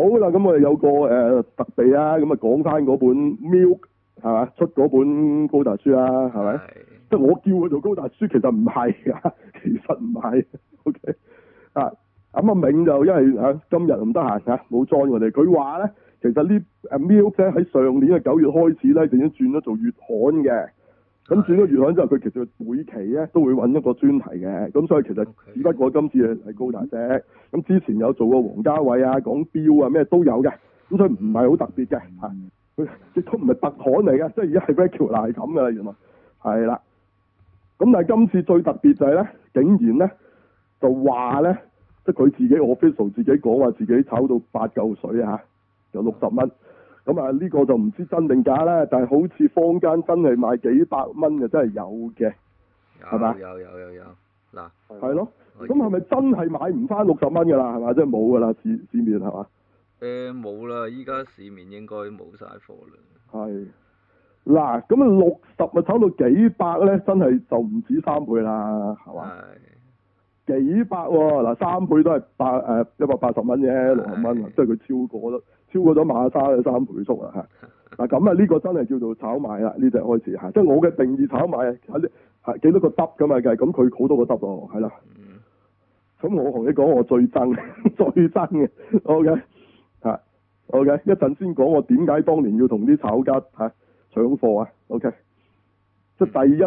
好啦，咁我哋有個誒、呃、特備啊，咁、嗯、啊講翻嗰本 Milk 係嘛出嗰本高達書啦、啊，係咪？ 即係我叫佢做高達書，其實唔係啊，其實唔係。O、okay? K 啊，咁阿銘就因為啊今日唔得閒啊，冇 join、啊、我哋。佢話咧，其實、啊、呢誒 Milk 咧喺上年嘅九月開始咧，就已經轉咗做月刊嘅。咁轉咗月刊之後，佢其實每期咧都會揾一個專題嘅，咁所以其實只不過今次係高達啫。咁之前有做過王家衛啊，講錶啊咩都有嘅，咁所以唔係好特別嘅嚇，佢亦都唔係特刊嚟嘅，即係而家係 r a c k p l 嗱係咁嘅啦，原來係啦。咁但係今次最特別就係咧，竟然咧就話咧，即係佢自己 official 自己講話自己炒到八嚿水嚇、啊，有六十蚊。咁啊，呢、嗯這個就唔知真定假啦，但係好似坊間真係賣幾百蚊嘅，真係有嘅，係咪？有有有有，嗱吧，係咯。咁係咪真係買唔翻六十蚊㗎啦？係咪？真即係冇㗎啦，市市面係嘛？誒，冇啦、呃，依家市面應該冇晒貨啦。係。嗱，咁啊六十啊炒到幾百咧，真係就唔止三倍啦，係嘛？幾百喎、哦、嗱，三倍都係百誒一百八十蚊啫，六十蚊啊，即係佢超過咗，超過咗馬沙嘅三倍速啊嚇！嗱，咁啊，呢個真係叫做炒賣啦，呢、這、隻、個、開始嚇，即係我嘅定義炒賣啊，係、啊啊、幾多個得噶嘛？計咁佢好多個得咯，係啦。咁、嗯、我同你講，我最憎最憎嘅，o k 嚇，好 嘅，okay? 啊 okay? 一陣先講我點解當年要同啲炒家嚇、啊、搶貨啊，OK？即係第一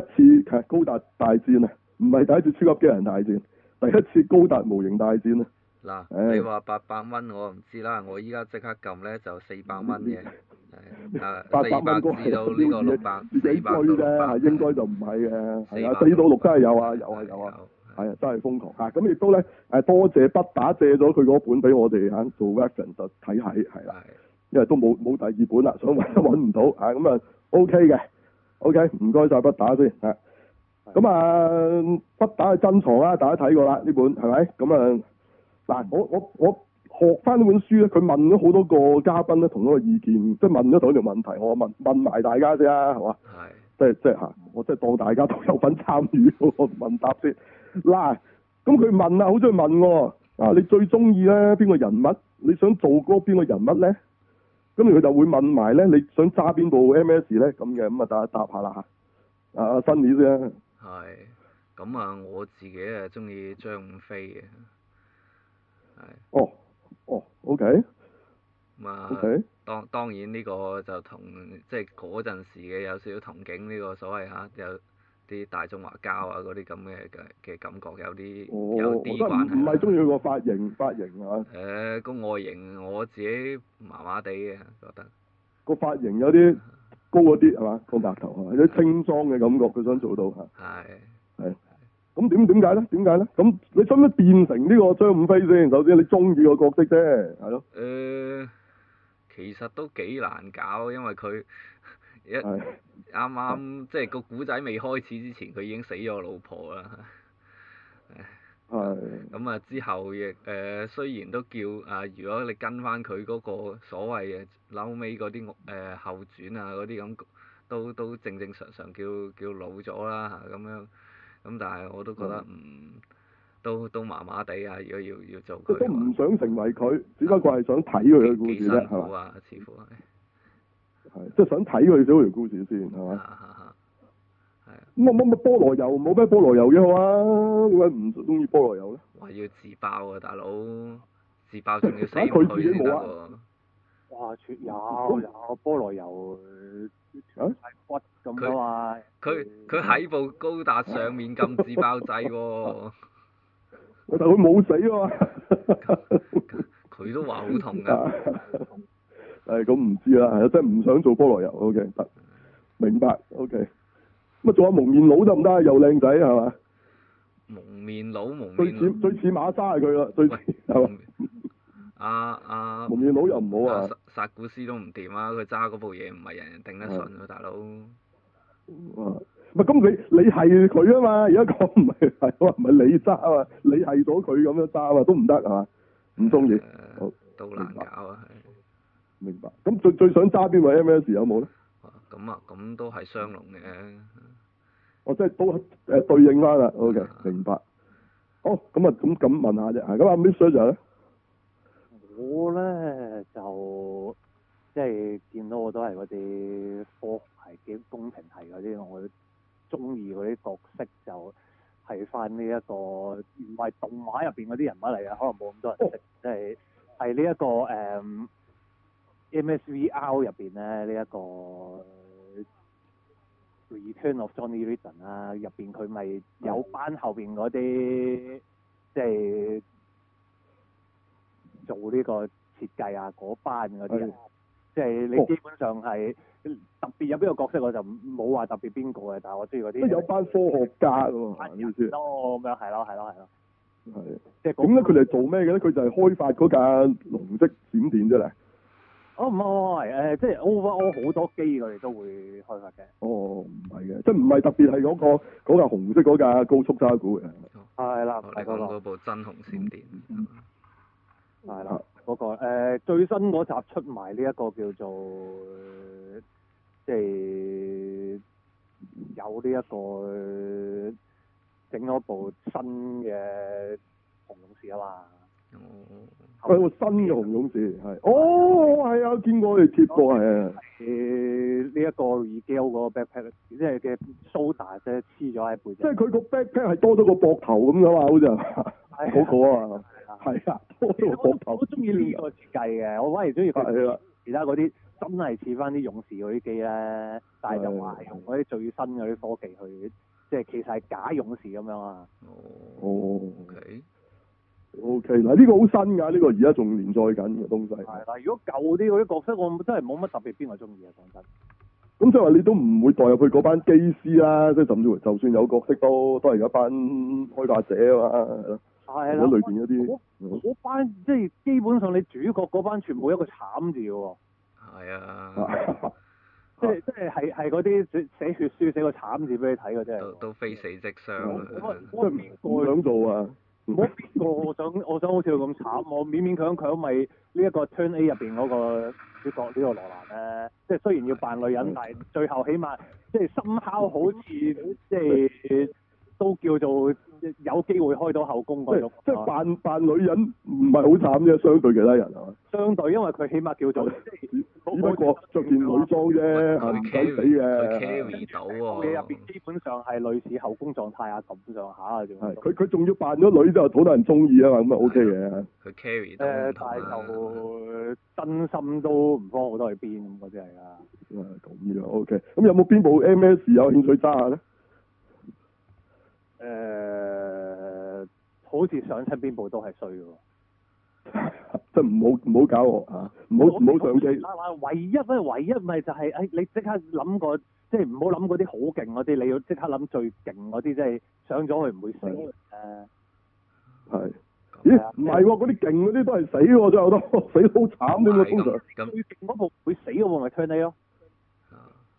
次、啊、高達大戰啊，唔係第一次超級機人大戰。第一次高達模型大戰啊！嗱，你話八百蚊我唔知啦，我依家即刻撳咧就四百蚊嘅，誒，八百蚊個係標誌嘅，幾句咧，係應該就唔係嘅，係啊，四到六都係有啊，有啊，有啊，係啊，真係瘋狂嚇！咁亦都咧誒，多謝不打借咗佢嗰本俾我哋嚇、啊、做 reference 就睇睇，係啦，因為都冇冇第二本啦，想揾都揾唔到嚇，咁啊，啊、嗯、OK 嘅，OK 唔該晒，不打先嚇。咁啊、嗯，不打去珍藏啦！大家睇過啦呢本係咪？咁啊，嗱、嗯，我我我學翻呢本書咧，佢問咗好多個嘉賓咧，同一個意見，即係問咗同一條問題，我問問埋大家啫，啊，係嘛是？係，即係即係吓，我即係當大家都有份參與個問答先問。嗱，咁佢問啊，好中意問喎、哦，啊，你最中意咧邊個人物？你想做嗰邊個人物咧？咁佢就會問埋咧，你想揸邊部 M S 咧咁嘅，咁啊，大家答下啦吓。啊，Sunny 先。係，咁啊，我自己啊，中意張五飛嘅，係。哦，哦，OK。啊，當當然呢個就同即係嗰陣時嘅有少少同景呢個所謂嚇有啲大中華膠啊嗰啲咁嘅嘅感覺有啲、oh, 有啲關係。唔係中意佢個髮型髮型啊！誒、呃，個外形我自己麻麻地嘅覺得。個髮型有啲。高嗰啲係嘛，高白頭啊，有啲清裝嘅感覺，佢想做到嚇。係。咁點點解咧？點解咧？咁你想唔想變成呢個張五飛先？首先你中意個角色啫，係咯。誒、呃，其實都幾難搞，因為佢一啱啱即係個古仔未開始之前，佢已經死咗個老婆啦。 係，咁啊是、嗯、之後亦誒、呃、雖然都叫啊，如果你跟翻佢嗰個所謂嘅後尾嗰啲誒後傳、呃、啊嗰啲咁，都都正正常常叫叫老咗啦嚇咁樣，咁但係我都覺得唔的，都都麻麻地啊！如果要要，要做，佢都唔想成為佢，只不過係想睇佢嘅故事啫，係嘛的？係，即係想睇佢嗰條故事先，係嘛？咁乜乜菠蘿油冇咩菠蘿油嘅嘛、啊？點解唔中意菠蘿油咧？話要自爆啊，大佬！自爆仲要死佢啊！佢自己冇啊！哇，全有有菠蘿油，係骨咁啊嘛！佢佢喺部高達上面㩒自爆掣喎、啊。但佢冇死啊，佢都話好痛噶、啊。誒， 咁唔知啦，真係唔想做菠蘿油，O K 得，okay, 明白，O K。Okay. 乜做下蒙面佬得唔得？又靚仔係嘛？蒙面佬蒙面，最似最似馬莎係佢啦，最係嘛？阿阿蒙面佬又唔好啊！殺殺古斯都唔掂啊！佢揸嗰部嘢唔係人人頂得順啊，大佬。係咁你你係佢啊嘛？而家講唔係係唔係你揸嘛？你係咗佢咁樣揸嘛？都唔得係嘛？唔中意，都難搞啊！明白？咁最最想揸邊位 M S 有冇咧？咁啊，咁都係雙龍嘅。我、哦、即係都誒、呃、對應翻啦，OK，明白。好、哦，咁啊，咁咁問下啫，係咁啊，Mr 就咧，我咧就即係見到我都係嗰啲科系，幾公平係嗰啲，我鍾意嗰啲角色就係翻呢一個，唔係動畫入邊嗰啲人物嚟嘅，可能冇咁多人識，即係係呢一個誒 MSVR 入邊咧呢一個。呃 Return of Johnny Ridden 啊，入邊佢咪有班後邊嗰啲，即係做呢個設計啊，嗰班嗰啲，即係的你基本上係、哦、特別有邊個角色，我就冇話特別邊個嘅，但係我中意嗰啲。即係有班科學家喎，咁樣係咯係咯係咯。係的，即係咁咧，佢哋的做咩嘅咧？佢就係開發嗰間龍式閃電啫啦。哦，唔係，誒即係 over all 好多機佢哋都會開發嘅。哦唔係嘅，即係唔係特別係嗰個嗰架紅色嗰架高速渣古嘅。係啦，嗰個。整部真紅閃電。係啦，嗰個，誒最新嗰集出埋呢一個叫做，即係有呢一個整咗部新嘅紅勇士啊嘛。哦，佢有個新嘅紅勇士，係哦，係、oh，啊，我、啊、見過佢貼過，係誒呢一個耳 gel 嗰個 backpack，即係嘅 soda 即黐咗喺背即係佢個 backpack 係多咗個膊頭咁樣啊，好似係啊，好啊，係啊，多咗個膊頭。我中意呢個設計嘅，啊、我反而中意佢其他嗰啲真係似翻啲勇士嗰啲機咧，但係就話用嗰啲最新嗰啲科技去，即係其實係假勇士咁樣啊。哦、嗯嗯，OK。O K，嗱，呢個好新噶呢個而家仲連載緊嘅東西。但係如果舊啲嗰啲角色，我真係冇乜特別邊個中意啊，講真。咁即係話你都唔會代入去嗰班機師啦，即係甚至就算有角色都都係一班開發者啊嘛。係啦。嗰裏邊啲，嗰班即係基本上你主角嗰班全部一個慘字嘅。係啊。即係即係係係嗰啲寫血書寫個慘字俾你睇嘅啫。都非死即傷。咁啊，邊個想做啊？冇，邊個 我想我想好似佢咁慘，我勉勉強強咪呢一個 Turn A 入邊嗰個主角呢個羅蘭咧、啊，即係雖然要扮女人，但係最後起碼即係深刻，好似即係。都叫做有機會開到後宮，即係扮扮女人唔係好慘啫，相對其他人啊。相對，因為佢起碼叫做冇冇個着件女裝啫，係唔使死嘅。佢 carry 到啊！入邊基本上係類似後宮狀態啊，咁上下嘅啫。佢佢仲要扮咗女之後，好多人中意啊嘛，咁啊 OK 嘅。佢 carry 到同埋。真心都唔慌好多去邊咁，嗰啲係啊。咁樣 OK。咁有冇邊部 MS 有興趣揸下咧？誒，好似上親邊部都係衰嘅，即係唔好唔好搞我吓，唔好唔好上機。唯一咧，唯一咪就係，誒，你即刻諗個，即係唔好諗嗰啲好勁嗰啲，你要即刻諗最勁嗰啲，即係上咗佢唔會死。誒，係，咦？唔係喎，嗰啲勁嗰啲都係死喎，真都死得好慘添，通常最勁嗰部會死嘅喎，咪 Turn A 咯。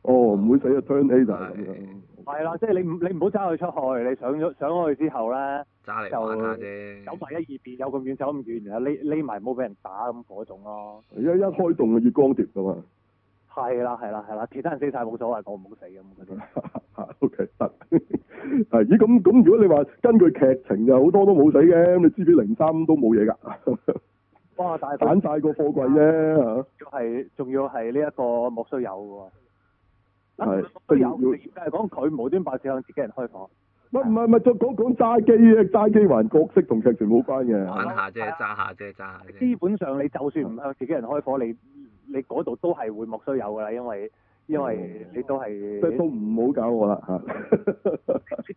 哦，唔會死啊 Turn A 就係。係啦，即係你唔你唔好揸佢出去，你上咗上去之後咧，揸你就走埋一二邊，有咁遠，走咁遠，然後匿匿埋，唔好俾人打咁嗰種咯。一一開動嘅月光蝶噶嘛。係啦，係啦，係啦，其他人死晒冇所謂，我唔好死咁我覺得 O K，得係。咦，咁咁如果你話根據劇情就好多都冇死嘅，咁你知幾零三都冇嘢噶。哇！大反晒個貨櫃啫，係仲要係呢一個莫須有嘅。係，有直接嚟講，佢無端白事向自己人開火。唔係唔係，咪再講講揸機啊？揸機還角色同劇情冇關嘅，玩下啫，揸下啫，揸下啫。基本上你就算唔向自己人開火，你你嗰度都係會莫須有噶啦，因為因為你都係都都唔好搞我啦吓。呢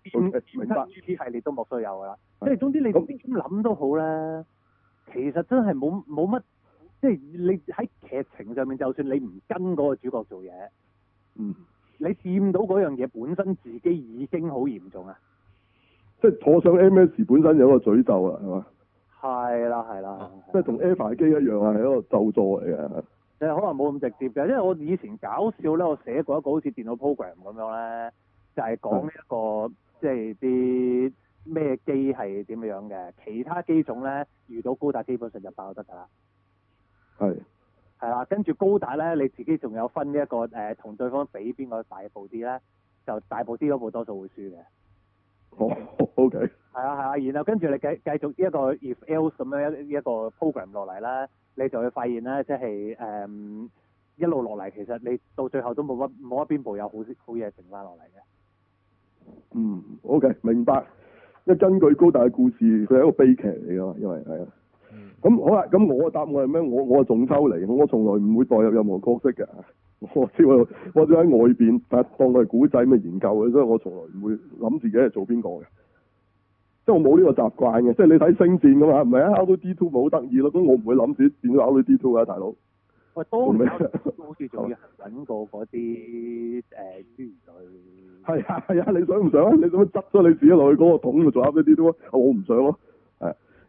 啲呢啲係你都莫須有噶啦。即係總之你咁諗都好啦，其實真係冇冇乜，即係你喺劇情上面，就算你唔跟嗰個主角做嘢。嗯，你掂到嗰樣嘢，本身自己已經好嚴重啊，即係坐上 MS 本身有一個詛咒啊，係嘛？係啦係啦，即係同 Airplane 機一樣啊，係一個咒助嚟嘅。誒，可能冇咁直接嘅，因為我以前搞笑咧，我寫過一個好似電腦 program 咁樣咧，就係講呢一個的即係啲咩機係點樣嘅，其他機種咧遇到高達基本上就爆得噶啦。係。係啦，跟住、啊、高達咧，你自己仲有分呢、這、一個誒，同、呃、對方比邊個大步啲咧，就大步啲嗰部冇多數會輸嘅。哦、oh，OK。係啊，係啊，然後跟住你繼繼續一個 if else 咁樣一一個 program 落嚟咧，你就會發現咧，即係誒、呃、一路落嚟，其實你到最後都冇乜冇一邊部有好好嘢剩翻落嚟嘅。嗯，OK，明白。因為根據高達嘅故事，佢係一個悲劇嚟嘅嘛，因為係啊。咁、嗯、好啦，咁我嘅答案係咩？我我係仲抽離，我從來唔會代入任何角色嘅。 我知我我喺外邊，但係當佢係古仔咪研究嘅，所以我從來唔會諗自己係做邊 個嘅。即係我冇呢個習慣嘅。即係你睇星戰㗎嘛，唔係啊，R2 D2 咪好得意咯。咁我唔會諗住點 R2 D2 噶，大佬。 我多啲好似做要搵過嗰啲誒係啊係啊，啊，你想唔想啊？你想乜執咗你自己落去嗰個桶度做 R2 D2 啊？我唔想咯。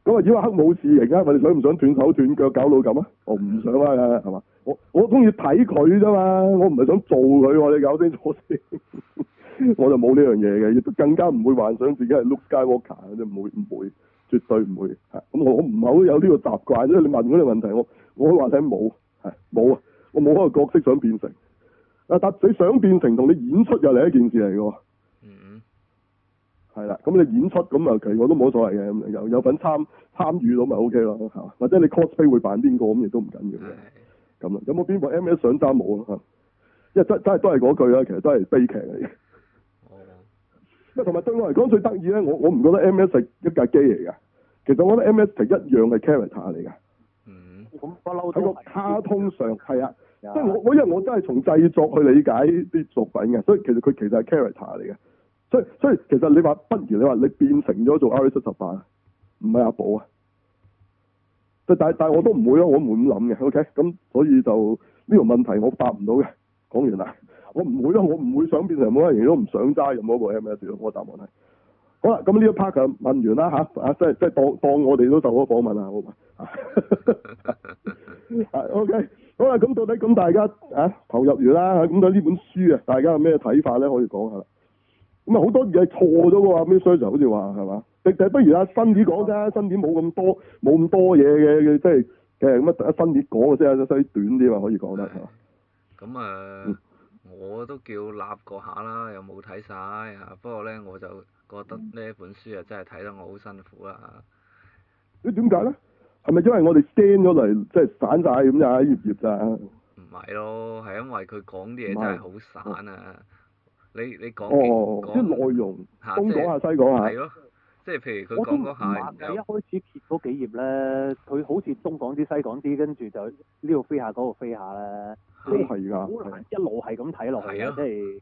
咁啊！如黑武士，而家咪哋想唔想斷手斷腳搞到咁啊？我唔想啊，係嘛？我我中意睇佢啫嘛，我唔係想做佢喎、啊。你搞清楚先， 我就冇呢樣嘢嘅，亦都更加唔會幻想自己係 Luke Skywalker，就唔會唔會，絕對唔會。咁我唔係好有呢個習慣，因為你問嗰啲問題，我我話聲冇，係冇啊，我冇個角色想變成啊，但你想變成同你演出又另一件事嚟嘅喎。係啦，咁、嗯、你演出咁啊，其實我都冇所謂嘅，有有份參參與到咪 O K 咯，吓、OK，或者你 cosplay 會扮邊個咁亦都唔緊要嘅，咁啦，咁有冇邊部 M S 想揸我咯吓，因為真真係都係嗰句啊，其實都係悲劇嚟嘅，係啊，同埋對我嚟講最得意咧，我我唔覺得 M S 係一架機嚟嘅，其實我覺得 M S 係一樣係 character 嚟嘅，嗯，咁不嬲喺個卡通上係、嗯、啊，即係我我因為我真係從製作去理解啲作品嘅，所以其實佢其實係 character 嚟嘅。所以所以，所以其實你話不如你話你變成咗做 RX-78，唔係阿寶啊。但但係我都唔會啊，我唔會咁諗嘅，OK。咁所以就呢、呢個問題我答唔到嘅。講完啦，我唔會啊，我唔會想變成冇人，乜嘢都唔想揸任何一部 MS。我答案係好啦。咁呢一 part 問完啦嚇，啊，啊即係即係當當我哋都受咗訪問 啊。Okay. 好 OK。好啦，咁到底咁大家啊投入完啦。咁對呢本書啊，大家有咩睇法咧？可以講下。唔係好多嘢係錯咗嘅，Mythsearcher 好似話係嘛？定定不如阿新點講啫？新點冇咁多冇咁多嘢嘅，即係嘅乜？啊！新點講嘅啫，都衰短啲嘛？可以講得咁啊，嗯 uh, 我都叫立過下啦，又冇睇晒。嚇。不過咧，我就覺得呢一本書啊，真係睇得我好辛苦啊！你點解咧？係咪因為我哋、就是、驚咗嚟，即係散晒咁就係業業咋？唔係咯，係因為佢講啲嘢真係好散啊！你你講嘅即係內容，啊、東講下、即係、西講下，即係譬如佢講下我覺得唔啱，你一開始揭咗幾頁咧，佢好似東講啲西講啲，跟住就呢度飛下嗰度飛下咧，即係好難一路係咁睇落去，即係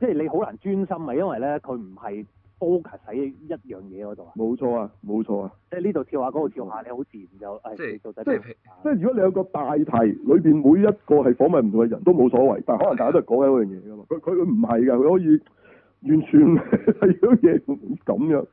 即係你好難專心啊，因為咧佢唔係，focus 喺一樣嘢嗰度啊，冇錯啊，冇錯啊， 即係呢度跳下嗰度跳下，你好自然就， 即係到底即係即係如果你有個大題，裏邊每一個係訪問唔同嘅人都冇所謂，但係可能大家都係講緊嗰樣嘢㗎嘛，佢佢唔係㗎，佢可以完全係啲嘢咁樣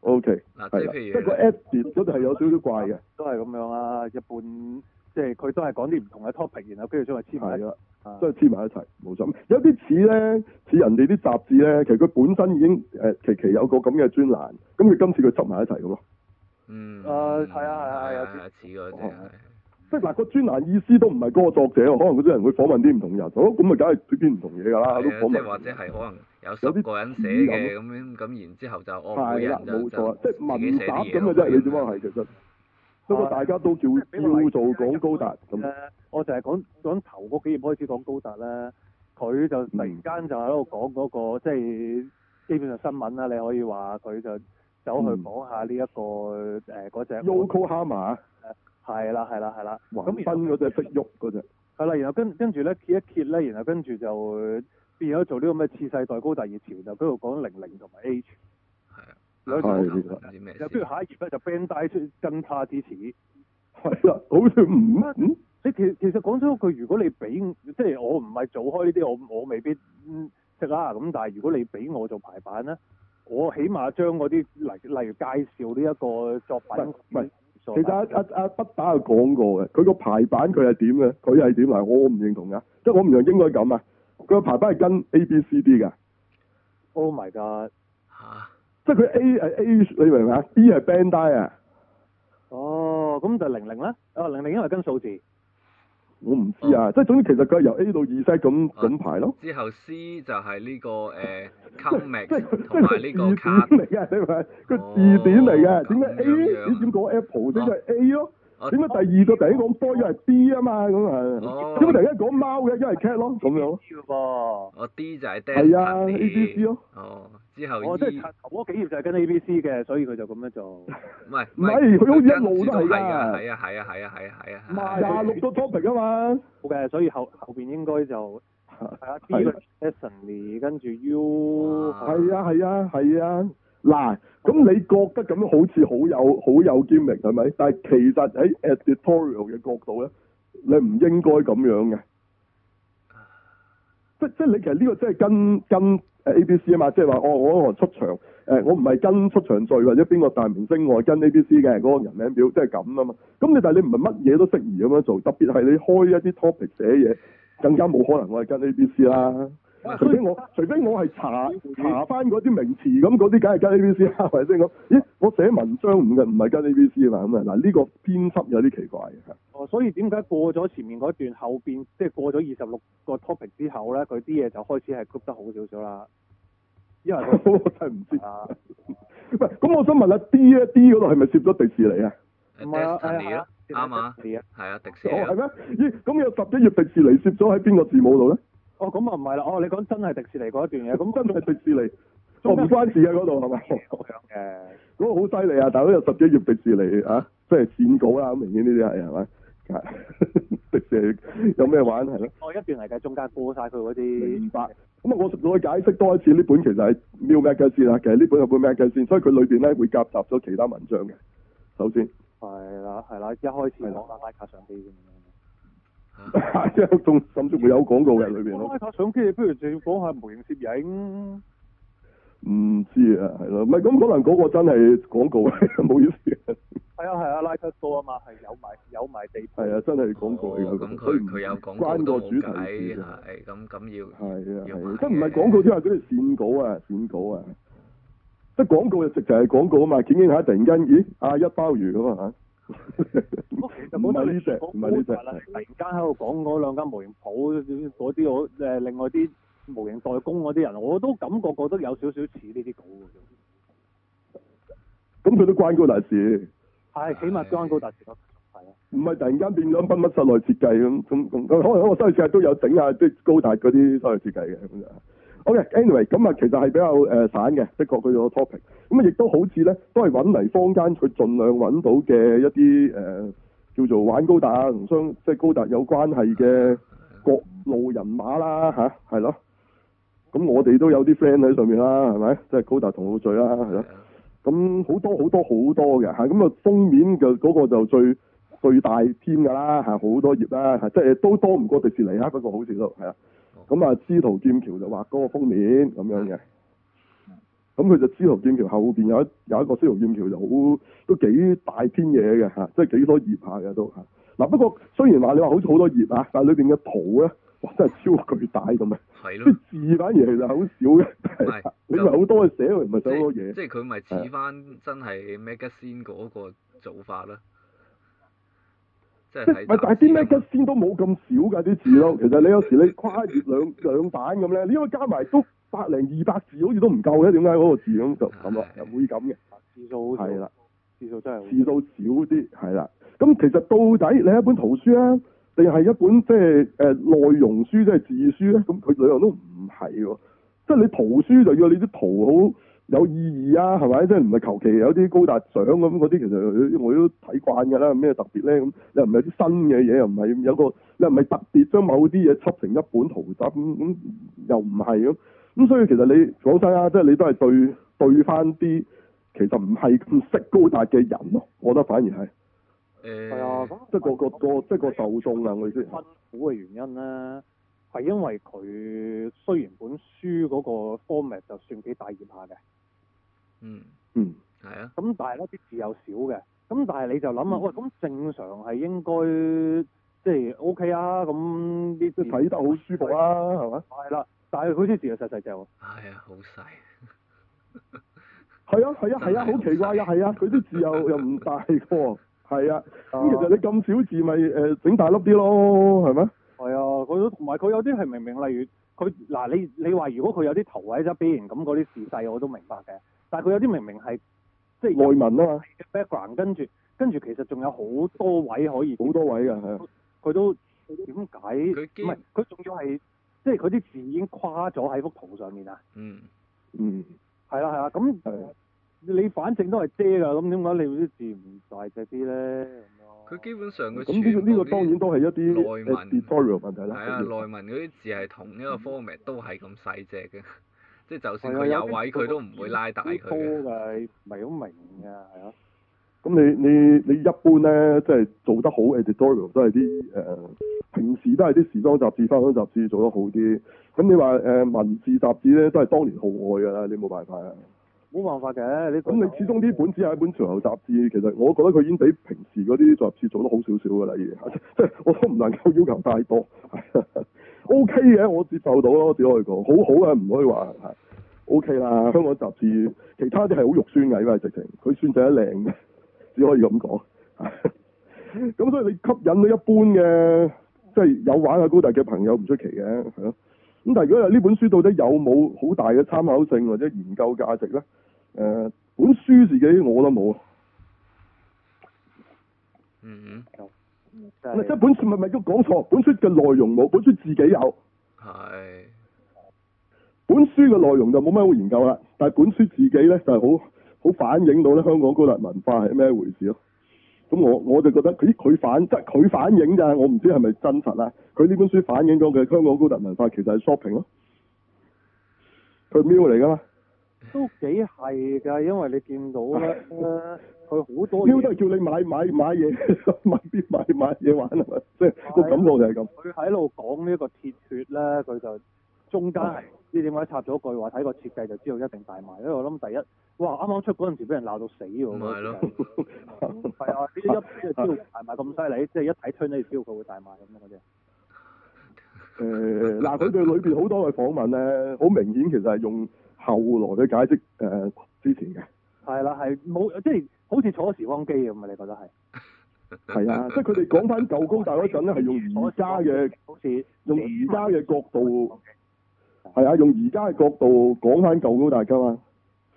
，O K，嗱即係是譬如，個 Apps 都係有少少怪嘅，都係咁樣啊，一般。即係佢都係講啲唔同嘅 topic，然後跟住將佢黐埋咗，即係黐埋一齊，冇錯。有啲似咧，似人哋啲雜誌咧，其實佢本身已經誒期期有個咁嘅專欄，咁佢今次佢執埋一齊嘅咯。嗯。誒，係啊係啊，有啊，似嗰啲係。即係嗱個專欄意思都唔係嗰個作者，可能嗰啲人會訪問啲唔同人，好咁咪梗係貼啲唔同嘢㗎啦，都訪問。或者或係可能有十個人寫嘅咁樣，咁然之後就按你係啦，冇錯，即係文集咁嘅只不過係其實。不過大家都叫叫做講高達咁咧，那我就係講講頭嗰幾頁開始講高達咧，佢就突然間就喺度講嗰、嗰個、嗯、即係基本上新聞啦、啊，你可以話佢就走去講下呢、呢、一個誒嗰隻。Yokohama，係啦，係啦，係啦，橫濱嗰隻不喐嗰隻。係啦，啦，啦，然後跟跟住咧，揭一揭咧，然後跟住就變咗做呢個咩次世代高達熱潮就佢又講零零同埋 H。有啲咩？哎、又跟住下一頁咧，就 Bandai 出跟他之詞。係啦， 好似唔乜即係其其實講真佢如果你俾即係我唔係做開呢啲，我我未必識啦。咁、嗯啊、但係如果你俾我做排版咧，我起碼將嗰啲例例如介紹呢一個作品。唔其實阿、嗯、阿北打有講過嘅，佢個排版佢係點嘅？佢係點？嗱，我唔認同㗎，即係我唔認同應該咁啊。佢個排版係跟 A B C D 噶。 Oh my god！嚇～即係佢 A 係 A，你明唔明啊？B 係 Bandai 啊。哦，咁就零零啦。哦，零零因為跟數字。我唔知啊。即係總之其實佢係由 A 到 Z 咁咁排咯。之後 C 就係呢個誒 Comic 同埋呢個卡嚟嘅，即係個字典嚟嘅，點解 A？你點講 Apple，點解 A 咯？點解第二個第一講 boy，因為 D 啊嘛咁啊，點解第一講貓嘅，因為 cat 咯咁樣。我 D 就係釘板嚟。係啊，呢啲咯。哦，之後。哦，即係頭頭嗰幾頁就係跟 A、B、C 嘅，所以佢就咁樣做。唔係。唔係，佢好似一路都係啊！係啊，係啊，係啊，係啊。廿六個 topic 啊嘛。好嘅，所以後後邊應該就係啊，D 嘅 e s s n y 跟住 U。係啊！係啊！係啊！嗱，咁你覺得咁樣好似好有好有兼明係咪？但係其實喺 editorial 嘅角度咧，你唔應該咁樣嘅。即即你其實呢個真係跟跟 A B C 啊嘛，即係話我我我出場誒、呃，我唔係跟出場序或者邊個大明星，我係跟 A B C 嘅嗰個人名表，即係咁啊嘛。咁你但係你唔係乜嘢都適宜咁樣做，特別係你開一啲 topic 寫嘢，更加冇可能我係跟 A B C 啦。除非我，除非我係查查翻嗰啲名詞咁，嗰啲梗係加 A B C 啦，係咪先咁？咦，我寫文章唔嘅，唔係加 A B C 啊嘛，咁啊，嗱呢個編輯有啲奇怪哦，所以點解過咗前面嗰段，後邊即係過咗二十六個 topic 之後咧，佢啲嘢就開始係曲得好少少啦？因為我真係唔知。喂，咁我想問下 D 啊 D 嗰度係咪攝咗迪士尼啊？唔係啊，係啊，啱啊，係啊，迪士尼啊。係咩？咦，咁有十一月迪士尼攝咗喺邊個字母度咧？哦，咁啊唔係啦，哦，你講真係迪士尼嗰一段嘢，咁真係迪士尼，我唔、哦、麼關事啊嗰度係咪？咁樣嘅，嗰個好犀利啊！大佬有十幾頁迪士尼啊，即係剪稿啦、啊，咁明顯呢啲係係咪？ 迪士尼，迪士尼有咩玩係咯？嗯、吧哦，一段嚟嘅，中間過晒佢嗰啲，咁啊白， 我再解釋多一次呢本其實係 New Magazine 啊，其實呢本有本 Magazine，所以佢裏邊咧會夾雜咗其他文章嘅。首先係啦，係啦，一開始攞下拉卡上飛先。係，仲甚至會有廣告嘅裏邊咯。開台相機，不如仲要講下模型攝影。唔知啊，係咯，唔係咁可能嗰個真係廣告啊，冇意思。係啊係啊，拉出 show 啊嘛，係有埋有埋地。係啊，真係廣告嚟噶。咁佢佢有關過主題。係，咁咁要。係啊係啊，即唔係廣告即係佢哋線稿啊，線稿啊。即係廣告就直就係廣告啊嘛，驚驚下突然間，咦啊一包魚咁啊吓。我 其實唔係呢隻，唔係呢隻啦，突然間喺度講嗰兩間模型鋪嗰啲我誒另外啲模型代工嗰啲人，我都感覺覺得有少少似呢啲稿嘅。咁佢、 嗯、都關高達事。係、 哎，起碼關高達事多。係啊。唔係突然間變咗乜乜室內設計咁咁咁，可能我室內設計都有整下啲高達嗰啲室內設計嘅。嗯嗯 ok anyway 咁啊，okay, anyway，其實係比較誒散嘅，的確佢個 topic，咁啊，亦都好似咧，都係揾嚟坊間，佢盡量揾到嘅一啲誒、呃、叫做玩高達同商，即係高達有關係嘅各路人馬啦，吓，係咯。咁我哋都有啲 friend 喺上面啦，係咪？即、就、係、是、高達同路聚啦，係咯。咁好多好多好多嘅嚇，咁啊封面嘅嗰個就最最大添㗎啦，嚇好多頁啦，嚇即係都多唔過迪士尼啊，不過好似都係啦。咁、嗯、啊，司徒劍橋就畫嗰個封面咁樣嘅，咁、嗯、佢就司徒劍橋後邊有一有一個司徒劍橋就好都幾大篇嘢嘅嚇，即係幾多頁下嘅都嚇。嗱、啊、不過雖然話你話好似好多頁嚇，但係裏邊嘅圖咧，哇真係超巨大咁嘅，啲的 字反而其實好少嘅。唔的你咪好多寫，唔係就寫好多嘢。即係佢咪似翻真係 Magazine a 嗰個做法咯。即係，但係啲咩吉先都冇咁少㗎啲字咯。其實你有時你跨越兩 兩版咁咧，你可以加埋都百零二百字好，好似都唔夠嘅。點解嗰個字咁就咁咯？ 會咁嘅字數，係啦了，字數真係字數少啲係啦。咁其實到底你係一本圖書啊，定係一本即係誒內容書，即係字書咧？咁佢兩樣都唔係喎。即係你圖書就要你啲圖好。有意義啊，係咪？即係唔係求其有啲高達相咁嗰啲，其實我都睇慣㗎啦。咩特別呢？咁又唔係啲新嘅嘢，又唔係有個，又唔係特別將某啲嘢輯成一本圖集咁？咁又唔係咁。咁、嗯、所以其實你講真啊，即係你都係對對翻啲其實唔係咁識高達嘅人咯。我覺得反而係誒係啊。即係、嗯嗰個、嗯嗰個、嗯、個即係個受眾啊。我意思辛苦嘅原因咧，係因為佢雖然本書嗰個 format 就算幾大熱下、啊、嘅。嗯嗯係啊，咁但係咧啲字又少嘅，咁但係你就諗下，喂咁、嗯哎、正常係應該即係 O K 啊，咁啲睇得好舒服啊，係咪、嗯？係啦吧，但係佢啲字又細細隻喎。係、哎、 啊，好細。係啊係啊係啊，好、啊啊、奇怪啊，係 啊，佢啲字又又唔大個，係啊。咁其實你咁少字，咪誒整大粒啲咯，係咪？係啊，佢唔係佢有啲係明，明明例如佢嗱你你話如果佢有啲頭位即係側邊咁嗰啲事細，我都明白嘅。但係佢有啲明明係即係外文啊嘛，background 跟住跟住其實仲有好多位可以好多位嘅。佢都點解？佢唔係佢仲要係即係佢啲字已經跨咗喺幅圖上面啊！嗯嗯，係啦係啦，咁你反正都係遮㗎，咁點解你啲字唔大隻啲咧？佢基本上嘅咁呢個呢個當然都係一啲內文 detail 問題啦。係啊、嗯，內文嗰啲字係同一個 format 都係咁細隻嘅。嗯 即係，就算佢有位，佢都唔會拉大佢嘅，唔係好明㗎，係啊。咁你你你一般咧，即、就、係、是、做得好嘅 editorial 都係啲誒，平時都係啲時裝雜誌、翻港雜誌做得好啲。咁你話誒、呃、文字雜誌咧，都係當年號外㗎啦，你冇辦法啦。冇辦法嘅，咁你始終呢本只係一本潮流雜誌，其實我覺得佢已經比平時嗰啲雜誌做得好少少㗎啦，即 係我都唔能夠要求太多 ，OK 嘅，我接受到咯，只可以講好好嘅，唔可以話 OK 啦。香港雜誌其他啲係好肉酸嘅嘛，直情佢算製得靚嘅， 只可以咁講。咁 所以你吸引到一般嘅即係有玩嘅高達嘅朋友唔出奇嘅，係咯。咁但係如果呢本書到底有冇好大嘅參考性或者研究價值咧？誒，uh, 本書自己我都冇啊。嗯、mm，有、hmm。即係本書咪都講錯？本書嘅內容冇，本書自己有。係。Hey. 本書嘅內容就冇咩好研究啦，但係本書自己咧就係好好反映到咧香港高達文化係咩回事咯。咁我我就覺得佢佢反即係佢反映咋，我唔知係咪真實啦。佢呢本書反映咗嘅香港高達文化，其實係 shopping 咯，佢瞄嚟噶嘛。都幾係㗎，因為你見到咧，佢好多，都係叫你買買買嘢，買邊買買嘢玩啊嘛，個感覺就係咁。佢喺度講呢一個鐵血咧，佢就中間係唔知點解插咗句話，睇個設計就知道一定大賣，因為我諗第一，哇！啱啱出嗰陣時，俾人鬧到死喎。唔係咯，係啊，啲一啲嘅標賣賣咁犀利，即係一睇推呢啲標，佢會大賣咁樣嗰啲。誒嗱，佢嘅裏邊好多嘅訪問咧，好明顯其實係用後來嘅解釋，誒、呃、之前嘅係啦，係冇即係好似坐咗時光機咁啊！你覺得係係啊，即係佢哋講翻舊高大嗰陣咧，係 用而家嘅，好似用而家嘅角度係啊， 用而家嘅角度講翻舊高大㗎嘛。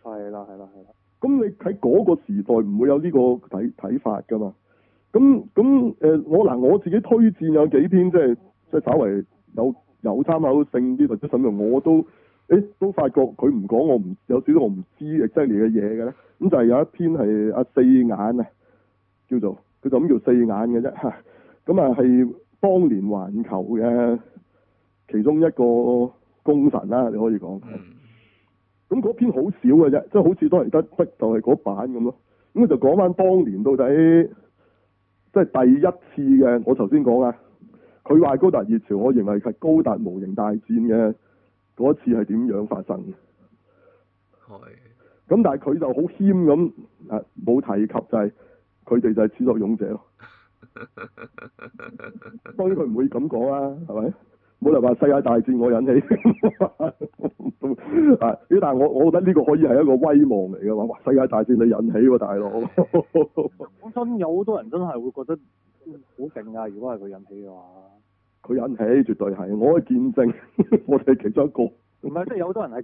係啦，係啦，係啦。咁你喺嗰個時代唔會有呢個睇睇法㗎嘛？咁咁誒，我嗱、呃、我自己推薦有幾篇，即係即係稍微有有，有參考性啲或者信任我都。我都誒、欸、都發覺佢唔講我唔有少少我唔知 exactly 嘅嘢嘅咧，咁就係有一篇係阿四眼啊，叫做佢就咁叫四眼嘅啫嚇，咁啊係當年環球嘅其中一個功臣啦，你可以講。咁嗰篇好少嘅啫，即係好似都係得得就係嗰版咁咯。咁佢就講翻當年到底即係第一次嘅，我頭先講啊，佢話高達熱潮，我認為係高達模型大戰嘅。嗰次係點樣發生嘅？係的。咁、嗯、但係佢就好謙咁啊，冇提及就係佢哋就係始作俑者咯。當然佢唔會咁講啊，係咪？冇理由話世界大戰我引起。 啊！咦？但係我我覺得呢個可以係一個威望嚟嘅話，哇！世界大戰你引起喎、啊，大佬。本 身有好多人真係會覺得好勁啊，如果係佢引起嘅話。佢引起，絕對係，我可以見證，我哋其中一個。唔 係，即係有好多人係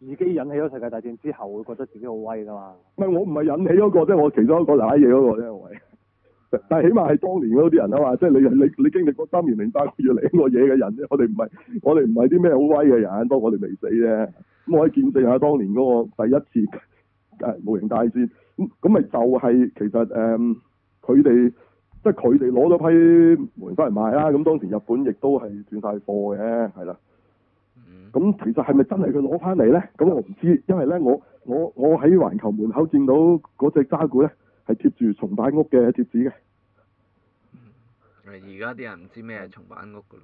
自己引起咗世界大戰之後，會覺得自己好威㗎嘛。唔係， 我唔係引起嗰、那個，即係我其中一個瀨嘢嗰個啫，我係。但係起碼係當年嗰啲人啊嘛，即係你你你經歷過三年零八個月嚟呢個嘢嘅人啫。我哋唔係，我哋唔係啲咩好威嘅人，不過我哋未死啫。咁我可以見證下當年嗰個第一次誒模型大戰，咁咁咪就係其實誒佢哋。嗯即係佢哋攞咗批門翻嚟賣啦，咁當時日本亦都係轉晒貨嘅，係啦。咁、嗯、其實係咪真係佢攞翻嚟咧？咁我唔知，因為咧我我我喺環球門口見到嗰隻渣古咧，係貼住松坂屋嘅貼紙嘅。誒、嗯，而家啲人唔知咩係松坂屋噶咯。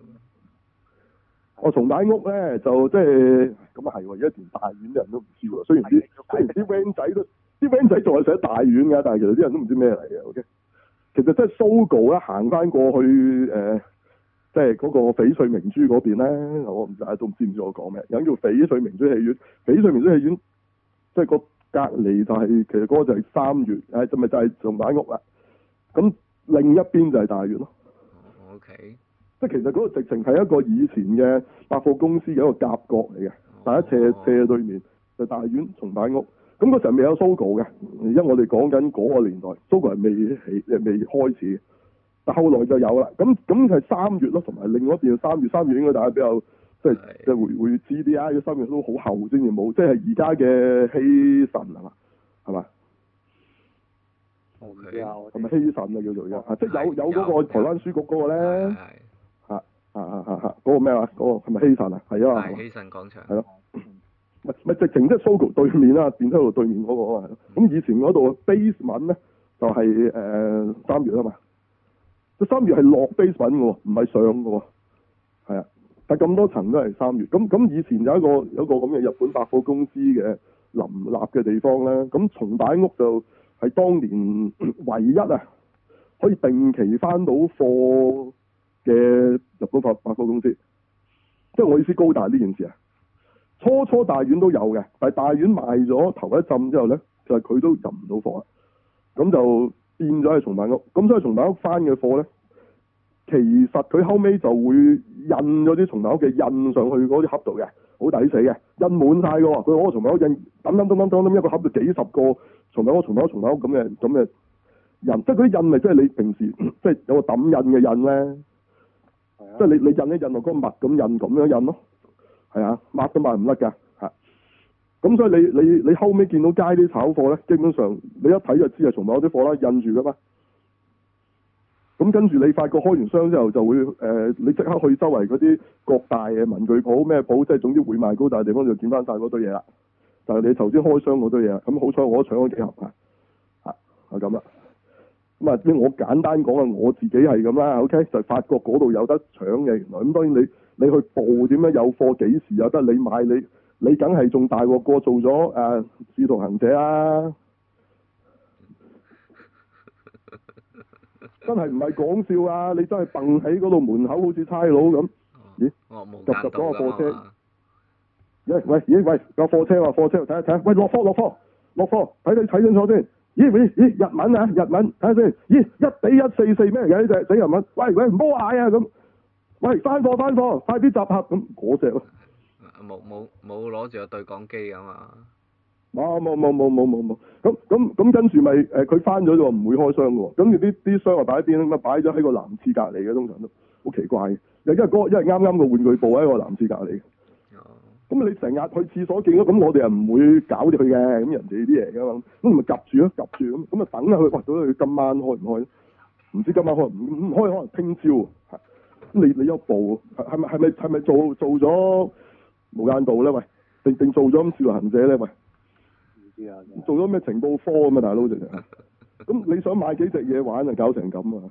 哦，松坂屋咧就即係咁啊，係、哎、喎，而家連大院啲人都唔知喎。雖然 雖然啲僆仔都，啲僆仔仲係寫大院噶，但係其實啲人都唔知咩嚟嘅。OK。其實即係 SOGO 咧，行翻過去誒，即係嗰個翡翠明珠嗰邊咧，我唔知啊，都唔知唔知我講咩，有人叫翡翠明珠戲院，翡翠明珠戲院即係、就是、個隔籬就係、是，其實嗰個就係三越，誒，就咪、是、就係松坂屋啦。咁另一邊就係大丸咯。O K，即係其實嗰個直情係一個以前嘅百貨公司嘅一個夾角嚟嘅，oh. 但係斜斜對面就大丸松坂屋。咁嗰陣未有 Sogo 嘅，因為我哋講緊嗰個年代，Sogo 係未起，未開始。但後來就有啦。咁咁係三月咯，同埋另外一邊三月三月應該大家比較即係即係會會知啲、就是、對 啊，因為三月都好後先至冇，即係而家嘅希慎係嘛係嘛？我唔知啊，係咪希慎啊叫做而家？對即係有有嗰個台灣書局嗰個咧，嚇嚇嚇嚇，嗰個咩話嗰個係咪希慎啊？係啊，希慎廣場係咯。唔係唔係，直情即係 SOGO 對面啦，電梯路對面嗰、嗰個啊。咁以前嗰度 basement 呢、就係，就係誒三越啊嘛。個三越係落 basement 喎，唔係上嘅喎。係啊，但咁多層都係三越。咁咁以前有一個有一個咁嘅日本百貨公司嘅林立嘅地方咧。咁松坂屋就係當年唯一啊，可以定期翻到貨嘅日本百百貨公司。即係我意思，高達呢件事啊。初初大院都有嘅，但係大院賣咗頭一浸之後咧，就佢都入唔到貨啦，咁就變咗係松板屋。咁所以松板屋翻嘅貨咧，其實佢後尾就會印咗啲松板屋嘅印上去嗰啲盒度嘅，好抵死嘅，印滿曬㗎。佢攞松板屋印，等等等等等一個盒度幾十個松板屋、松板屋、松板屋咁嘅咁嘅印，即係嗰啲印咪即係你平時即係有個抌印嘅印咧，的即係你你印一印落、嗰個墨咁印咁樣印咯。係啊，抹都抹唔甩噶，嚇、啊！咁所以你你你後尾見到街啲炒貨咧，基本上你一睇就知係，從某啲貨啦印住噶嘛。咁跟住你發覺，開完箱之後就會誒、呃，你即刻去周圍嗰啲各大嘅文具鋪、咩鋪，即係總之會賣高達地方就見翻晒嗰堆嘢啦。但、就、係、是、你頭先開箱嗰堆嘢，咁好彩我都搶咗幾盒啊！啊，係咁啦。咁啊，呢我簡單講啊，我自己係咁啦，OK？就發覺嗰度有得搶嘅原來，咁當然你。你去報點樣有貨，幾時有得你買，你你梗係仲大鑊過做咗誒、使徒行者啊！ 真係唔係講笑啊！你真係蹦喺嗰度門口好似差佬咁，咦？夾夾咗個貨車，咦、啊 yeah,？喂！咦？喂！個貨車喎，貨車，睇一睇喂！落貨落貨落貨，睇睇睇清楚先。咦？咦？咦？日文啊日文，睇下先。咦？一比一四四咩？有啲嘢寫日文。喂喂，摩艾啊咁。喂，返貨返貨，快啲集合咁嗰隻咯。冇冇冇攞住個對講機噶嘛？冇冇冇冇冇冇冇。咁咁咁跟住咪誒佢翻咗就喎，唔會開箱噶喎、哦。咁佢啲啲箱又、啊、擺喺邊咁啊？擺咗喺個男廁隔離嘅，通常都好奇怪，又因為嗰個因為啱啱個玩具部喺個男廁隔離嘅。咁、嗯啊嗯、你成日去廁所見到，咁、嗯、我哋又唔會搞啲佢嘅。咁、嗯、人哋啲嘢噶嘛，咁咪夾住咯，夾住咁咁啊等下佢，話到佢今晚開唔開，唔知今晚開唔唔開，可能聽朝。你你有部係咪係咪係咪做做咗無間道咧？喂，定定做咗《咁少行者》咧？喂，唔知啊！做咗咩情報科嘛？大佬就咁你想買幾隻嘢玩啊？搞成咁啊！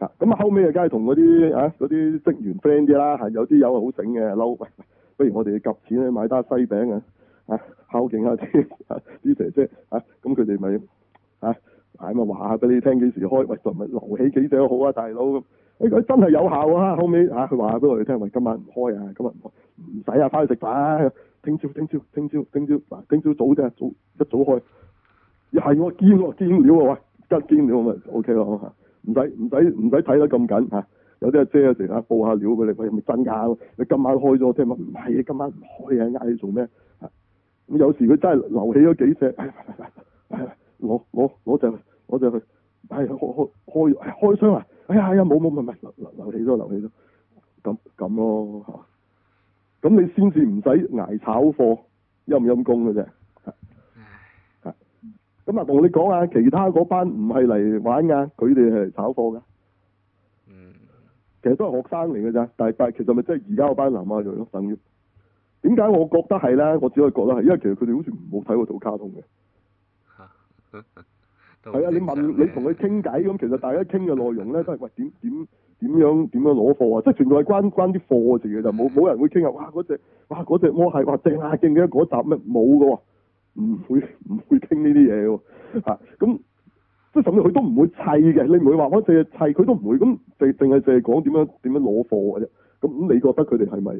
嚇咁啊！後尾啊，梗係同嗰啲啊啲職員 friend 啲啦嚇，有啲有好醒嘅，嬲、啊、不如我哋夾錢去買打西餅啊嚇，孝敬下啲啲、啊、姐姐嚇，咁佢哋咪嚇，咁啊話下俾你聽幾時開？喂，仲咪留起幾隻都好啊，大佬咁。佢真係有效後啊。嚇，後屘佢話俾我哋聽，話今晚唔開啊，今日唔開，唔使啊，翻去食飯。聽 主持 ń 朝、聽朝、聽朝、聽朝嗱，聽朝早啲，早一早開。又係我堅喎，堅料啊！喂，真堅料咪 OK 咯嚇，唔使唔使唔使睇得咁緊嚇。有啲阿姐有時，報下料俾你。喂，係咪真㗎？你今晚開咗我聽話，唔係今晚唔開啊，嗌你做咩？咁有時佢真係留起咗幾隻，哎，攞攞攞就攞就去。係、哎、開開開、哎，開箱啊！哎呀哎呀，冇冇咪咪留流留氣咗，留氣咗咁咁咯吓。咁你先至唔使捱炒貨，陰唔陰功嘅啫。啊咁啊，同、啊啊啊、你講啊，其他嗰班唔係嚟玩噶，佢哋係嚟炒貨噶。嗯，其實都係學生嚟嘅咋，但但其實咪即係而家嗰班南亞裔咯，等於點解我覺得係咧？我只可以覺得係，因為其實佢哋好似唔冇睇過套卡通嘅。 係 啊，你問你同佢傾偈咁，其實大家傾嘅內容咧都係喂點點點樣點樣攞貨，貨啊，即係全部係關關啲貨事嘅就冇冇人會傾啊！哇嗰隻哇嗰隻我係話正下勁嘅嗰集咩冇嘅，唔會唔會傾呢啲嘢喎咁，即係甚至佢都唔會砌嘅，你唔會話我淨係砌佢都唔會咁，淨淨係淨係講點樣點樣攞貨嘅啫。咁、啊、咁，你覺得佢哋係咪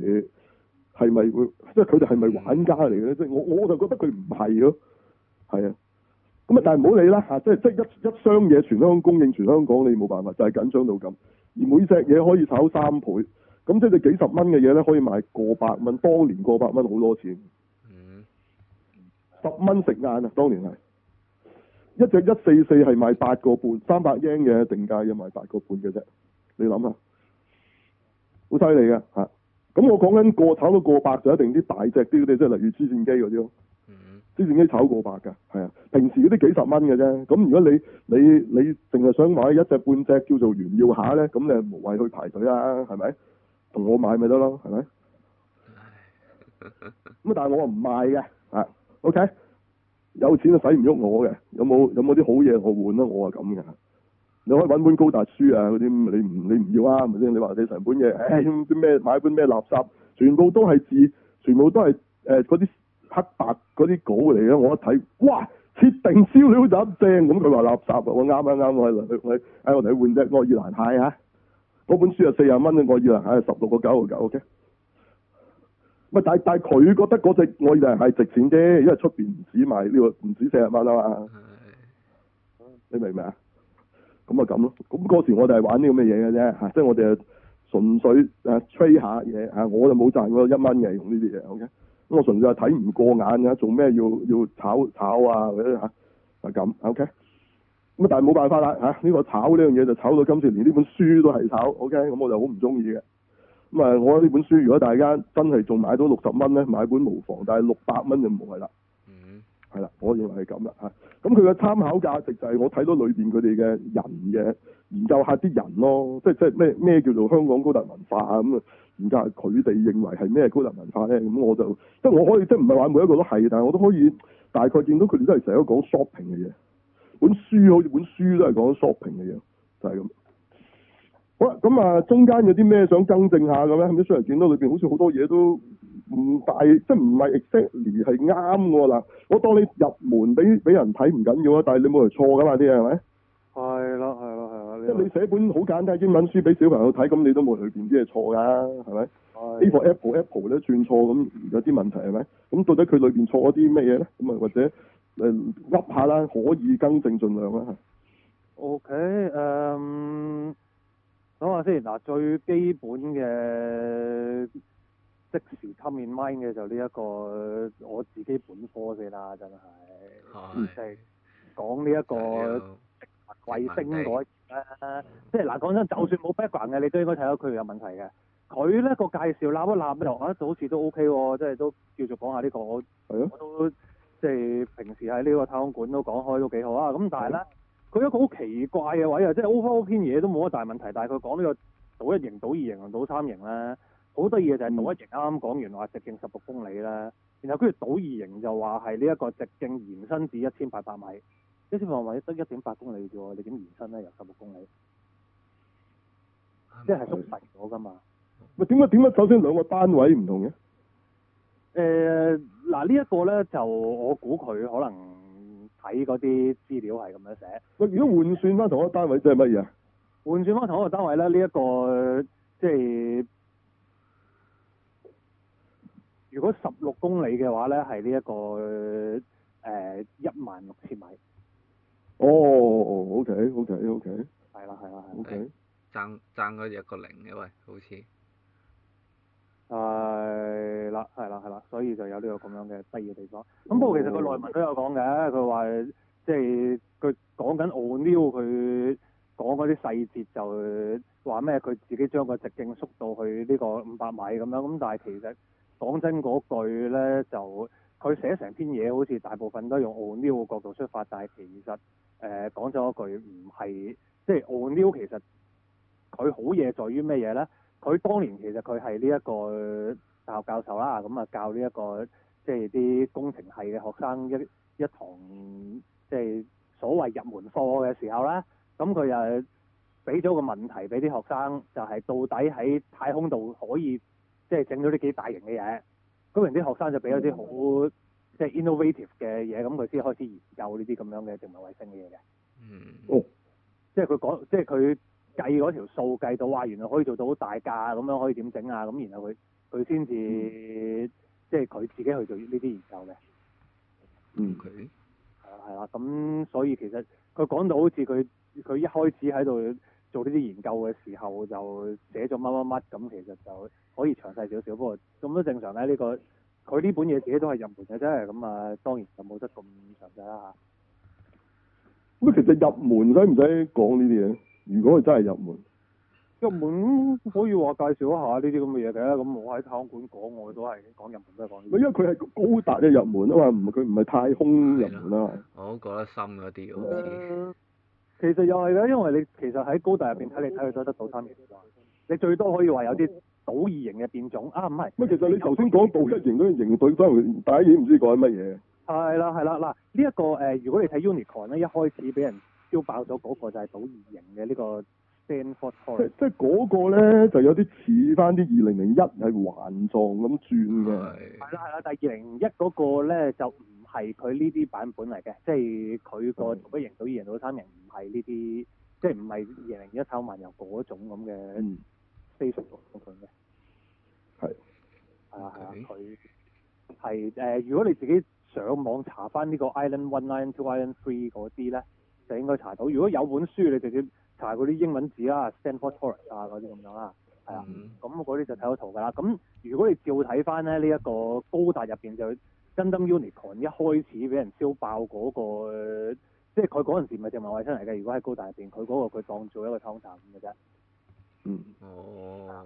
係咪會即係佢哋係咪玩家嚟嘅咧？即係我我就覺得佢唔係咯，係啊。咁啊！但係唔好理啦嚇，即係即係一一箱嘢全香港供應，全香港你冇辦法，就係、是、緊張到咁。而每隻嘢可以炒三倍，咁即係幾十蚊嘅嘢咧，可以賣過百蚊。當年過百蚊好多錢，十蚊食晏啊！當年係一隻一四四係賣八個半，三百 yen 嘅定價，要賣八個半嘅啫。你諗下，好犀利嘅嚇！咁、啊、我講緊過炒到過百就一定啲大隻啲嘅，即係例如支線機嗰啲咯。啲正機炒過百㗎，係啊！平時嗰啲幾十蚊嘅啫，咁如果你你你淨係想買一隻半隻叫做炫耀下咧，咁你無謂去排隊啦，啊，係咪？同我買咪得咯，係咪？咁 但係我啊唔賣嘅，啊，OK，有錢都使唔喐我嘅。有冇有冇啲好嘢我換啊？我啊咁嘅，你可以揾本高達書啊嗰啲，你唔你唔要啊，係咪先？你話你成本嘢，唉，啲咩買本咩垃圾，全部都係字，全部都係誒嗰啲。呃黑白嗰啲稿嚟嘅，我一睇哇，設定燒料、盞釘咁，佢話垃圾啊、哎，我啱啊啱我去去去，喺我哋換隻愛爾蘭蟹啊，嗰本書啊四廿蚊啊，愛爾蘭蟹十六個九個九，O K。唔係，但係但係佢覺得嗰隻愛爾蘭蟹值錢啫，因為出邊唔止賣呢個，唔止四十蚊啊嘛，你明唔明啊？咁啊咁咯，咁嗰時我哋係玩呢個咩嘢嘅啫，吓，即係我哋係純粹誒吹下嘢吓，我就冇賺過一蚊嘅，用呢啲嘢，O K。Okay? 我純粹係睇唔過眼啊！做咩要要炒炒啊？嗰啲嚇就咁，OK。咁、啊啊啊、但係冇辦法啦、啊、嚇。呢、啊呢個炒呢樣嘢就炒到今次，連呢本書都係炒，OK、啊。咁我就好唔中意嘅。咁啊，我呢、啊、本書如果大家真係仲買到六十蚊咧，買本無妨，但係六百蚊就無謂啦。係啦，我認為係咁啦嚇。咁佢嘅參考價值就係我睇到裏邊佢哋嘅人嘅研究下啲人咯，即係即係咩咩叫做香港高達文化啊咁啊？研究下佢哋認為係咩高達文化咧？咁我就即係我可以即係唔係話每一個都係，但係我都可以大概見到佢哋都係成日都講 shopping 嘅嘢。本書好似本書都係講 shopping 嘅嘢，就係咁。好啦，咁啊，中間有啲咩想更正下嘅咧？咪雖然見到裏邊好似好多嘢都。唔大，即係唔係 exactly 係啱㗎啦。我當你入門俾俾人睇唔緊要啊，但係你冇錯㗎嘛啲嘢係咪？係咯，係咯，係咯。即係你寫本好簡單英文書俾小朋友睇，咁你都冇裏邊啲嘢錯㗎，係咪？係的。A apple apple 咧轉錯咁有啲問題係咪？咁到底佢裏邊錯咗啲咩嘢咧？咁啊或者誒噏、呃、下啦，可以更正儘量啦嚇。OK，誒、um，諗下先嗱，最基本嘅。即時 come in mind 嘅就呢一、啊、 個我自己本科先啦，真係， 即係講呢一個衛星嗰，誒，即係嗱講真，就算冇 background 嘅，你都應該睇到佢有問題嘅。佢咧個介紹立一立、OK，咧、這個，我好似 都 OK 喎，即係都叫做講下呢個我，我都即係平時喺呢個太空館都講開都幾好啊。咁但係咧，佢 一個好奇怪嘅位啊，即係 open open 嘢都冇乜大問題，但係佢講個倒倒倒倒呢個島一型、島二型、島三型咧。好得意嘅就係、是、島一型啱啱講完話直徑十六公里啦。然後跟住島二型就話係呢一個直徑延伸至一千八百米，一千八百米得一點八公里啫喎，你點延伸咧？由十六公里，即係縮細咗噶嘛？喂、哎，點解點解？首先兩個單位唔同嘅。誒、呃，嗱、這個、呢一個咧就我估佢可能睇嗰啲資料係咁樣寫。喂、呃，如果換算翻同一個單位即係乜嘢啊？換算翻同一個單位咧，呢、這、一個即係。如果十六公里嘅話咧，係呢一個誒一萬六千米。哦，OK，OK，OK。係啦，係啦，OK。爭爭咗一個零嘅喂，好似。係啦，係啦，係啦，所以就有呢個咁樣嘅低嘅地方。咁不過其實個內文都有講嘅，佢話即係佢講緊奧尼爾佢講嗰啲細節就話咩？佢自己將個直徑縮到去呢個五百米咁樣，咁但係其實。講真嗰句咧，就佢寫成篇嘢，好似大部分都用奧尼奧角度出發，但係其實誒講咗一句唔係，即係奧尼奧其實佢好嘢在於咩嘢咧？佢當年其實佢係呢一個大學教授啦，咁、嗯、啊教呢、這個就是、一個即係啲工程系嘅學生一一堂即係、就是、所謂入門課嘅時候咧，咁佢又俾咗個問題俾啲學生，就係、是、到底喺太空度可以？即係整咗啲幾大型嘅嘢，咁人啲學生就俾咗啲好即係 innovative 嘅嘢，咁佢先開始研究呢啲咁樣嘅植物衞生嘅嘢嘅。嗯、hmm.。即係佢講，即係佢計嗰條數計到哇，原來可以做到好大價，咁樣可以點整啊？咁然後佢佢先至即係佢自己去做呢啲研究嘅。嗯 Okay.。係啦係啦，咁所以其實佢講到好似佢佢一開始喺度做呢啲研究嘅時候，就寫咗乜乜乜咁，其實就。可以詳細少少，不過咁都正常咧。呢、呢個佢呢本嘢自己都係入門嘅啫，咁啊當然就冇得咁詳細啦嚇。咁其實入門使唔使講呢啲嘢？如果佢真係入門，入門可以話介紹一下呢啲咁嘅嘢嘅。咁我喺太空館講，我都係講入門都係講。因為佢係高達嘅入門啊嘛，唔佢唔係太空入門啦。我都覺得深嗰啲、嗯。其實又係嘅，因為你其實喺高達入邊睇你睇佢都得到。乜嘢，你最多可以話有啲。倒二型嘅變種啊，唔係。乜其實你頭先講倒一型嗰啲型類，大家已經唔知講乜嘢？係啦係啦，嗱呢一個誒、呃，如果你睇 Unicorn 咧，一開始俾人燒爆咗嗰、嗰個就係倒二型嘅呢、呢個 Stand For Coin。即即嗰個咧就有啲似翻啲二零零一係環狀咁轉嘅。係啦係啦，但係二零零一嗰個咧就唔係佢呢啲版本嚟嘅，即係佢個同一型、倒二型、倒的三型唔係呢啲，即係唔係二零零一抽漫遊嗰種咁嘅。的非常之重要嘅，係是，係啊係啊，佢係誒，是是如果你自己上網查翻呢個 Island One Island Two Island Three 嗰啲咧，就應該查到。如果有本書，你直接查嗰啲英文字啊，Stanford Torus 啊嗰啲咁樣啦，係啊，咁嗰啲就睇到圖㗎啦。咁如果你照睇翻咧呢一個高達入邊就 Gundam Unicorn 一開始俾人燒爆嗰、嗰個，呃、即係佢嗰陣時唔係淨係外星嚟嘅。如果喺高達入邊，佢嗰個佢當做一個倉塔咁嘅啫。Mm hmm. 嗯，哦，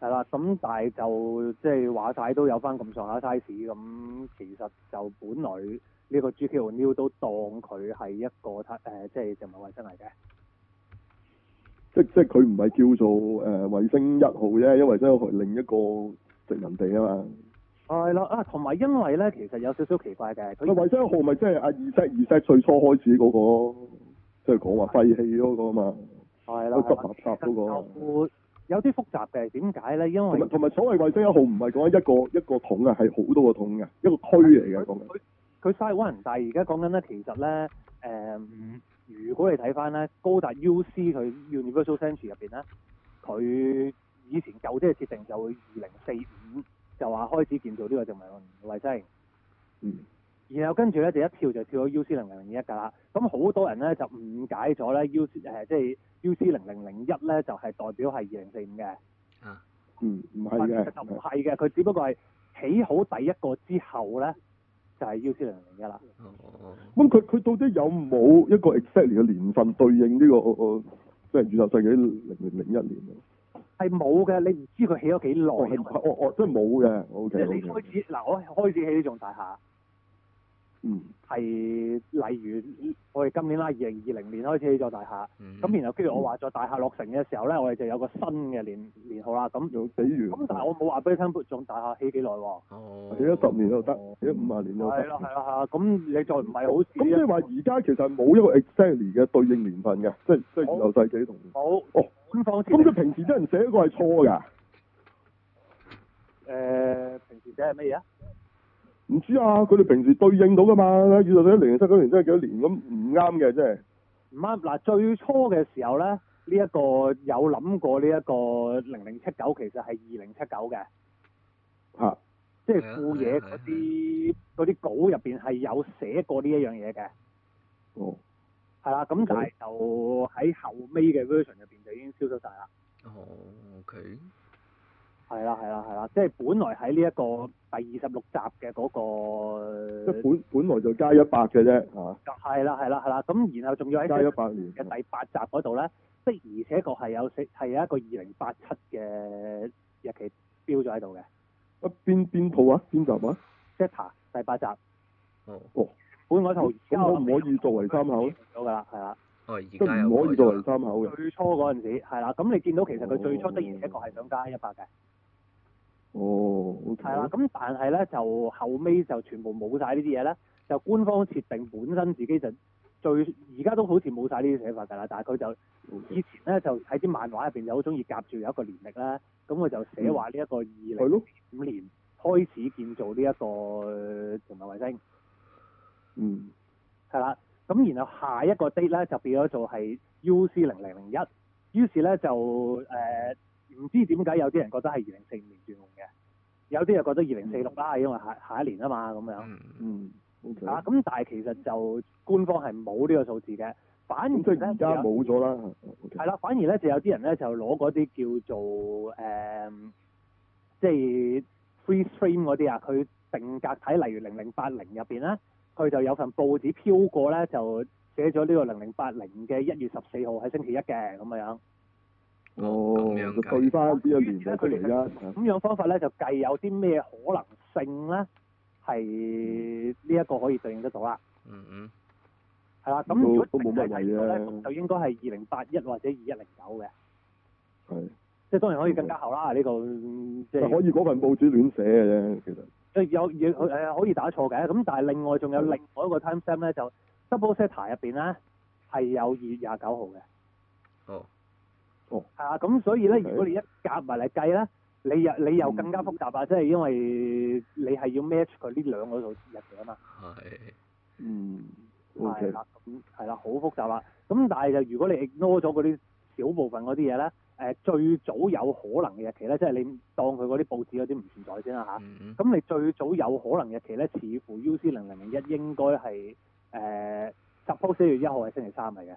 係啦，咁但係就即係話晒都有翻咁上下 size，咁其實就本嚟呢個 G Q New 都當佢係一個太誒、呃，即係殖民衛星嚟嘅。即即係佢唔係叫做誒衛、呃、星一號啫，因為即係另一個殖民地啊嘛。係啦啊，同埋、啊、因為咧，其實有少少奇怪嘅。佢個衛星一號咪即係阿二塞二塞最初開始嗰、那個，即係講話廢棄嗰個啊嘛。係啦，垃圾嗰有啲複雜嘅，點解咧？因為同埋同埋所謂衞星一號唔係講一個一個桶啊，係好多個桶嘅一個區嚟嘅咁。佢佢 Side 1對的但係而家講緊咧，其實咧，誒、呃，如果你睇翻咧，高達 U C 佢 Universal Century 入邊咧，佢以前舊啲嘅設定就二零四五就話開始建造呢個殖民衞星。嗯。然後跟住咧就一跳就跳到 U C 零零零一㗎啦，咁好多人咧就誤解咗咧 U C 誒即係 U C 零零零一咧就係代表係二零四五嘅，啊，嗯唔係嘅，就唔係嘅，佢只不過係起好第一個之後咧就係 U C 零零零一啦。咁佢佢到底有冇一個 exactly 嘅年份對應呢個即係宇宙世紀零零零一年？係冇嘅，你唔知佢起咗幾耐。係，我我即係冇嘅。O K，即係你開始嗱，我開始起呢種大廈。嗯，係例如我哋今年啦，二零二零年開始起咗大廈，咁、嗯、然後跟住我話咗大廈落成嘅時候咧，我哋就有個新嘅年年號啦。咁就比如，咁但係我冇話俾你聽，仲大廈起幾耐喎？哦，起咗十年又得，起咗五十年又得。係啦係啦，咁、嗯、你再唔係好咁即係話，而家其實冇一個 exactly 嘅對應年份嘅，即係即係舊世紀同。好，好哦，咁放咁佢平時啲人寫嗰個係錯㗎。誒，平時寫係乜嘢啊？唔知啊，佢哋平時對應到噶嘛？原來你零零七九年真係幾多年咁唔啱嘅，真係。唔啱嗱，最初嘅時候咧，呢一個有諗過呢一個零零七九其實係二零七九嘅。嚇、啊！即係副嘢嗰啲啲稿入邊係有寫過呢一樣嘢嘅。哦、嗯。係啦，咁但係就喺後尾嘅 version 入邊就已經消失晒啦。哦，OK。係啦，係啦，係啦，即係本來喺呢一個第二十六集嘅嗰個，即係本本來就加一百嘅啫，嚇。係啦，係啦，係啦，咁然後仲要喺加一百嘅第八集嗰度咧，即係而且確係有四係一個二零八七嘅日期標咗喺度嘅。一邊邊套啊，邊集啊？t h e t 第八集。哦。本來套。咁可唔可以作為參考咧？有啦，係啦。都唔可以作為參考嘅。最初嗰陣時係啦，咁你見到其實佢最初的而且確係想加一百嘅。哦，係啦、Oh, okay.，咁但係咧就後尾就全部冇晒呢啲嘢咧，就官方設定本身自己就最而家都好似冇晒呢啲寫法㗎啦，但係佢就 Okay. 以前咧就喺啲漫畫入邊就好中意夾住有一個年曆啦，咁、嗯、佢、嗯嗯、就寫話呢一個二零零五年開始建造呢、這、一個同埋衛星，嗯，係啦，咁然後下一個 date 咧就變咗做係 U C 零零零一，1, 於是咧就誒。呃唔知點解有啲人覺得係二零四五年轉紅嘅，有啲人覺得二零四六啦，嗯、因為下下一年啊嘛咁樣。嗯嗯。Okay. 啊，咁但係其實就官方係冇呢個數字嘅，反而佢而家冇咗啦。係、okay. 啦，反而咧就有啲人咧就攞嗰啲叫做誒，即、嗯、係、就是、free frame 嗰啲啊，佢定格喺例如零零八零入邊啦，佢就有份報紙飄過咧，就寫咗呢個零零八零嘅一月十四號係星期一嘅咁嘅樣。哦，咁樣就對翻呢一年咧，佢而家咁樣方法咧就計有啲咩可能性咧，係呢一個可以對應得到啦。嗯嗯。係啦，咁如果平底睇到咧，就應該係二零八一或者二一零九嘅。係。即係當然可以更加後啦，呢個即係。可以嗰份報紙亂寫嘅啫，其實。誒有嘢佢誒可以打錯嘅，咁但係另外仲有另外一個 time zone 咧，就 double seta 入邊咧係有二月廿九號嘅。哦、 啊，咁、嗯、所以咧，如果你一夾埋嚟計咧，你又你又更加複雜啊！即係因為你係要 match 佢呢兩個日期嘅嘛。係。嗯。OK 係啦，咁係啦，好複雜啦。咁但係就如果你 ignore 咗嗰啲小部分嗰啲嘢咧，誒最早有可能嘅日期咧，即係你當佢嗰啲報紙嗰啲唔存在先啦吓，咁、啊嗯、你最早有可能日期咧，似乎 U C 零零零一應該係誒 s 四月一號係星期三嚟嘅，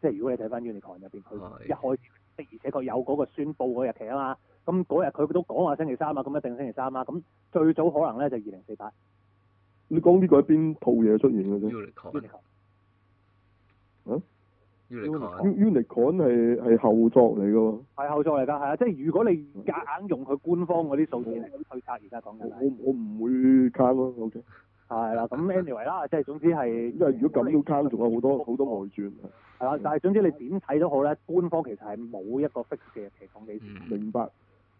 即係如果你睇翻 Unicorn 入邊佢一開而且佢有嗰個宣佈嗰日期啊嘛，咁嗰日佢都講話星期三啊嘛，咁一定星期三啊嘛，咁最早可能呢就二零四八。你講呢個係邊套嘢出現嘅啫？嗯？Unicorn 係係後作嚟㗎喎。係後作嚟㗎，係啊，即係如果你夾硬用佢官方嗰啲數字嚟推測，而家講緊。我我唔會睇咯 ，OK。係啦，咁 anyway 啦，即係總之係，因為如果咁都卡，仲有好多好多外傳。係啦，但係總之你點睇都好咧，官方其實係冇一個 specific 嘅提供你。嗯，明白。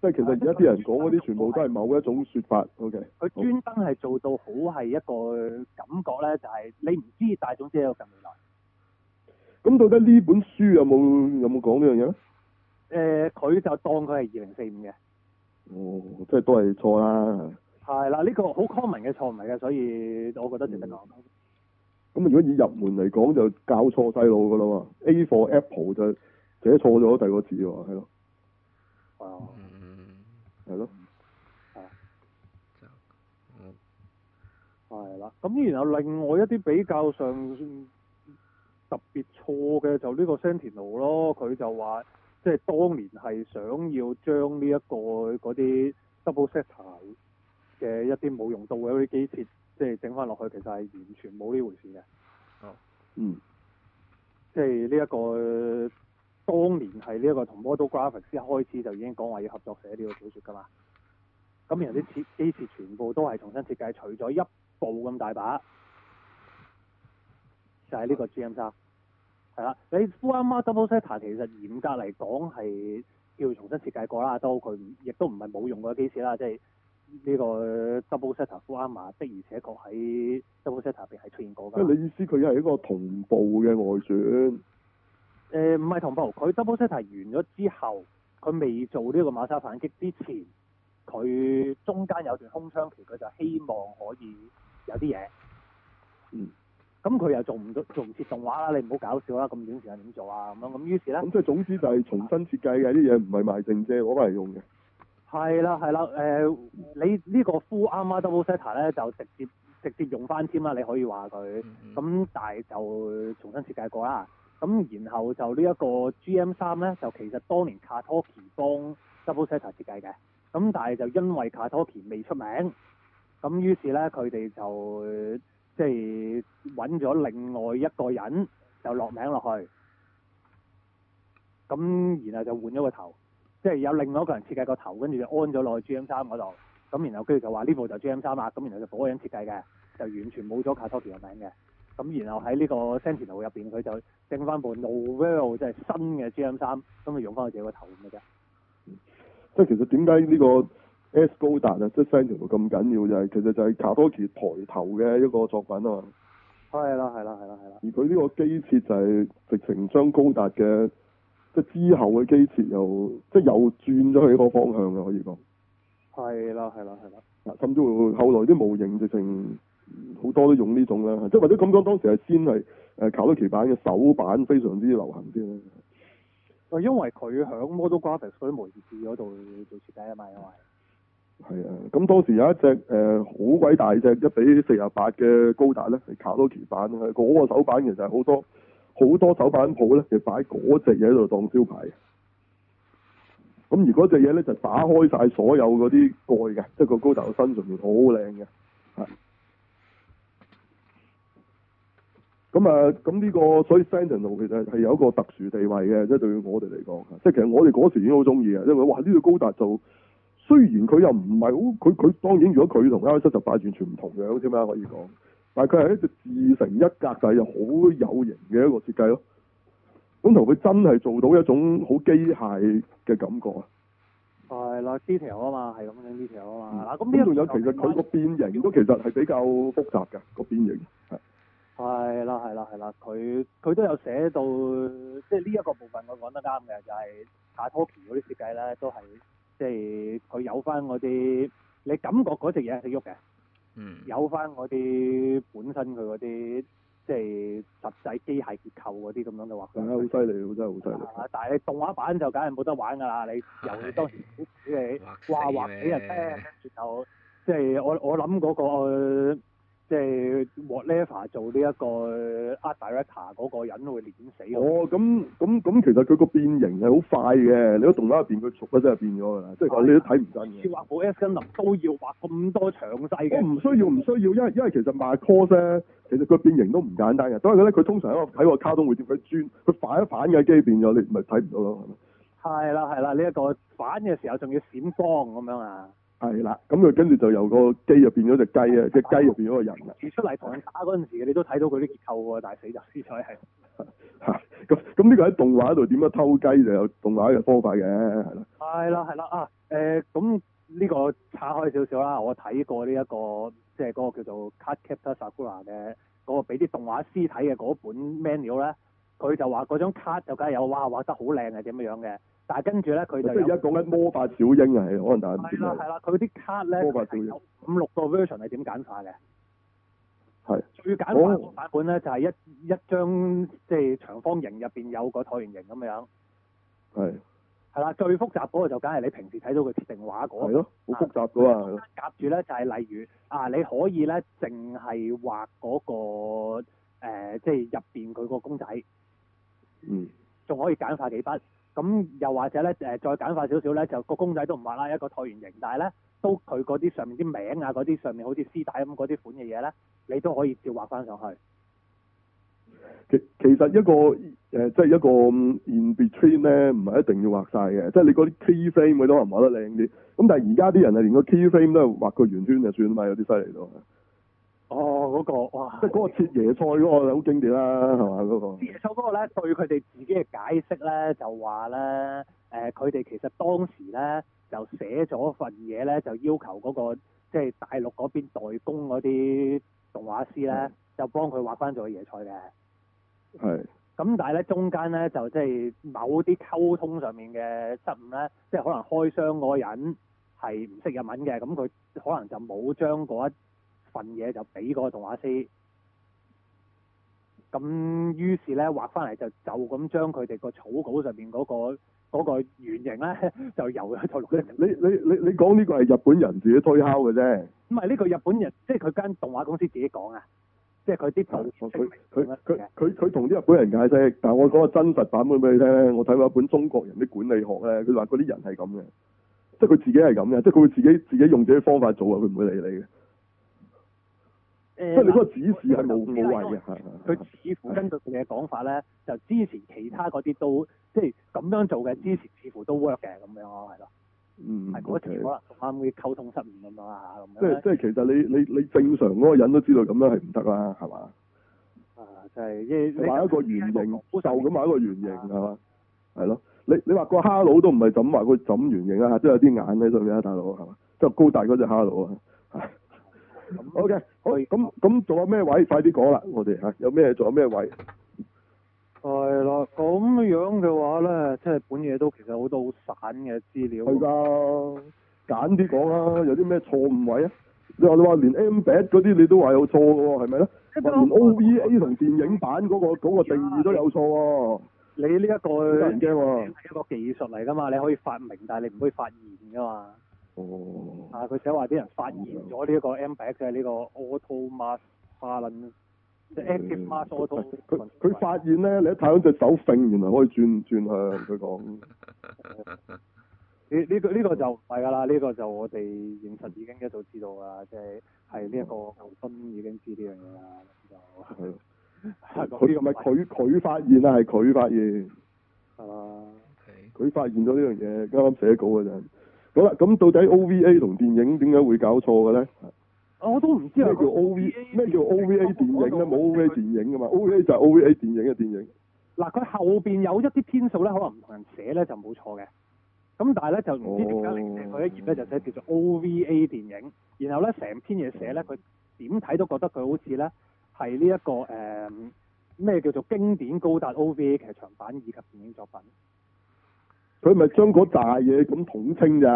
即係其實而家啲人講嗰啲，全部都係某一種說法。O、okay, K。佢專登係做到好係一個感覺咧，就係你唔知，但係總之喺度一個更未來。咁到底呢本書有冇有冇講呢樣嘢咧？誒，佢就當佢係二零四五嘅。哦，即係都係錯啦。係啦，呢、這個好 common 嘅錯誤嚟嘅，所以我覺得值得講。咁、嗯嗯、如果以入門嚟講，就教錯細路噶啦嘛。A 貨 Apple 就寫錯咗第二個字喎，係咯、啊。哦，係咯。係。就嗯。係啦，咁然後另外一啲比較上特別錯嘅就呢個 Sentinel 咯，佢就話即係當年係想要將呢一個嗰啲 Double Setter。嘅一啲冇用到嘅嗰啲機設，即係整翻落去，其實係完全冇呢回事嘅。哦，oh. 嗯，即係呢一個當年係呢一個同 Model Graphics 一開始就已經講話要合作寫呢個小說噶嘛。咁然後啲設機設全部都係重新設計，除咗一部咁大把，就係、是、呢個 G M 三，係啦、oh.。你《Full Armor Double Zeta》其實嚴格嚟講係要重新設計過啦，都佢亦都唔係冇用嘅機設啦，即係。呢個 Double Setter 伏阿馬，的而且確喺 Double Setter 入邊係出現過嘅。即係你意思佢又係一個同步嘅外傳？誒，唔係同步，佢 Double Setter 完咗之後，佢未做呢個馬沙反擊之前，佢中間有段空窗期，佢就希望可以有啲嘢。嗯。咁佢、嗯、又做唔到，做唔切動畫啦！你唔好搞笑啦，咁短時間點做啊？咁樣咁於是咧？咁、嗯、即係總之就係重新設計嘅啲嘢，唔係賣剩啫攞嚟用嘅。係啦，係啦，誒、呃，你個 Double 呢個 Full Armor Doublesetter 咧就直接直接用翻添啦，你可以話佢，咁、mm hmm. 但係就重新設計過啦，咁然後就呢一個 GM 三咧就其實當年卡托奇幫 Doublesetter 設計嘅，咁但係就因為卡托奇未出名，咁於是咧佢哋就即係揾咗另外一個人就落名落去，咁然後就換咗個頭。即係有另外一個人設計個頭，跟住就安咗落去 G M 三嗰度，咁然後跟住就話呢部就 G M 三啊，咁然後就火影設計嘅，就完全冇咗卡多奇嘅名嘅，咁然後喺呢個 Sentinel 入邊佢就整翻部 new model 即係新嘅 G M 三，咁就用翻佢自己個頭咁嘅啫。即係其實點解呢個 S 高達啊，即係 Sentinel 咁緊要就係其實就係卡多奇抬頭嘅一個作品啊嘛。係啦，係啦，係啦，係啦。而佢呢個機設就係直情將高達嘅。即之後嘅機設又即又轉咗去一個方向嘅，可以講。係啦，係啦，係啦。甚至乎後來啲模型直情好多都用呢種啦，即或者咁講，當時係先係誒卡多奇版嘅手板非常之流行啲啦。因為佢響 Model Graphics 嗰啲模型誌嗰度做設計啊嘛，因為。係啊，咁當時有一隻誒好鬼大隻一比四十八嘅高達咧，係卡多奇版。係、那、嗰個手板其實好多。好多手板鋪咧，就擺嗰隻嘢喺度當招牌。咁而嗰隻嘢咧就打開晒所有嗰啲蓋嘅，即係個高達嘅身上面好靚嘅。啊，咁啊，咁呢個所以 Sentinel 其實係有一個特殊地位嘅，即係對於我哋嚟講，即係其實我哋嗰時已經好中意啊，因為哇，呢個高達就雖然佢又唔係好，佢佢當然如果佢同歐洲十完全唔同樣添啊，可以講。但係佢係一隻自成一格就係好有型嘅一個設計咯。咁同佢真係做到一種好機械嘅感覺、嗯、啊。係啦，detail 啊嘛，係咁樣 detail 啊嘛。嗱，咁呢仲有其實佢個變形都其實係比較複雜嘅個變形。係啦，係啦，係啦，佢佢都有寫到，即係呢一個部分我講得啱嘅，就係打拖鉛嗰啲設計咧，都係即係佢有翻嗰啲你感覺嗰隻嘢喺度喐嘅。嗯、有翻嗰啲本身佢嗰啲即係實際機械結構嗰啲咁樣嘅畫，係啊，好犀利，真係好犀利。但係你動畫版就梗係冇得玩㗎啦！的你由你當時小鬼嚟畫畫起啊，聽住的就即係我我諗嗰、嗰個。即係 whatever 做呢一個 art director 嗰個人會連點死？哦，咁咁咁，其實佢個變形係好快嘅。你喺動畫入邊，佢熟嗰真就變咗㗎啦。即係你都睇唔真嘅。畫好冇 S 跟林都要畫咁多詳細嘅？我唔需要，唔需要，因為因為其實賣 cos 咧，其實佢變形都唔簡單嘅。所以咧，佢通常喺我睇個卡通會點樣轉？佢反一反嘅機變咗，你咪睇唔到咯。係啦，係啦，呢一個反嘅時候仲要閃光咁樣啊！係啦，咁佢跟住就由個機入面變咗隻雞啊，隻雞入面變咗個人。自出嚟同人打嗰陣時，你都睇到佢啲結構喎，大死就屍彩係。嚇！咁咁呢個喺動畫度點樣偷雞就有動畫嘅方法嘅，係 啦。係啦，係啦啊！誒、呃，咁、嗯、呢、呢個拆開少少啦，我睇過呢、呢、一個即係嗰個叫做《Cardcaptor Sakura》嘅嗰個俾啲動畫師睇嘅嗰本 menu 咧。佢就話嗰張卡就梗係有，哇畫得好靚係點樣樣嘅，但係跟住咧佢就而家講緊魔法小櫻啊，係可能大家唔知啦，係啦，佢啲卡咧魔法小櫻有五六個 version 係點簡化嘅，係的最簡化個版本咧就係、是、一一張即係、就是、長方形入邊有個橢圓形咁樣，係係啦，最複雜嗰個就梗係你平時睇到佢成畫嗰、那個，係咯，好複雜噶嘛，啊、的夾住咧就係、是、例如啊，你可以咧淨係畫嗰、那個、呃、即係入邊佢個公仔。嗯，仲可以簡化幾筆，咁又或者咧誒、呃，再簡化少少咧，就個公仔都唔畫啦，一個橢圓形，但係咧，都佢嗰啲上面啲名啊，嗰啲上面好似絲帶咁嗰啲款嘅嘢咧，你都可以照畫返上去。其其實一個誒，即、呃、係、就是、一個 in between 咧，唔係一定要畫晒嘅，即、就、係、是、你嗰啲 key frame 嗰啲可能畫得靚啲，咁但係而家啲人啊，連個 key frame 都係畫個圓圈就算啊嘛，有啲犀利到。哦，嗰個哇，即係嗰個切椰菜嗰個係好經典啦，啊，係嘛嗰個？切椰菜嗰個咧，對佢哋自己嘅解釋咧，就話咧，誒佢哋其實當時咧就寫咗份嘢咧，就要求嗰個即係大陸嗰邊代工嗰啲動畫師咧，的就幫佢畫翻咗椰菜嘅。係的。咁但係咧，中間咧就即係某啲溝通上面嘅失誤咧，即係可能開箱嗰個人係唔識日文嘅，咁佢可能就冇將嗰一份嘢就俾個動畫師，咁於是呢，畫翻嚟就就咁將佢哋個草稿上面、嗰個、嗰個原型、嗰個、呢，就由佢再錄。你你你講呢個係日本人自己推敲嘅啫，唔係呢個日本人即係佢間動畫公司自己講啊，即係佢啲佢佢佢同啲日本人解釋，但係我講個真實版本俾你聽。我睇過一本中國人啲管理學呢，佢話嗰啲人係咁嘅，即係佢自己係咁嘅，即係佢會自己自己用自己方法做啊，佢唔會理你嘅。即係你嗰個指示係冇謂嘅，係佢似乎根據佢嘅講法咧，就之前其他嗰啲都即係咁樣做嘅，之前似乎都 work 嘅咁樣咯，係咯，嗯，係嗰次可能同啱啲溝通失誤咁啊，咁即係即係其實你你你正常嗰個人都知道咁樣係唔得啦，係嘛？啊，就係即係你買一個圓形，就咁買一個圓形係嘛？係咯，你你話個蝦佬都唔係枕埋個枕圓形啊，即係有啲眼喺上面啊，大佬係嘛？即係高大嗰隻蝦佬啊。OK，好，咁咁仲有咩位？快啲講啦，我哋嚇有咩仲有咩位？係咯，咁樣嘅話咧，即係本嘢都其實好多好散嘅資料。係㗎，簡啲講啦，有啲咩錯誤位啊？你話你話連 MBA 嗰啲你都話有錯嘅喎，係咪咧？嗯、連 OVA 同電影版嗰、嗰個嗰個定義都有錯喎、嗯。你呢一個？唔驚喎。係一個技術嚟㗎嘛，你可以發明，但係你唔可以發言㗎嘛。哦，啊！佢寫話啲人發現咗呢一個 M X,、嗯、個 a b a c 嘅呢個 automate b a 即係 active m Auto s c l e 佢佢發現咧，你一睇到隻手揈，原來可以轉轉向。佢講，呢呢、欸這個呢、這個就唔係啦，呢、這個就我哋現實已經一早知道㗎，即係係呢一個牛頓已經知呢樣嘢啦。就佢咁咪佢佢發現啊，係佢的、嗯、發現，係嘛？佢發現咗呢樣嘢，啱啱寫稿嗰陣。好啦，咁到底 O V A 同電影點解會搞錯嘅咧？我都唔知啊。咩叫 O V？咩叫 O V A 電影咧？冇 O V A 電影㗎嘛，O V A 就係 O V A 電影嘅電影。嗱，佢後邊有一啲篇數咧，可能唔同人寫咧就冇錯嘅。咁但係咧就唔知點解零零佢一頁咧就寫叫做 O V A 電影，然後咧成篇嘢寫咧，佢點睇都覺得佢好似咧係呢一個誒咩、呃、叫做經典高達 O V A 劇場版以及電影作品，佢咪將嗰大嘢咁統稱咋？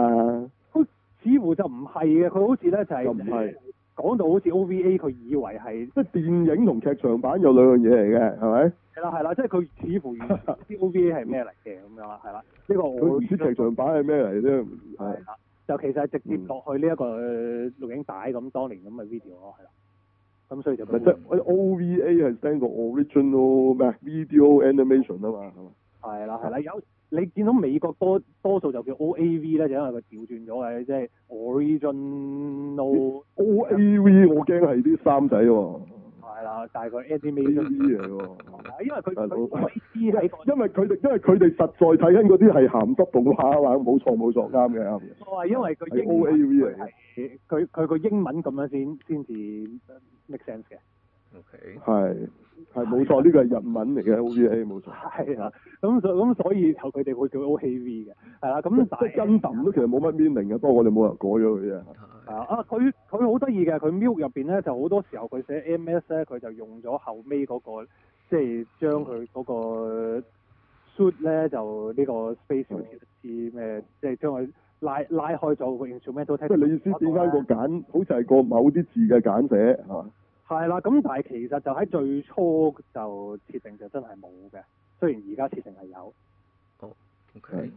佢似乎就唔係嘅，佢好似咧就係、唔係、講到好似 O V A，佢以為係即係電影同劇場版有兩樣嘢嚟嘅，係咪？係啦，係啦，即係佢似乎以為唔知 O V A 係咩嚟嘅咁樣啦，係啦， 呢、呢個佢唔知劇場版係咩嚟啫。係、嗯、就其實係直接落去呢一個錄影帶咁，當年咁嘅 video 咯，係啦。咁所以就唔係即係 O V A 係 s e n d original 咩 video animation 啊嘛係嘛？係啦係啦，有。你見到美國多多數就叫 O A V 咧，就因為佢調轉咗嘅，即係 original。O A V 我驚係啲三仔喎。係啦，大概 animation 嚟喎。因為佢佢因為佢哋因為佢哋實在睇緊嗰啲係鹹濕動畫啊，冇錯冇錯，啱嘅啱嘅。錯係因為佢英文 O A V 嚟，佢佢個英文咁樣先先至 make sense 嘅。O K，係係冇錯，呢個係日文嚟嘅 OVA 冇錯。係啊，咁所咁所以就佢哋會叫 OAV 嘅，係啦、啊。咁但係真揼都其實冇乜 meaning 嘅，啊、不過我哋冇人改咗佢啫。係啊，啊佢佢好得意嘅，佢 Milk 入邊咧就好多時候佢寫 M S 咧，佢就用咗後尾嗰、那個，即係將佢嗰個 Suit 咧就呢個 space 字咩、啊，即係將佢拉拉開咗、啊，佢要做咩都睇到。即係你意思點翻個簡，呢好似係個某啲字嘅簡寫係嘛？啊係啦，咁但係其實就喺最初就設定就真係冇嘅，雖然而家設定係有。好、oh，OK、嗯。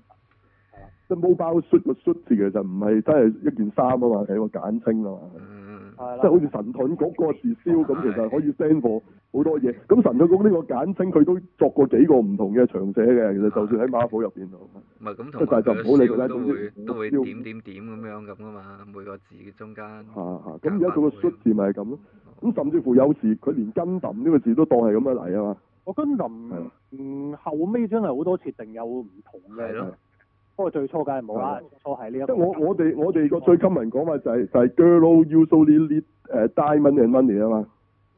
即係 Mobile Suit 個 Suit 字其實唔係真係一件衫啊嘛，係、一個簡稱啊嘛。嗯嗯。係。即係好似神盾局個字標咁，其實可以 send 過好多嘢。咁神盾局呢個簡稱佢都作過幾個唔同嘅長者嘅，其實就算喺 Marvel 入邊。唔係咁同，即係就唔好理佢啦。總之都會點點點咁樣咁啊嘛，每個字嘅中間。嚇嚇、啊。咁而家佢個 Suit 字咪係咁咯？咁甚至乎有時佢連跟冧呢個字都當係咁樣嚟啊嘛！我跟冧嗯後尾真係好多設定有唔同嘅，吧不過最初梗係冇啦。吧初係呢一即係我我哋我哋個最吸引人講嘛、就係，就係就係 Girl, you so lied 誒 Diamond and money 啊嘛。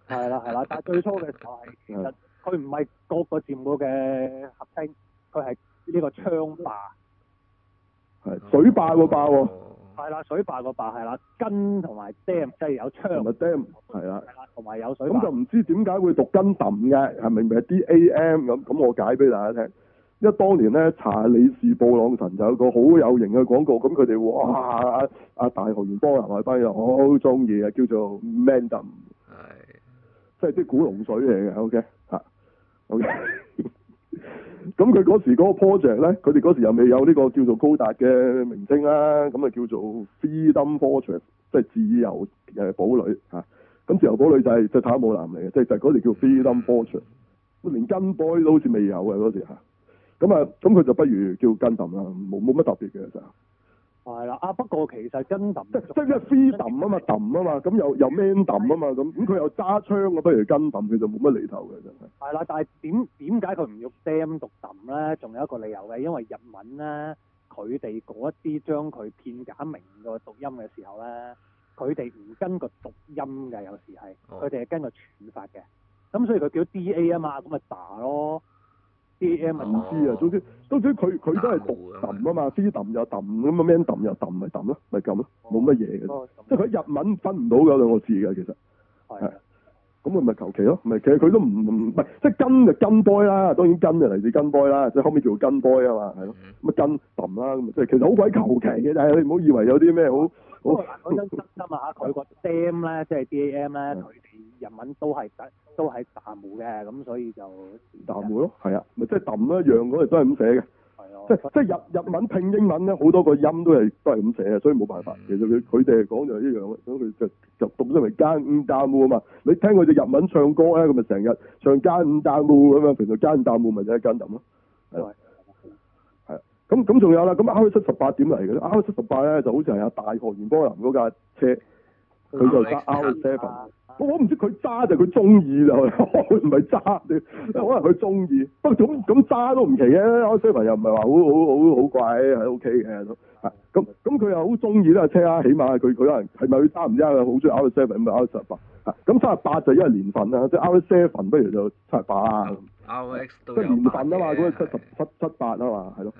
係啦係啦，但係最初嘅時候係其實佢唔係各個節目嘅合稱，佢係呢個唱霸。係水霸喎、啊、霸喎、啊。係啦，水壩個壩係啦，根同埋 dam 即係有槍，同埋 dam 係啦，係啦，同埋有水。咁就唔知點解會讀根揼嘅，係咪咪 D A M 咁？咁我解俾大家聽。因為當年咧查理士布朗臣就有個好有型嘅廣告，咁佢哋哇，啊，阿大學員多人買翻我好中意啊，叫做 Mandom 係，即係啲古龍水嚟嘅。O K，吓，O K。OK 咁佢嗰時嗰個 project 咧，佢哋嗰時又未有呢個叫做高達嘅名稱啦、啊，咁啊叫做 Freedom Fortress，即係自由嘅堡壘嚇。咁、啊、自由堡壘就係、是、就是、坦慕男嚟嘅，即係就嗰、是、時叫 Freedom Fortress，連 Gunboy 都好似未有嘅嗰時咁啊，咁佢就不如叫 Gundam 啦，冇冇乜特別嘅就是啊。係啦，啊不過其實跟抌即係 freedom 啊嘛，抌啊嘛，咁、嗯、又又 mandam 啊嘛，咁咁佢又揸槍，不如跟抌，佢就冇乜厘頭嘅真係。係啦、 嗯， 但係點點解佢唔用 stem 讀呢「抌咧？仲有一個理由嘅，因為日文咧，佢哋嗰一啲將佢片假名個讀音嘅時候咧，佢哋唔跟個讀音嘅，有時係佢哋係跟個處發嘅，咁所以佢叫 da 啊嘛，咁咪打咯。A.M. 唔知啊，總之總之佢佢都係讀氹啊嘛 ，C 氹、um、又氹咁啊，M 氹又氹咪氹咯，咪氹咯，冇乜嘢嘅，即係佢日文分唔到有兩個字嘅其實。係、oh, yeah.。咁佢咪求其咯，咪其實佢都唔唔唔，即係金就金 boy 啦，當然金就嚟自金 boy 啦，即係後面叫做金 boy 啊嘛，係咯，咪金揼啦，咁咪即係其實好鬼求其嘅，但係你唔好以為有啲咩好好講真真心啊吓，佢個 dam 咧，即係 dam 咧，佢哋日文都係都係彈冇嘅，咁所以就彈冇咯，係啊，咪即係揼一樣嗰啲都係咁寫嘅。即即日日文拼英文咧，好多個音都係都係咁寫啊，所以冇辦法。其實佢佢哋講就係一樣，所以佢就就讀出嚟間五間喎嘛。你聽佢哋日文唱歌咧，咁咪成日唱間唔間咁嘛，成日間五間喎咪就係間唔咯，係咪？係啊，咁咁仲有啦，咁 R 七十八點嚟嘅，R 七十八咧就好似係阿大學元波林嗰架車。佢就揸 R seven，我唔知佢揸就佢中意就，唔係揸，可能佢中意。不過咁咁揸都唔奇嘅，R seven 又唔係話好好好好怪，係 O K 嘅。咁咁佢又好中意呢架車啊，起碼佢佢可能係咪佢揸唔知，係好中意 R seven？唔係 R seven，咁七十八就因為年份啦，即係 R seven 不如就七十八啦。R X 都即年份啊嘛，嗰個七十七七八啊嘛，係咯。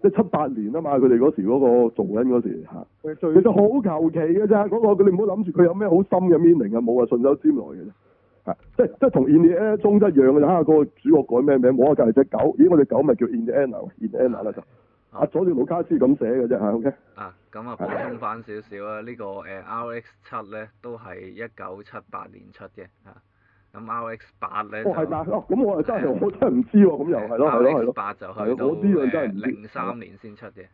即係七八年啊嘛，佢哋嗰時嗰個做緊嗰時嚇，其實好求其嘅啫，嗰個佢你唔好諗住佢有咩好深嘅 meaning 啊，冇啊，順手拈來嘅，嚇，即係即係同 Indiana 中一樣嘅啫，下嗰個主角改咩名？冇啊，隔籬隻狗，咦，我隻狗咪叫 Indiana，Indiana 啦就，啊，左住老卡斯咁寫嘅啫嚇，OK？啊，咁啊補充翻少少啊，呢個誒 RX 七咧都係一九七八年出嘅嚇。咁 R X 八咧就哦，係啦，咁我係真係我真係唔知喎，咁又係咯，係咯，係咯。R X 八就去到零三年先出嘅。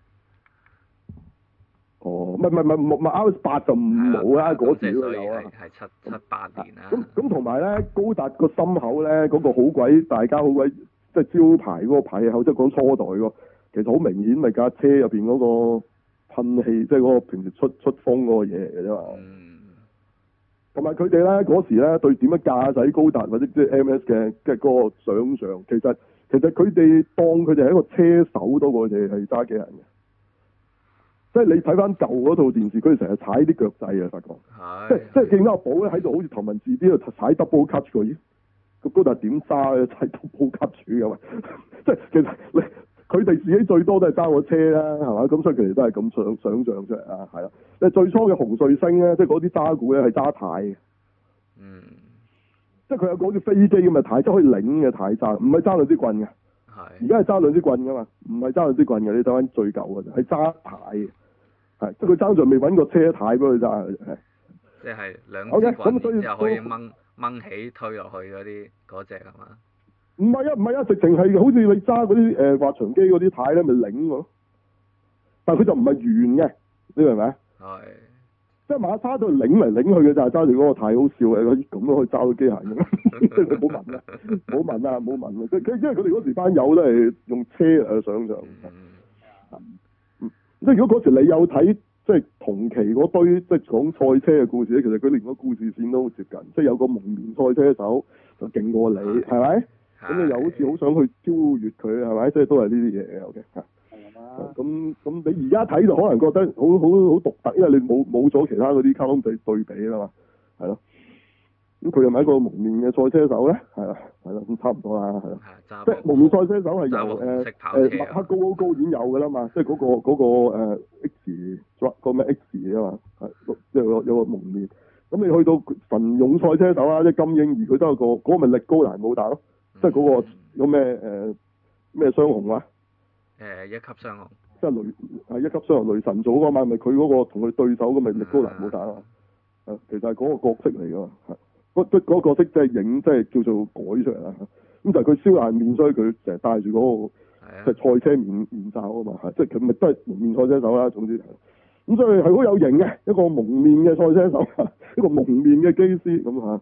哦，唔係唔係唔唔 R X 八就冇啦，嗰時有，即係七七八年啦。咁咁同埋咧，高達個心口咧，嗰個好鬼大家好鬼即係招牌嗰個排氣口，即係講初代喎。其實好明顯，咪架車入邊嗰個噴氣，即係嗰個平時出出風嗰個嘢嚟嘅啫嘛。同埋佢哋咧，嗰時咧對點樣駕駛高達或者即係 M S 嘅嘅個想像，其實其實佢哋當佢哋係一個車手多過佢哋係揸機人嘅，即係你睇翻舊嗰套電視，佢哋成日踩啲腳掣嘅，發覺，哎哎即係即係見到阿寶咧喺度好似頭文字 D 喺度踩 double cut 咁，高達點揸踩 double cut 咁啊？ 即係其實你。佢哋自己最多都係揸個車啦，係嘛？咁所以其實都係咁想想像出嚟啊，係咯。但係最初嘅紅彗星咧、就是嗯，即係嗰啲渣古咧係揸軚嘅，嗯的，即係佢有嗰啲飛機咁嘅軚，即係、okay, 可以擰嘅軚揸，唔係揸兩支棍嘅。係。而家係揸兩支棍噶嘛，唔係揸兩支棍嘅。你睇翻最舊嘅，係揸軚嘅，係即係佢揸住未揾過車軚噃，佢揸係。即係兩支棍先又可以掹掹起推落去嗰啲嗰隻係嘛？唔係啊，唔係啊，直情係好似你揸嗰啲誒滑翔機嗰啲軚咧，咪擰喎。但係佢就唔係圓嘅，你明唔明啊？係。即係馬沙都擰嚟擰去嘅就係揸住嗰個軚，好笑嘅，咁都可以揸到機械嘅。冇問啦，冇問啦，冇問啦。佢佢因為佢哋嗰時班友都係用車嚟想像。即係如果嗰時你有睇即係同期嗰堆即係講賽車嘅故事咧，其實佢連個故事線都好接近，即係有個蒙面賽車手就勁過你，係咪是？是。咁你又好似好想去超越佢，係咪？即係都係呢啲嘢嘅，OK 嚇。係咁，咁你而家睇就可能覺得好好好獨特，因為你冇冇咗其他嗰啲卡通對對比啦嘛，係咯。咁佢又咪一個蒙面嘅賽車手咧？係啊，係咯，咁差唔多啦，係啦。門即係蒙面賽車手係由誒麥克、啊呃、高高高演有嘅啦嘛，即係嗰、嗰個嗰、嗰個嗰個 uh, X d 個咩 X 啊嘛，係即係有，有個蒙面。咁你去到神勇賽車手啊，即係金英兒，佢都有個嗰、嗰個咪、嗰個、力高難武打咯。即係嗰、嗰個個咩誒咩雙雄啊？誒、欸、一級雙雄，即係雷係一級雙雄雷神組嘛。晚，咪佢嗰個同佢對手咁咪逆高難冇打啊？誒，其實係嗰個角色嚟㗎嘛，係嗰、嗰個角色即係影即係叫做改出嚟啦。咁就係佢燒爛面，所以佢成日戴住嗰個係賽、啊、車面面罩啊嘛，即係佢咪都係蒙面賽車手啦、啊。總之咁所以係好有型嘅一個蒙面嘅賽車手，一個蒙面嘅機師咁嚇。咁啊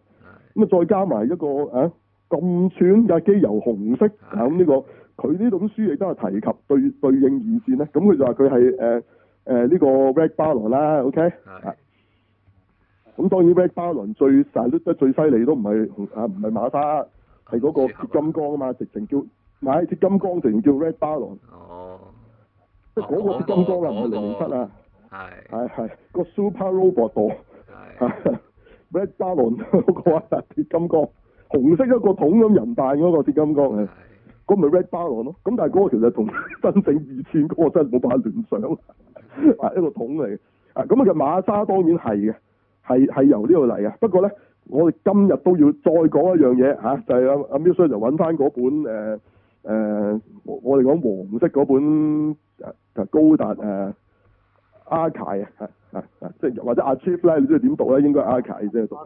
係再加埋一個啊～咁串日記油紅色，咁呢個佢呢本書亦都係提及對對應二戰咧，咁佢就話佢係誒誒呢個 Red Baron 啦，OK，咁當然 Red Baron 最得最犀利都唔係啊，唔係馬沙，係嗰個鐵金剛啊嘛，直情叫買鐵金剛，直情叫 Red Baron 哦，即係嗰個鐵金剛啊，唔係零零七啊，係係個 Super Robot 度，Red Baron 嗰個啊鐵金剛。紅色一個桶咁人扮嗰、那個鐵金剛啊，嗰咪、那個、Red Baron 咯。咁但係嗰個其實同真正二串嗰個真係冇辦法聯想啊，一個桶嚟嘅。啊，咁啊就馬沙當然係嘅，係係由呢度嚟嘅。不過咧，我哋今日都要再講一樣嘢吓，就係、是、阿阿 Myth Sir 就揾翻嗰本誒誒、啊啊，我哋講黃色嗰本誒就、啊、高達誒 a r c h e 啊 chi，啊啊，啊，即係或者阿 c h i e v e 咧，你知佢點讀咧，應該 Archer 啫讀。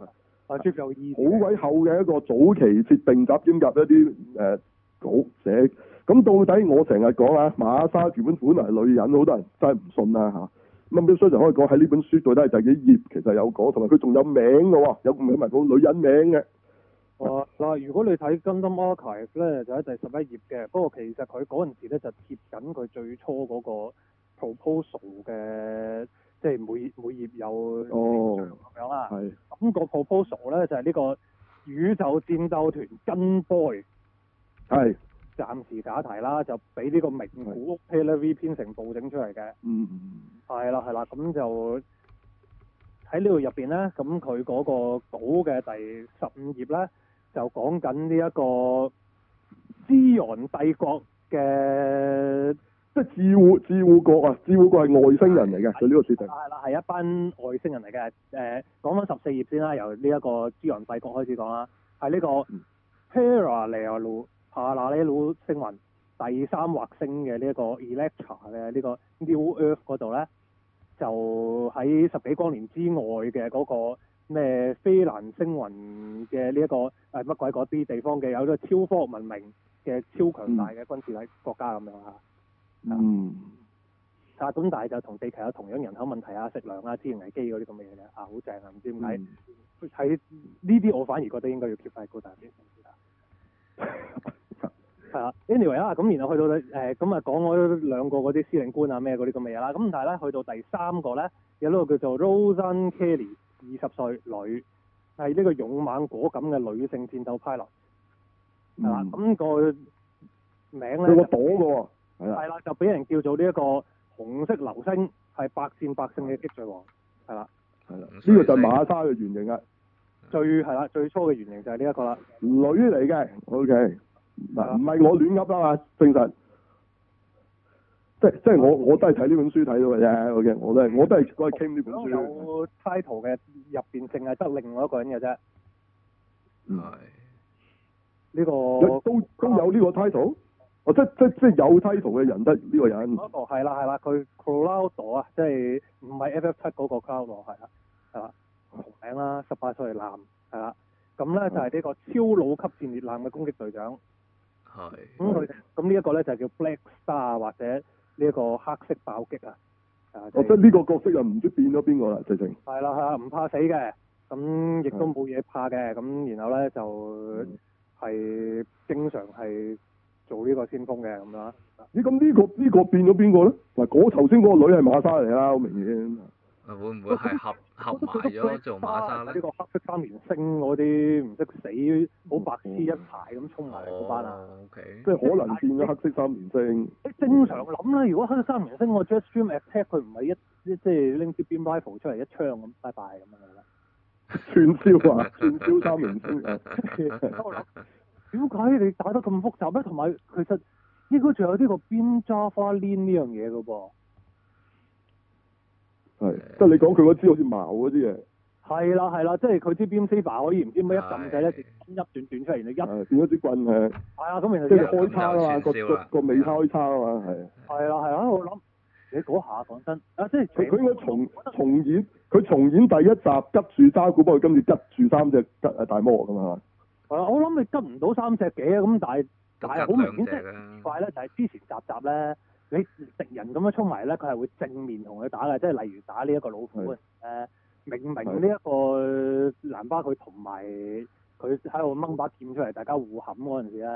啊！接受意好鬼厚嘅一個早期設定集兼及一啲誒稿寫，咁到底我成日講啊，馬沙原本本嚟女人，好多人真係唔信啦嚇。咁必須就可以講喺呢本書到底係第幾頁其實有講，同埋佢仲有名嘅喎，有名埋個女人名嘅。啊嗱，如果你睇 Gundam Archive 咧，就喺第十一頁嘅。啊、不過其實佢嗰陣時咧就貼緊佢最初嗰個 proposal 嘅。即係每頁每頁有哦，咁、oh, 樣啦。係的。咁個 proposal 咧就係、是，呢個宇宙戰鬥團 Gun Boy 的。係。暫時假題啦，就俾呢個名古屋 TV 編成部整出嚟嘅。嗯嗯嗯。係啦係啦，咁就喺呢度入邊咧，咁佢嗰個稿嘅第十五頁咧，就講緊呢一個資源帝國嘅。即係智護智護國啊！智護國係外星人嚟嘅，佢呢個設定係啦，係一班外星人嚟嘅。誒，講翻十四頁先啦，由呢一個滋雲帝國開始講啦。喺呢個 Hera 裏啊魯啊那呢魯星雲第三惑星嘅呢一個 Electra 嘅呢個 New Earth 嗰度咧，就喺十幾光年之外嘅嗰個咩菲蘭星雲嘅呢一個誒乜鬼嗰啲地方嘅有一個超科學文明嘅超強大嘅軍事體國家咁樣嚇。嗯，日本大就同地球有同樣人口問題啊、食糧啊、資源危機嗰啲咁嘅嘢咧，啊好正啊，唔知點解喺呢啲我反而覺得應該要揭 e 高大啲。係啦 ，anyway 啦，咁然後去到誒咁啊講我兩個嗰啲司令官啊咩嗰啲咁嘅嘢啦，咁但係咧去到第三個咧有呢個叫做 Rosan Kelly，二十歲女，係呢個勇猛果敢嘅女性戰鬥パ落ロ係啦，咁、啊嗯那個名咧，佢個朵喎。係啦，就俾人叫做呢一個紅色流星，係百戰百勝嘅擊墜王，係啦，係啦，呢、這個就馬沙嘅原型啊，最係啦，最初嘅原型就係呢一個啦，女嚟嘅，O K，唔係我亂噏啦嘛，證實，即係即係我我都係睇呢本書睇到嘅啫，O K，我都係我都係嗰傾呢本書，有 title 嘅入邊淨係得另外一個人嘅啫，係是，呢、這個都都有呢個 title。哦，即係即係即係有 title 嘅人得呢個人。嗯、哦，係啦，係啦，佢 Cloud 朵啊，即係唔係 FF 七嗰個 Cloud 係啦，係啦。同名啦，十八歲男，係啦，咁咧、嗯、就係呢個超老級戰列艦嘅攻擊隊長。係的。咁佢，咁呢一個咧就叫、是、Black Star，或者呢一個黑色暴擊啊。就是、我覺得呢個角色又唔知變咗邊個啦，靜靜。係啦，係啦，唔怕死嘅，咁亦都冇嘢怕嘅，咁、嗯、然後咧就係經常係。嗯做呢個先鋒嘅咁咯。咦，咁呢、欸呢個呢、呢個變咗邊個咧？嗱，嗰頭先嗰個女係馬沙嚟啦，好明顯。會唔會係合合埋咗做馬沙咧？呢個黑色三連星嗰啲唔識死，好白痴一排咁衝埋嚟嗰班啊！哦 okay，即係可能變咗黑色三連星，星正常諗啦，如果黑色三連星我 Just Stream Attack 佢唔係一，即係拎支 Beam Rifle 出嚟一槍咁，拜拜咁樣咧。串 燒啊！串燒三連星點解你打得咁複雜咧？同埋，其實應該仲有呢個 Beam Javelin 呢樣嘢嘅噃。係，即係你講佢嗰支好似矛嗰啲嘢。係啦係啦，即係佢支 Beam Saber 可以唔知咩一撳掣咧，轉一斷斷出嚟，你一變咗支棍係。係啊，咁即就開叉啊嘛，個個個尾開叉啊嘛，係。係啦係啦，我諗你嗰下講真，啊即係佢佢應該重重演，佢重演第一集吉住渣古，不過佢今次吉住三隻吉啊大魔咁啊。我諗你跟唔到三隻幾啊？咁但係但係好明顯，即係怪咧，就係、是、之前集集咧，你敵人咁樣衝埋咧，佢係會正面同佢打嘅，即係例如打呢一個老虎嘅時是明明呢一個蘭巴佢同埋佢喺度掹把劍出嚟，大家互冚嗰陣時咧，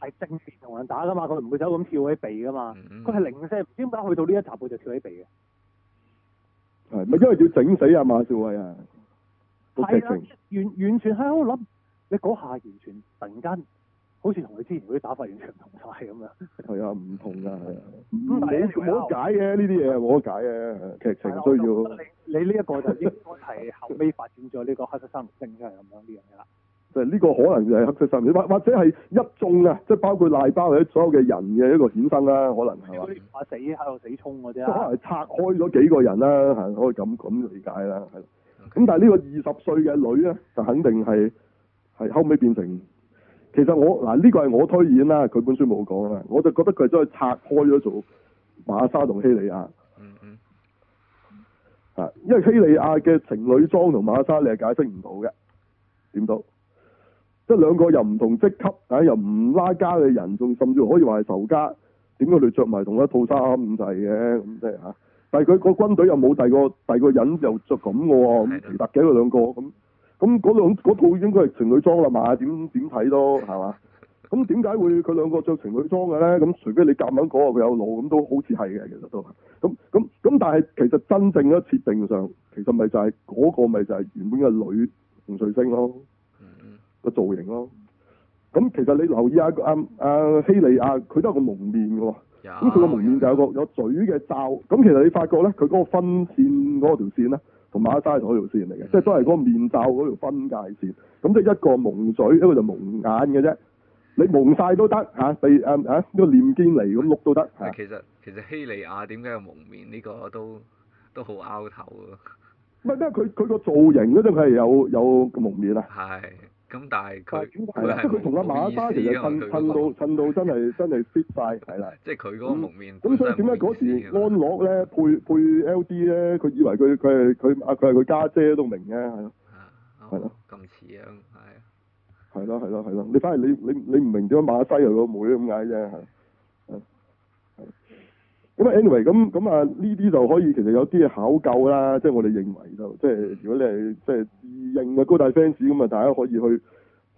係是正面同人打噶嘛，佢唔會走咁跳起避噶嘛，佢係、嗯嗯、零舍唔知點解去到呢一集佢就跳起避嘅。係咪因為要整死阿馬少偉啊？是係啦，完完全喺度諗，你嗰下完全突然間，好似同佢之前嗰啲打法完全唔同晒咁樣。係 啊，唔同噶，唔冇冇得解嘅呢啲嘢，冇得解嘅。劇情需要。你你呢一個就應該係後尾發展咗呢個黑色三連星嘅咁樣呢樣嘢啦。即係呢個可能就係黑色三連星，或或者係一眾啊，即係包括賴包或者所有嘅人嘅一個衍生啦，可能係嘛。啊死喺度死衝啲啊！即係可能拆開咗幾個人啦，吓可以咁咁理解啦，係。咁但係呢個二十歲嘅女咧，就肯定係係後尾變成，其實我嗱呢個係我推演啦，佢本書冇講啊，我就覺得佢係將佢拆開咗做瑪莎同希利亞，啊、嗯嗯，因為希利亞嘅情侶裝同瑪莎你係解釋唔到嘅，點到？即係兩個又唔同職級，誒又唔拉家嘅人，仲甚至可以話係仇家，點解佢着埋同一套衫咁滯嘅？咁即係吓。但係佢個軍隊又冇第二個第二個人又着咁嘅喎，咁奇特嘅佢兩個咁，咁嗰套應該係情侶裝啦嘛？點點睇都係嘛？咁點解會佢兩個着情侶裝嘅咧？咁除非你夾硬講話佢有路，咁都好似係嘅，其實都咁咁咁，但係其實真正嘅設定上，其實咪就係、是、嗰、那個咪就係原本嘅女紅彗星咯，個造型咯。咁其實你留意下阿阿、啊啊、希利亞，佢都係個蒙面嘅喎。咁佢個蒙面就有個有嘴嘅罩，咁、嗯、其實你發覺咧，佢嗰個分線嗰個條線咧，同馬拉撒爾嗰條線嚟嘅，嗯、即係都係嗰個面罩嗰條分界線。咁即係一個蒙嘴，一個就蒙眼嘅啫。你蒙晒都得嚇，譬如啊呢、啊啊呢個劍尖嚟咁碌都得。係、啊、其實其實希利亞點解有蒙面呢個都都好拗頭啊？唔係，因為佢佢個造型咧，佢係有有個蒙面啊。係。咁但係，嗯、即係佢同阿馬莎其實噴噴到噴到真係真係 fit 晒，係啦、嗯，即係佢嗰個蒙面。咁所以點解嗰時安樂咧配配 L D 咧？佢以為佢佢係佢啊，佢係佢家姐都明嘅，係咯，係咯，咁似啊，係、啊，係咯係咯係咯，你反而你你你唔明點解馬西又有妹咁解啫，係、啊。啊。咁啊，anyway，咁咁啊，呢啲就可以其實有啲考究啦，即係我哋認為就是、即係如果你係即係認嘅高大 fans 咁啊，大家可以去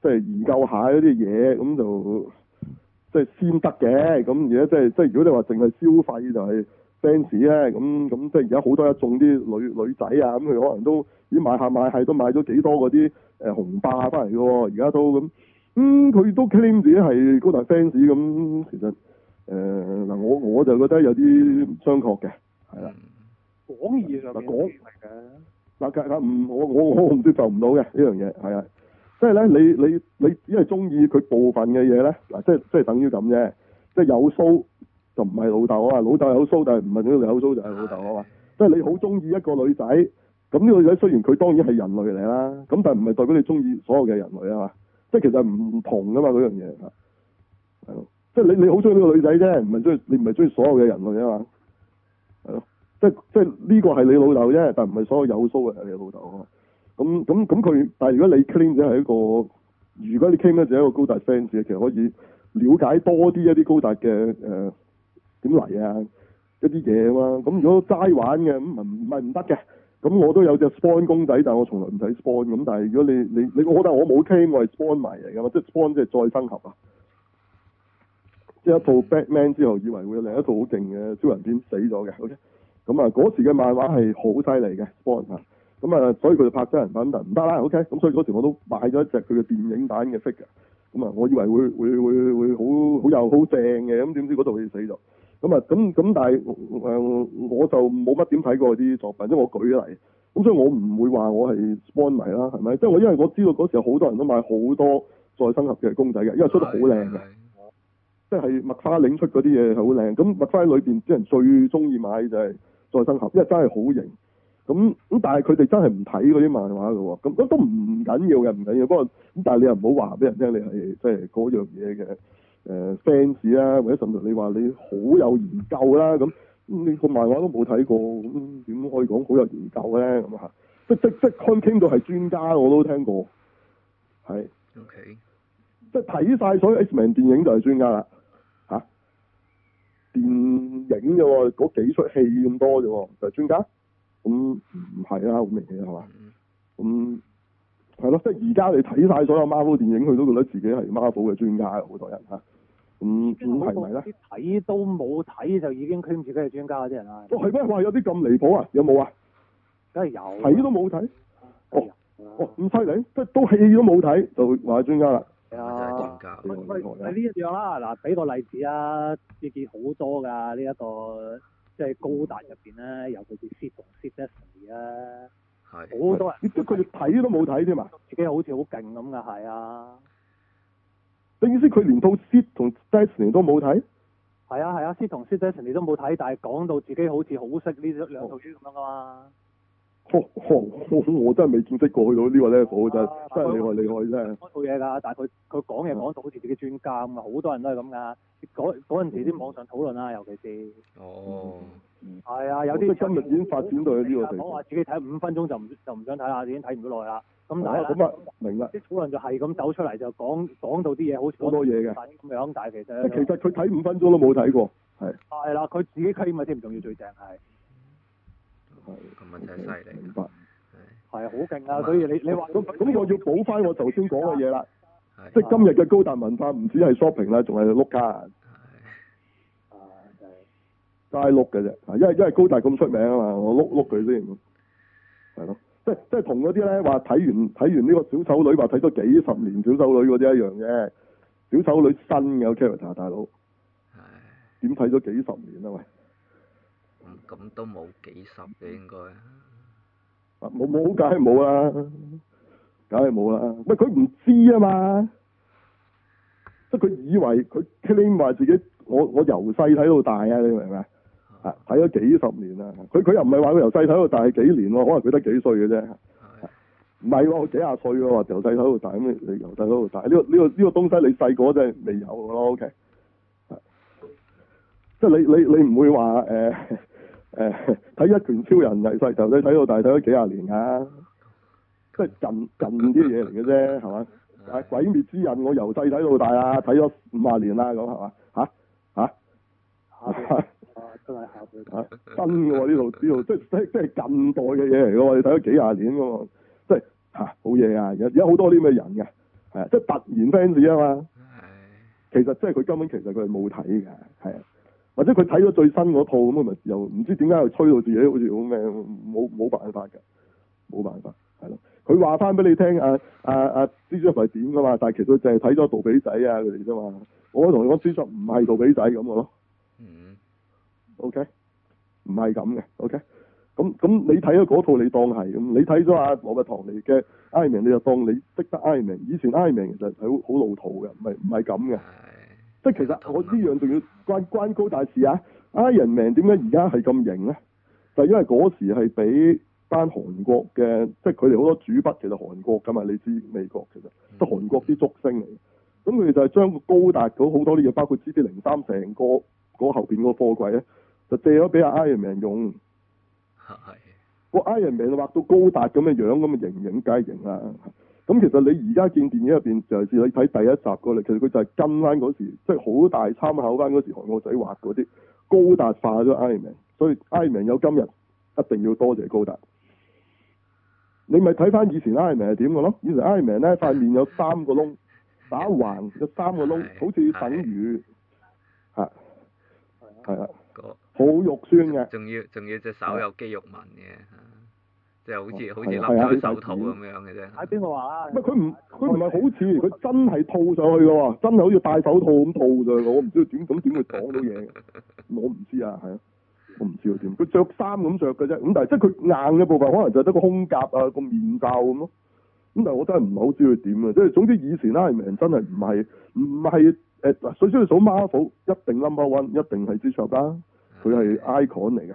即係研究一下嗰啲嘢，咁就即係先得嘅。咁而家即係即係如果你話淨係消費就係 fans 咧，咁咁即係而家好多一眾啲女女仔啊，咁佢可能都啲買下買係都買咗幾多嗰啲誒紅霸翻嚟嘅喎，而家都咁咁佢都 claim 自己係高大 fans 咁，其實。誒、嗱、呃、我我就覺得有啲唔準確嘅，係啦，講嘢啊，講嘢嚟嘅，嗱，唔，我我我唔接受唔到嘅呢樣嘢，係啊，即係咧，你你你只係中意佢部分嘅嘢咧，嗱，即係即係等於咁啫，即係有鬚就唔係老豆啊，老豆有鬚，但係唔係佢哋有鬚就係老豆啊嘛，的即係你好中意一個女仔，咁呢個女仔雖然佢當然係人類嚟啦，咁但係唔係代表你中意所有嘅人類啊嘛，即係其實唔同噶嘛嗰樣嘢啊，係咯。即係你你好中意呢個女仔啫，唔係中意你唔係中意所有嘅人嘅啫嘛，係咯，即係即係呢個係你老豆啫，但係唔係所有有須嘅係你老豆啊。咁咁咁佢，但係如果你 clean 者係一個，如果你 c 得 e a 就係一個高達 fans 其實可以了解多啲一啲高達嘅誒點嚟啊一啲嘢啊嘛。咁如果齋玩嘅咁，唔唔係唔得嘅。咁我都有隻 spawn 公仔，但係我從來唔使 spawn 咁。但係如果你你你我但係我冇 c laim, 我係 spawn 迷嚟嘅嘛，即係 spawn 即係再生合啊。即係一套 Batman 之後，以為會有另一套好勁嘅超人片死咗嘅，OK。咁啊，嗰時嘅漫畫係好犀利嘅，Spawn。咁啊，所以佢就拍真人版就唔得啦，OK。咁所以嗰時我都買咗一隻佢嘅電影版嘅 figure 咁啊，我以為會會會會好好又好正嘅，咁點知嗰套戲死咗。咁啊，咁咁但係誒、呃，我就冇乜點睇過啲作品，因係我舉嚟。咁所以我唔會話我係 Spawn 迷啦，係咪？即係我因為我知道嗰時好多人都買好多再生俠嘅公仔嘅，因為出得好靚嘅。 即係麥花嶺出嗰啲嘢係好靚，咁麥花喺裏邊啲人最中意買就係、是、再生盒，因為真係好型。咁咁但係佢哋真係唔睇嗰啲漫畫㗎喎，咁都唔緊要嘅，唔緊要。不過咁但係你又唔好話俾人聽你係即係嗰樣嘢嘅誒 fans 啊，或者甚至你話你好有研究啦，咁你個漫畫都冇睇過，咁點可以講好有研究咧？咁啊，即即即傾到係專家，我都聽過，係 OK，即係睇晒所有 X-Men 電影就係專家啦。電影嘅嗰幾出戲咁多啫，就係、是、專家，咁唔係啦，好明顯係嘛？咁係咯，即係而家你睇晒所有 Marvel 電影，佢都覺得自己係 Marvel 嘅專家，好多人吓咁咁係唔係咧？睇、嗯嗯嗯、都冇睇就已經 claim 自己係專家嗰啲人啊？哦，係咩？話有啲咁離譜啊？有冇啊？梗係有睇都冇睇，哦哦，咁犀利，即係都戲都冇睇就話係專家啦。係啊，定價咁樣呢一樣啦，嗱，俾個例子啊，見見好多㗎呢一個，即、就、係、是、高達入邊咧，有佢啲 SEED 同 SEED Destiny 啊，好多啊。嗯、都佢睇都冇睇啫嘛，自己好似好勁咁㗎，係啊。你意思佢連套 SEED 同 SEED Destiny 都冇睇？係 啊係啊，SEED 同 SEED Destiny 都冇睇，但係講到自己好似好識呢兩套嘢咁、哦、樣㗎嘛。我真係未見識過，去到呢個 level，真係真係厲害厲害真係。講嘢㗎，但係佢佢講嘢講到好似自己專家咁啊，好多人都係咁噶。嗰嗰陣時啲網上討論啊，尤其是哦，係啊，有啲今日已經發展到去呢個地步。我話自己睇五分鐘就唔就唔想睇啦，已經睇唔到耐啦。咁但啊咁啊，明啦。啲討論就係咁走出嚟，就講講到啲嘢，好似好多嘢嘅咁樣。但係其實其實佢睇五分鐘都冇睇過，係。啊係啦，佢自己 claim，即唔重要，最正係。係，咁真係犀利，明白。係，啊，好勁啊！所以你你話咁我要補翻我頭先講嘅嘢啦。的即係今日嘅高達文化唔止係 shopping 啦，仲係碌卡係。啊，就係齋 look 嘅啫，因為因為高達咁出名啊嘛，我碌碌佢先。係咯，即即係同嗰啲咧話睇完睇完呢個小丑女話睇咗幾十年小丑女嗰啲一樣嘅。小丑女新嘅，Kevin 大佬。係。點睇咗幾十年啊？喂！咁都冇幾十嘅應該，啊冇冇，梗係冇啦，梗係冇啦。唔係佢唔知啊嘛，即係佢以為佢 claim 話自己我，我我由細睇到大啊，你明唔明啊？啊，睇咗幾十年啊！佢佢又唔係話佢由細睇到大幾年喎，可能佢得幾歲嘅啫。唔係話幾廿歲喎，話由細睇到大咁，由細睇到大呢個呢個呢個東西你、okay? 你，你細個真係未有咯。O K，即係你你你唔會話誒。呃 誒，睇 一拳超人由細由細睇到大，睇咗幾廿年啊，即係近近啲嘢嚟嘅啫，係嘛？ 啊，鬼滅之刃我由細睇到大啊，睇咗五廿年啦，咁係嘛？吓吓真係吓，吓真喎！呢套呢套即係即係近代嘅嘢嚟嘅喎，你睇咗幾廿年嘅喎，即係吓好嘢啊！而而家好多啲咩人嘅，係啊，即係突然 fans 啊嘛，其實即係佢根本其實佢係冇睇嘅，係啊。或者佢睇咗最新嗰套咁咪又唔知點解又吹到自己好似好咩？冇冇辦法嘅，冇辦法，係咯。佢話翻俾你聽啊啊啊，蜘蛛係點噶嘛？但係其實佢淨係睇咗杜比仔啊佢哋啫嘛。我同你講，蜘蛛唔係杜比仔咁嘅咯。嗯。OK，唔係咁嘅。OK，咁咁你睇咗嗰套你當係，你睇咗阿羅伯唐尼嘅 Iron Man，你就當你識得 Iron Man。以前 Iron Man 其實係好好老土嘅，唔係唔係咁嘅。即係其實我呢樣仲要關關高達事啊！Iron Man 點解而家係咁型咧？就係、因為嗰時係俾班韓國嘅，即係佢哋好多主筆其實韓國㗎嘛，你知美國其實，都韓國啲足星嚟。咁佢哋就係將高達到好多啲嘢，包括 GP 零三成個嗰後邊嗰貨櫃咧，就借咗俾阿 Iron Man 用。嚇係的！個 Iron Man 就畫到高達咁嘅樣咁嘅型型皆型啊！咁其實你而家見電影入邊，就係你睇第一集過嚟，其實佢就係跟翻嗰時，即係好大參考翻嗰時韓國仔畫嗰啲高達化咗 Iron Man，所以 Iron Man 有今日，一定要多謝高達。你咪睇翻以前 Iron Man 係點嘅咯？以前 Iron Man 咧，塊面有三個窿，打橫有三個窿，的好似等魚，嚇，係啦，好肉酸嘅。仲要仲要隻手有肌肉紋嘅。即係好似、啊、好似笠緊手套咁樣嘅啫，喺邊個話啊？佢唔佢唔係好似，佢真係套上去嘅喎，真係好似戴手套咁套上去。我唔知佢點咁點去擋到嘢，我唔知啊，係啊，我唔知佢點，佢着衫咁着嘅啫，咁但係即係佢硬嘅部分可能就係得個胸甲啊，個面罩咁咯，咁但係我真係唔係好知佢點啊。即係總之以前啦，Iron Man 真係唔係唔係誒，所以、呃、先數 Marvel 一定 number one，一,一定係蜘蛛俠，佢係 icon 嚟嘅。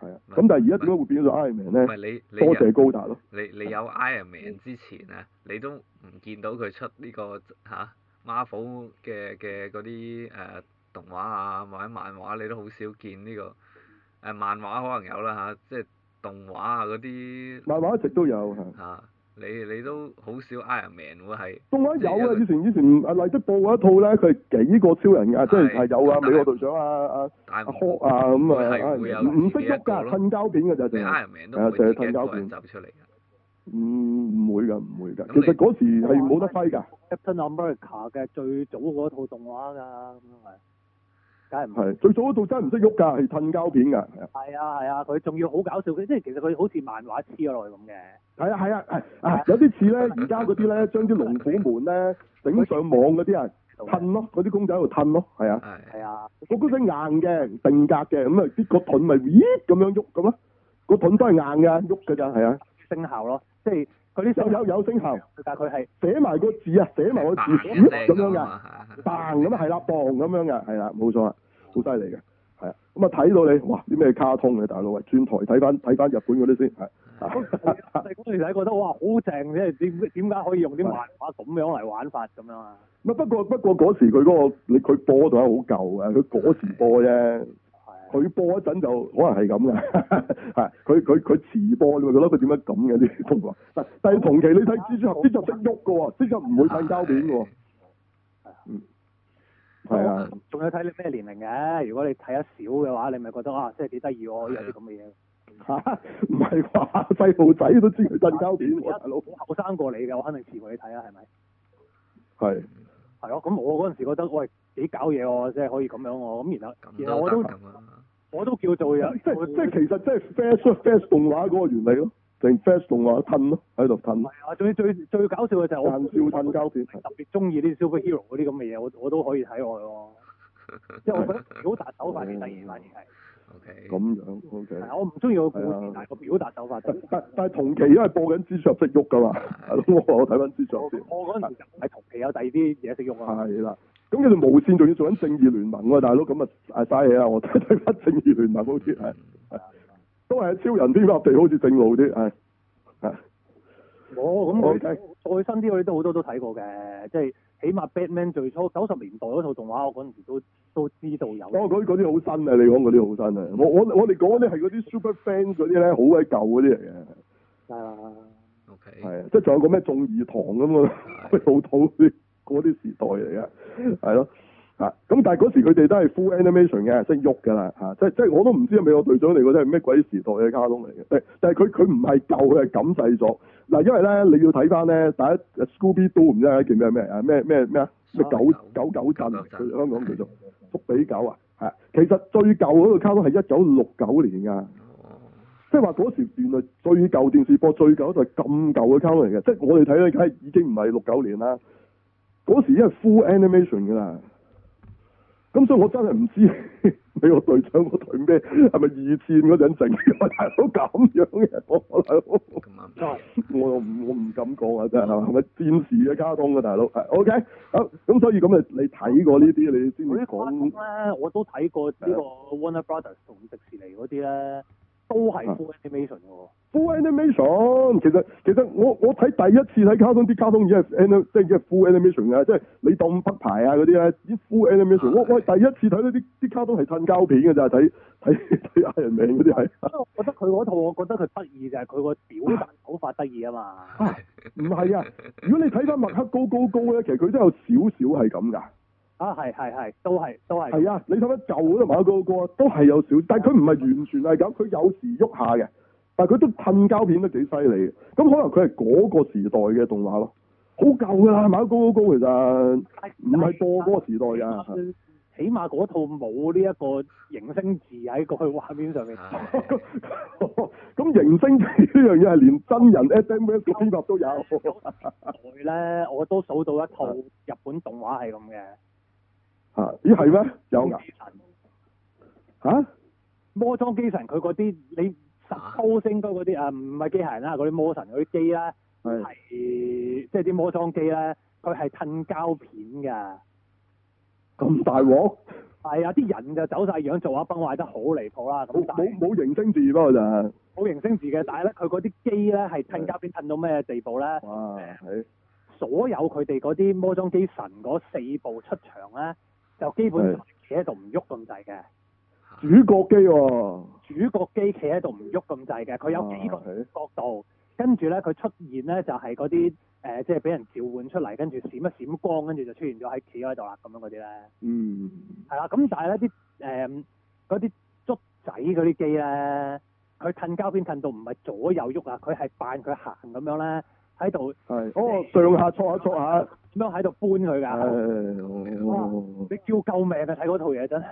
係啊，咁但係而家點解會變咗個 Iron Man 咧？唔係你，你多謝高達咯。你你有 Iron Man 之前啊， 你都唔見到佢出呢、這個嚇、啊、Marvel 嘅嘅嗰啲誒動畫啊，或者漫畫你都好少見呢、這個。誒、啊、漫畫可能有啦嚇、啊，即係動畫啊嗰啲。漫畫一直都有嚇。你你都好少 Iron Man 喎，係。動畫有啊，以前以前阿麗的播嗰一套咧，佢幾個超人嘅，即係係有啊，美國隊長啊啊啊霍啊咁啊，唔唔識喐㗎，褪膠片嘅就係。係啊，就係褪膠片。唔唔會㗎，唔會㗎。其實嗰時係冇得揮㗎。Captain America 嘅最早嗰套動畫㗎，咁樣係。梗係唔係。係最早嗰套真係唔識喐㗎，褪膠片㗎。係啊係啊，佢仲要好搞笑嘅，即係其實佢好似漫畫黐落去咁嘅。係啊係啊，係啊有啲似咧，而家嗰啲咧，將啲龍虎門咧整上網嗰啲啊，褪咯，嗰啲公仔喺度褪咯，係啊。係啊，我嗰身硬嘅定格嘅，咁啊啲個盾咪咦咁樣喐咁啊，個盾都係硬嘅，喐嘅咋，係啊。聲效咯，即係嗰啲手有有聲效，但係佢係寫埋個字啊，寫埋個字咦咁樣嘅，嘣咁係啦，噹咁樣嘅，係啦，冇錯啦，好犀利嘅，係啊。咁啊睇到你，哇！啲咩卡通嘅大佬啊，轉台睇翻睇翻日本嗰啲先，係。嗰時細個嗰陣時，覺得哇好正，即係點點解可以用啲漫畫咁樣嚟玩法咁樣啊？不過不過嗰時佢嗰、嗰個，你佢播到係好舊嘅，佢嗰時播啫。係佢 播一陣就可能係咁噶，係佢佢佢遲播，你會覺得佢點解咁嘅啲同啊？ 但係同期你睇《蜘蛛俠》蜘蛛識喐噶喎，蜘蛛唔會睇膠片噶喎。係啊，仲有睇你咩年齡嘅？如果你睇得少嘅話，你咪覺得啊，真係幾得意哦，有啲咁嘅嘢。嚇，唔係啩，細路仔都知佢摙膠片喎！老闆後生過你嘅，我肯定遲過你睇啊，係咪？係。係咯，咁我嗰陣時覺得喂幾搞嘢喎，即係可以咁樣喎。咁然後然後我都我都叫做有即即其實即係 fast fast 動畫嗰個原理咯，成 fast 動畫褪咯，喺度褪。係啊，仲要最最搞笑嘅就係我。笑摙膠片。特別中意啲 super hero 嗰啲咁嘅嘢，我我都可以睇我。因為我覺得表達手法第二，反而係。O K，咁樣 O、okay. K，係啊，我唔中意個故事，的但係個表達手法但但係同期因為播緊蜘蛛俠識喐噶嘛，係咯， 我睇翻蜘蛛俠，我覺得係同期有第二啲嘢識喐啊，係啦，咁佢條無線仲要做緊正義聯盟喎，啊，大佬，咁啊，誒嘥氣啊，我睇睇翻正義聯盟嗰啲係，都係超人天塌地，好似正路啲係，係。 哦，咁我睇再新啲嗰啲都好多都睇過嘅，即係起碼 Batman 最初九十年代嗰套動畫，我嗰陣時都都知道有。哦，嗰啲嗰啲好新啊！你講嗰啲好新啊！我我我哋講嗰啲係嗰啲 Super Friends 嗰啲咧，好鬼舊嗰啲嚟嘅。係啊，OK。係啊，即係仲有個咩眾義堂咁啊，好土嗰啲時代嚟嘅，係咯。啊！咁但係嗰時佢哋都係 full animation 嘅，識喐噶啦嚇，即係即係我都唔知係咪美國隊長嚟嘅，即係咩鬼時代嘅卡通嚟嘅？但但係佢佢唔係舊，佢係舊製作嗱、啊。因為咧，你要睇翻咧大家 Scooby-Doo 唔知係一件咩咩啊咩咩咩啊咩九九九震香港叫做福比九啊陣。係陣陣其實最舊嗰個卡通係一九六九年㗎，即係話嗰時原來最舊電視播最舊就係咁舊嘅卡通嚟嘅，即係我哋睇咧，梗係已經唔係六九年啦。嗰時已經係 full animation 噶啦。咁、嗯、所以我真係唔知美國隊長個隊咩，係咪二戰嗰陣整嘅？大佬咁樣嘅，大佬，我我唔我唔敢講啊，真係係咪戰士嘅卡通嘅大佬，係 OK，好咁、嗯、所以咁，啊你睇過你呢啲你先會講咧，我都睇過呢個 Warner Brothers 同迪士尼嗰啲咧。都係 full animation 喎，full animation，其實其實我我睇第一次睇卡通啲卡通已經係即係 full animation，啊，full animation 啊，即係你當北牌啊嗰啲咧啲 full animation，我我第一次睇到啲啲卡通係趁膠片㗎，就係睇睇睇人命嗰啲係，覺得佢嗰套我覺得佢得意就係佢個表達手法得意啊嘛，唔係啊，啊，啊，如果你睇翻 Milk 高高高咧，其實佢都有少少係咁㗎。啊，係係係，都係都係。係啊，你睇翻舊嗰啲《馬騮歌》都係有少少，但係佢唔係完全係咁，佢有時喐下嘅，但係佢都噴膠片都幾犀利。咁、嗯、可能佢係嗰個時代嘅動畫咯，好舊㗎啦，《馬騮歌歌》其實唔係過嗰個時代㗎。起碼嗰套冇呢一個迎星字喺過去畫面上面。咁熒星呢樣嘢係連真人《 SMAP》都有。咧， 我都數到一套日本動畫係咁嘅。啊咦，係咩？有啊！嚇！魔裝機神佢嗰啲你超聲波嗰啲啊，唔係機械人啦，嗰啲魔神嗰啲機咧，係即係啲魔裝機咧，佢係褪膠片噶。咁大鑊？係啊！啲人就走晒樣，做下崩壞得好離譜啦！咁冇冇形聲字啊？就係冇形聲字嘅，但係咧佢嗰啲機咧係褪膠片褪到咩地步咧？哇！佢、呃、是所有佢哋嗰啲魔裝機神嗰四部出場咧。就基本上企喺度唔喐咁滯嘅，主角機喎、啊，主角機企喺度唔喐咁滯嘅，佢有幾個角度，啊、跟住咧佢出現咧就係嗰啲誒即係俾人召喚出嚟，跟住閃一閃光，跟住就出現咗喺企喺度啦咁樣嗰啲咧，嗯，係啦，咁但係咧啲誒嗰啲竹仔嗰啲機咧，佢摳膠片摳到唔係左右喐啊，佢係扮佢行咁樣咧。喺度，係哦上下搓下搓下，點樣喺度搬佢㗎？是哇你叫救命啊！睇嗰套嘢真係，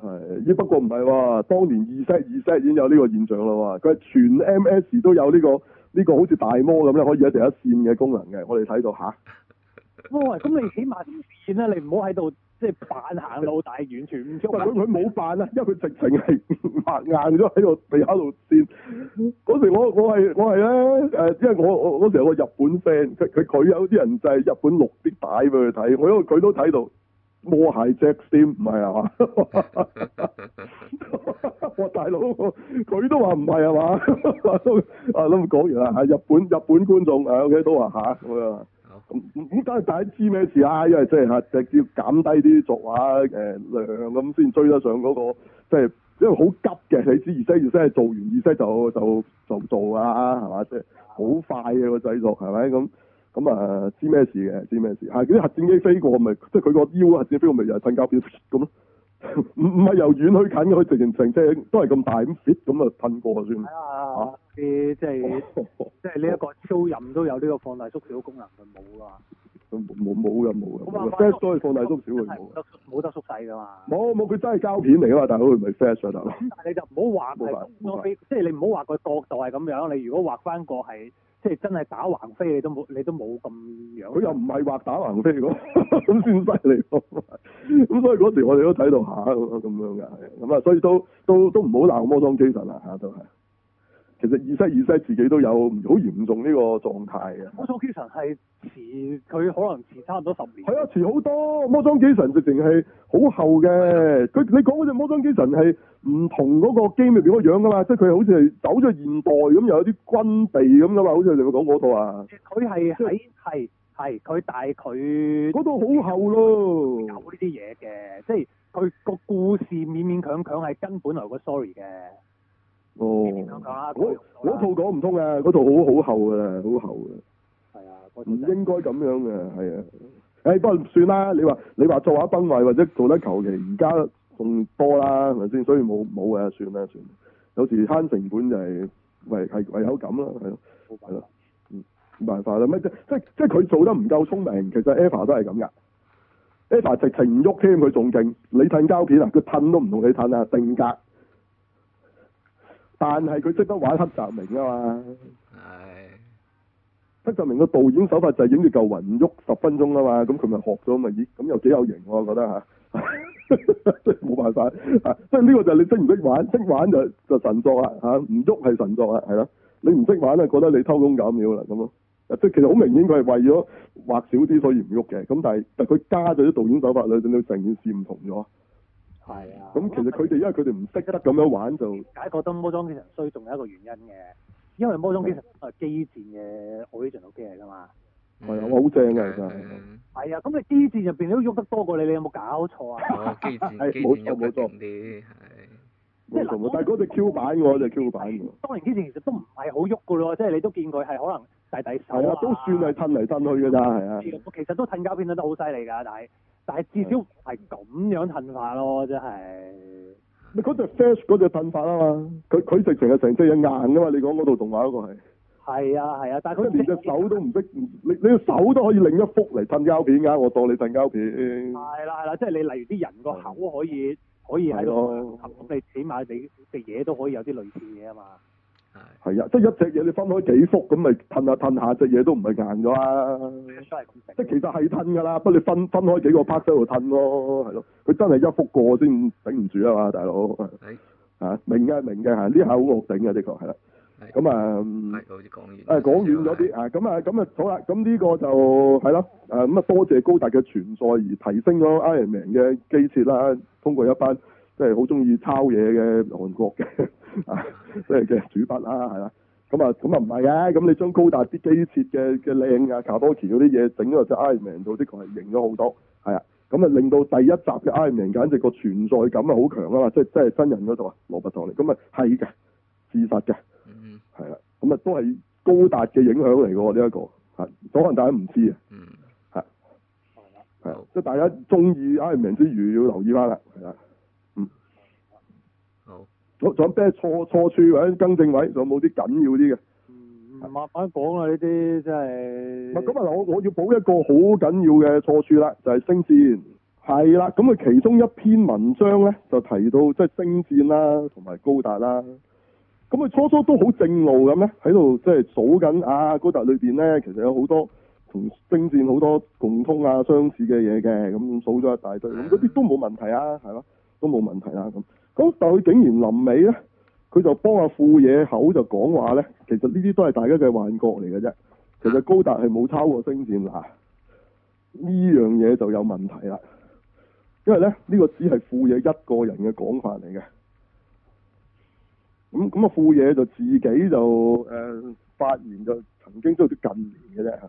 係咦？不過唔係喎，當年二 set 二 set 已經有呢個現象啦喎，佢係全 MS 都有呢、呢個呢、呢個好似大魔咁咧，可以一第一線嘅功能嘅，我哋睇到吓。哇、啊！咁、哦、你起碼線咧，你唔好喺度即係扮行路，但係完全唔出。佢冇扮啊，因為佢直情係滑硬咗喺度地下度線。嗰時我我係我係咧誒，因為我我嗰時我日本 friend，佢佢佢有啲人就係日本綠啲帶佢睇，我因為佢都睇到魔鞋 Jack 先唔係啊嘛，我大佬佢都話唔係啊嘛，啊諗住講完啦嚇，日本日本觀眾誒 O K 都話嚇咁樣。啊咁咁但係大家知咩事啊？因為即係嚇，直接減低啲作畫誒量咁，先追得上嗰、那個即係、就是，因為好急嘅，你知，二西二西係做完二西就就就做啊，係嘛？即係好快嘅個製作係咪？咁咁、嗯、啊，知咩事嘅、啊？知咩事？係嗰啲核戰機飛過咪、就是，即係佢個腰的核戰飛過咪、就是、又係瞓覺變咁咯。呃唔唔係由遠去近嘅，佢直情成即隻都係咁大咁 fit 咁啊，噴過就算。係 啊，啲 即係即係呢一個超任都有呢個放大縮小功能，佢冇㗎佢冇冇冇㗎冇㗎。Flash 都可以放大縮小，佢冇。冇得縮細㗎嘛。冇冇的，佢真係膠片嚟㗎嘛，大佬，佢唔係 Flash 嚟㗎嘛。咁但係你就唔好畫係嗰啲，即係你唔好畫個角度係咁樣。你如果畫翻個係。即係真係打橫飛，你都冇，你都冇咁樣。佢又唔係話打橫飛喎，咁先犀利喎。咁 所以嗰時我哋都睇到下咁、啊、樣嘅，咁啊，所以都都都唔好鬧 Modern Jason 啦嚇，都係。都其實二西二西自己都有好嚴重呢個狀態嘅。魔裝機神係遲，佢可能遲差唔多十年。係啊，遲好多。魔裝機神直情係好後嘅。佢你講嗰隻魔裝機神係唔同嗰個 game 入邊個樣噶嘛？即係佢好似係走咗現代咁，又有啲軍備咁噶嘛？好似你會講嗰套啊。佢係喺係係，佢、就是、但係佢嗰套好後咯。厚有呢啲嘢嘅，即係佢個故事勉勉強強係根本來個 story 嘅。哦，oh，啊啊、套講唔通啊，嗰套好好厚噶啦，好厚嘅。係啊，唔應該咁樣嘅，係啊。誒、嗯欸，不過算啦，你話你話做下分位或者做得求其，而家仲多啦，係咪先？所以冇冇啊，算啦算，算。有時慳成本就係唯係唯有咁啦，係咯，係咯，嗯、啊，冇、啊啊、辦法啦。咩即即即佢做得唔夠聰明，其實 Eva 都係咁噶。Eva 直情唔喐添，佢仲勁。你褪膠片啊，佢褪都唔同你褪啊，定格。但係佢識得玩黑澤明啊嘛，係、哎、黑澤明個導演手法就係影住嚿雲唔喐十分鐘啊嘛，咁佢咪學咗咪？咦、咁又幾有型。啊，我啊覺得吓，即係冇辦法，即係呢個就係你識唔識玩，識玩就就神作啦，吓唔喐係神作啦，係咯，啊，你唔識玩啊，覺得你偷工減料啦咁咯，即係、啊、其實好明顯佢係為咗畫少啲所以唔喐嘅，咁但係但佢加咗啲導演手法，你見到成件事唔同咗。係啊，咁其實佢哋因為佢哋唔識得咁樣玩就，解家覺得魔裝機神衰，仲有一個原因嘅，因為魔裝機神係機戰嘅 original 機嚟噶嘛，係啊，我好正㗎其實，係啊，咁你機戰入邊你都喐得多過你，你有冇搞錯啊？機戰，機戰，冇錯冇錯，啲係，即係大但係嗰對 Q 版喎，嗰對 Q 版喎，當然機戰其實都唔係好喐㗎咯，即係你都見佢係可能大抵，係啊，都算係褪嚟褪去㗎啦。係啊，其實都褪膠片褪得好犀利㗎，但係。但係至少係咁樣噴發咯，真係。你嗰隻 fish 嗰隻噴發啊嘛，佢佢直情係成隻嘢硬噶嘛，你講嗰度動畫嗰個係。係啊係啊，但係佢、就是、連隻手都唔識，嗯、你你隻手都可以另一幅嚟噴膠片噶，我當你噴膠片。係啦係啦，啊啊、即係你例如啲人個口可以可以喺度，你起碼你嘅嘢都可以有啲類似嘢啊嘛。係啊，即係一隻嘢你分開幾幅咁咪褪下褪下，隻嘢都唔係硬咗啊。即係其實係褪噶啦，不過你分分開幾個 part 喺度褪咯，係咯。佢真係一幅過先頂唔住啊嘛，大佬。哎、啊，明嘅明嘅，係呢下好惡頂嘅，嗯、的確係啦。咁啊，係，講遠誒講遠咗啲啊。咁啊，咁啊，好啦，咁呢個就係咯。誒咁啊，多謝高達嘅存在而提升咗 Iron Man 嘅機設啦。通過一班即係好中意抄嘢嘅韓國嘅。 啊，即係嘅主筆啦，係啦，咁啊，咁啊唔係嘅，咁你將高達啲機設嘅嘅靚嘅卡波奇嗰啲嘢整咗入 Iron Man 度，的確係型咗好多，係啊，咁啊令到第一集嘅 Iron Man 簡直個存在感啊好強啊嘛，即係即係真人嗰度啊，羅拔唐尼。咁啊係嘅，自殺嘅，嗯，係啦，咁啊都係高達嘅影響嚟噶呢一個，吓，可能大家唔知啊，嗯，吓，係係即係大家中意 Iron Man 之餘要留意翻啦，係啦。仲有咩錯錯處或者更正位？仲有冇啲緊要啲嘅？嗯，係慢慢講啦！呢啲真係咁啊！我我要補一個好緊要嘅錯處啦，就係、是、星戰係啦。咁佢其中一篇文章咧就提到即係、就是、星戰啦，同埋高達啦。咁佢、嗯、初初都好正路咁咧，喺度即係數緊啊！高達裏邊咧，其實有好多同星戰好多共通啊、相似嘅嘢嘅。咁數咗一大堆，咁嗰啲都冇問題啊，係咯，都冇問題啦、啊、咁。嗯咁但佢竟然臨尾咧，佢就幫阿富野口就講話咧，其實呢啲都係大家嘅幻覺嚟嘅啫。其實高達係冇抄過星戰嗱，呢樣嘢就有問題啦。因為咧呢、呢個只係富野一個人嘅講法嚟嘅。咁咁啊富野就自己就誒、呃、發言就曾經都有啲近年嘅啫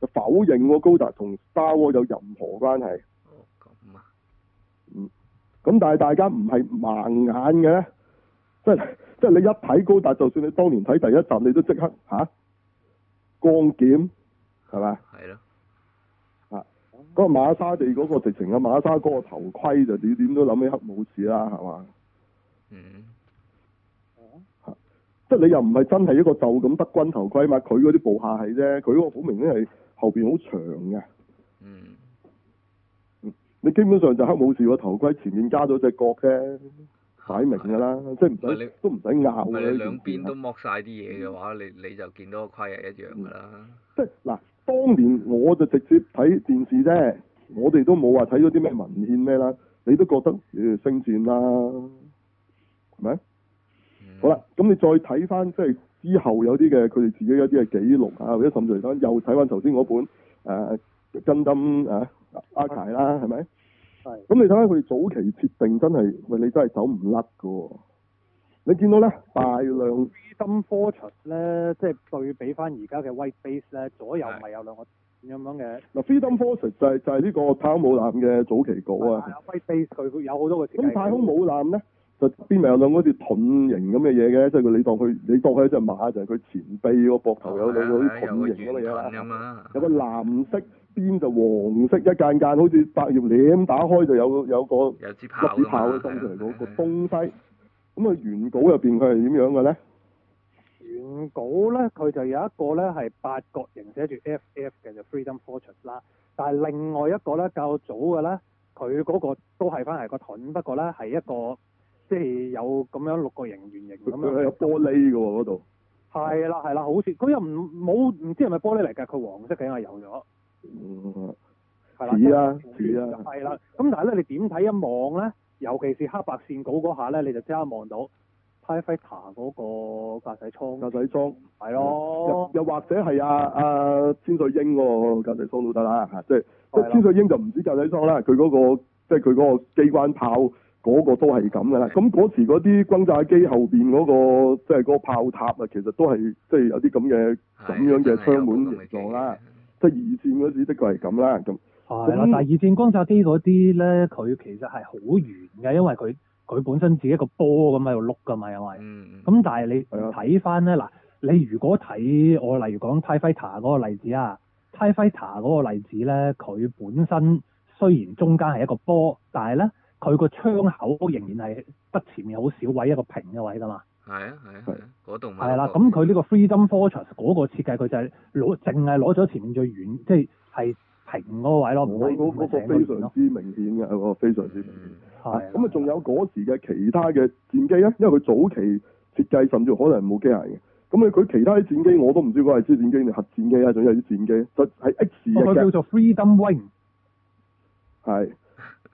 就否認高達同沙有任何關係。咁但係大家唔係盲眼嘅，即係即係你一睇高達，就算你當年睇第一集，你都即刻嚇光劍，係咪？係咯。啊，嗰個的、啊、馬沙地嗰、嗰個直情嘅馬沙嗰個頭盔就點點都諗起黑武士啦，係嘛？嗯。啊、即係你又唔係真係一個就咁德軍頭盔嘛，佢嗰啲部下係啫，佢嗰個好明顯係後邊好長嘅。嗯。你基本上就黑武士個頭盔前面加咗隻角嘅，擺明㗎啦， 即係唔使都唔使拗㗎啦。唔係兩邊都剝晒啲嘢嘅話，你、嗯、你就見到個盔係一樣㗎啦。嗯、即係嗱，當年我就直接睇電視啫，我哋都冇話睇咗啲咩文獻咩啦。你都覺得誒星戰啦，係咪？嗯、好啦，咁你再睇翻即係之後有啲嘅佢哋自己有啲嘅記錄啊，或者甚至嚟講又睇翻頭先嗰本誒金啊。阿柴啦，係咪、啊？係。咁是、啊、你睇下佢早期設定真係，喂你真係走唔甩噶。你見到咧大量。Freedom Fortress 咧，即係對比翻而家嘅 White Base 咧，左右咪有兩個咁樣嘅。嗱、啊、Freedom Fortress 就係、是、就係、是、呢個太空母艦嘅早期局啊。White Base 佢有好多個設計。咁太空母艦咧，就側邊咪有兩個似盾形咁嘅嘢嘅，即係佢你當佢你當佢一隻馬就係、是、佢前臂嗰個，膊頭有兩個好似盾形咁嘅嘢啊。有個藍色。邊就黃色一間間，好似百葉簾打開就有有個有粒子炮咁出嚟嗰的個東西。咁啊，原稿入邊佢係點樣嘅咧？原稿咧，佢就有一個咧係八角形，寫住 F F 嘅就 Freedom Fortune 啦。但係另外一個咧較早嘅咧，佢嗰個都係翻嚟個盾，不過咧係一個即係有咁樣六個形圓形咁樣。有玻璃嘅喎、啊，嗰度。係啦係啦，好似佢又唔冇唔知係咪玻璃嚟㗎？佢黃色梗已經係油咗。嗯，係啦，係啦，咁啦但係咧，你點睇一望咧？尤其是黑白線稿嗰下咧，你就即刻望到泰飛塔嗰個駕駛艙，駕駛艙，係咯的、嗯，又或者係啊，阿、啊、千歲英個駕駛艙都得啦。嚇，即係的千歲英就唔止駕駛艙啦，佢嗰、那個即係佢嗰個機關炮嗰個都係咁噶啦。咁嗰時嗰啲轟炸機後邊嗰、那個即係嗰個炮塔啊，其實都係即係有啲咁嘅咁樣嘅窗門形狀啦。即係二戰嗰時，的確係咁啦，咁係啦。但係二戰轟炸機嗰啲咧，佢其實係好圓嘅，因為佢佢本身自己一個波咁喺度碌㗎嘛，係咪？嗯。咁但係你睇翻咧，嗱的，你如果睇我例如講 TIE Fighter 嗰個例子啊、嗯、TIE Fighter 嗰個例子咧，佢本身雖然中間係一個波，但係咧佢個窗口仍然係得前面好少位一個平嘅位㗎嘛。係啊，係啊，嗰度係啦。咁佢呢個 Freedom Fortress 嗰個設計，佢就係攞淨係攞咗前面最遠，即係係平嗰個位咯。嗰嗰、啊那個那個非常之明顯嘅，哦，嗯、非常之明顯。係的。咁啊，仲、嗯、的有嗰時嘅其他嘅戰機咧？因為佢早期設計甚至可能冇機械嘅。咁、就是、啊，佢其他啲戰機我都唔知嗰係支戰機定核戰機啊？仲有啲戰機就係 X 嘅。佢叫做 Freedom Wing。係。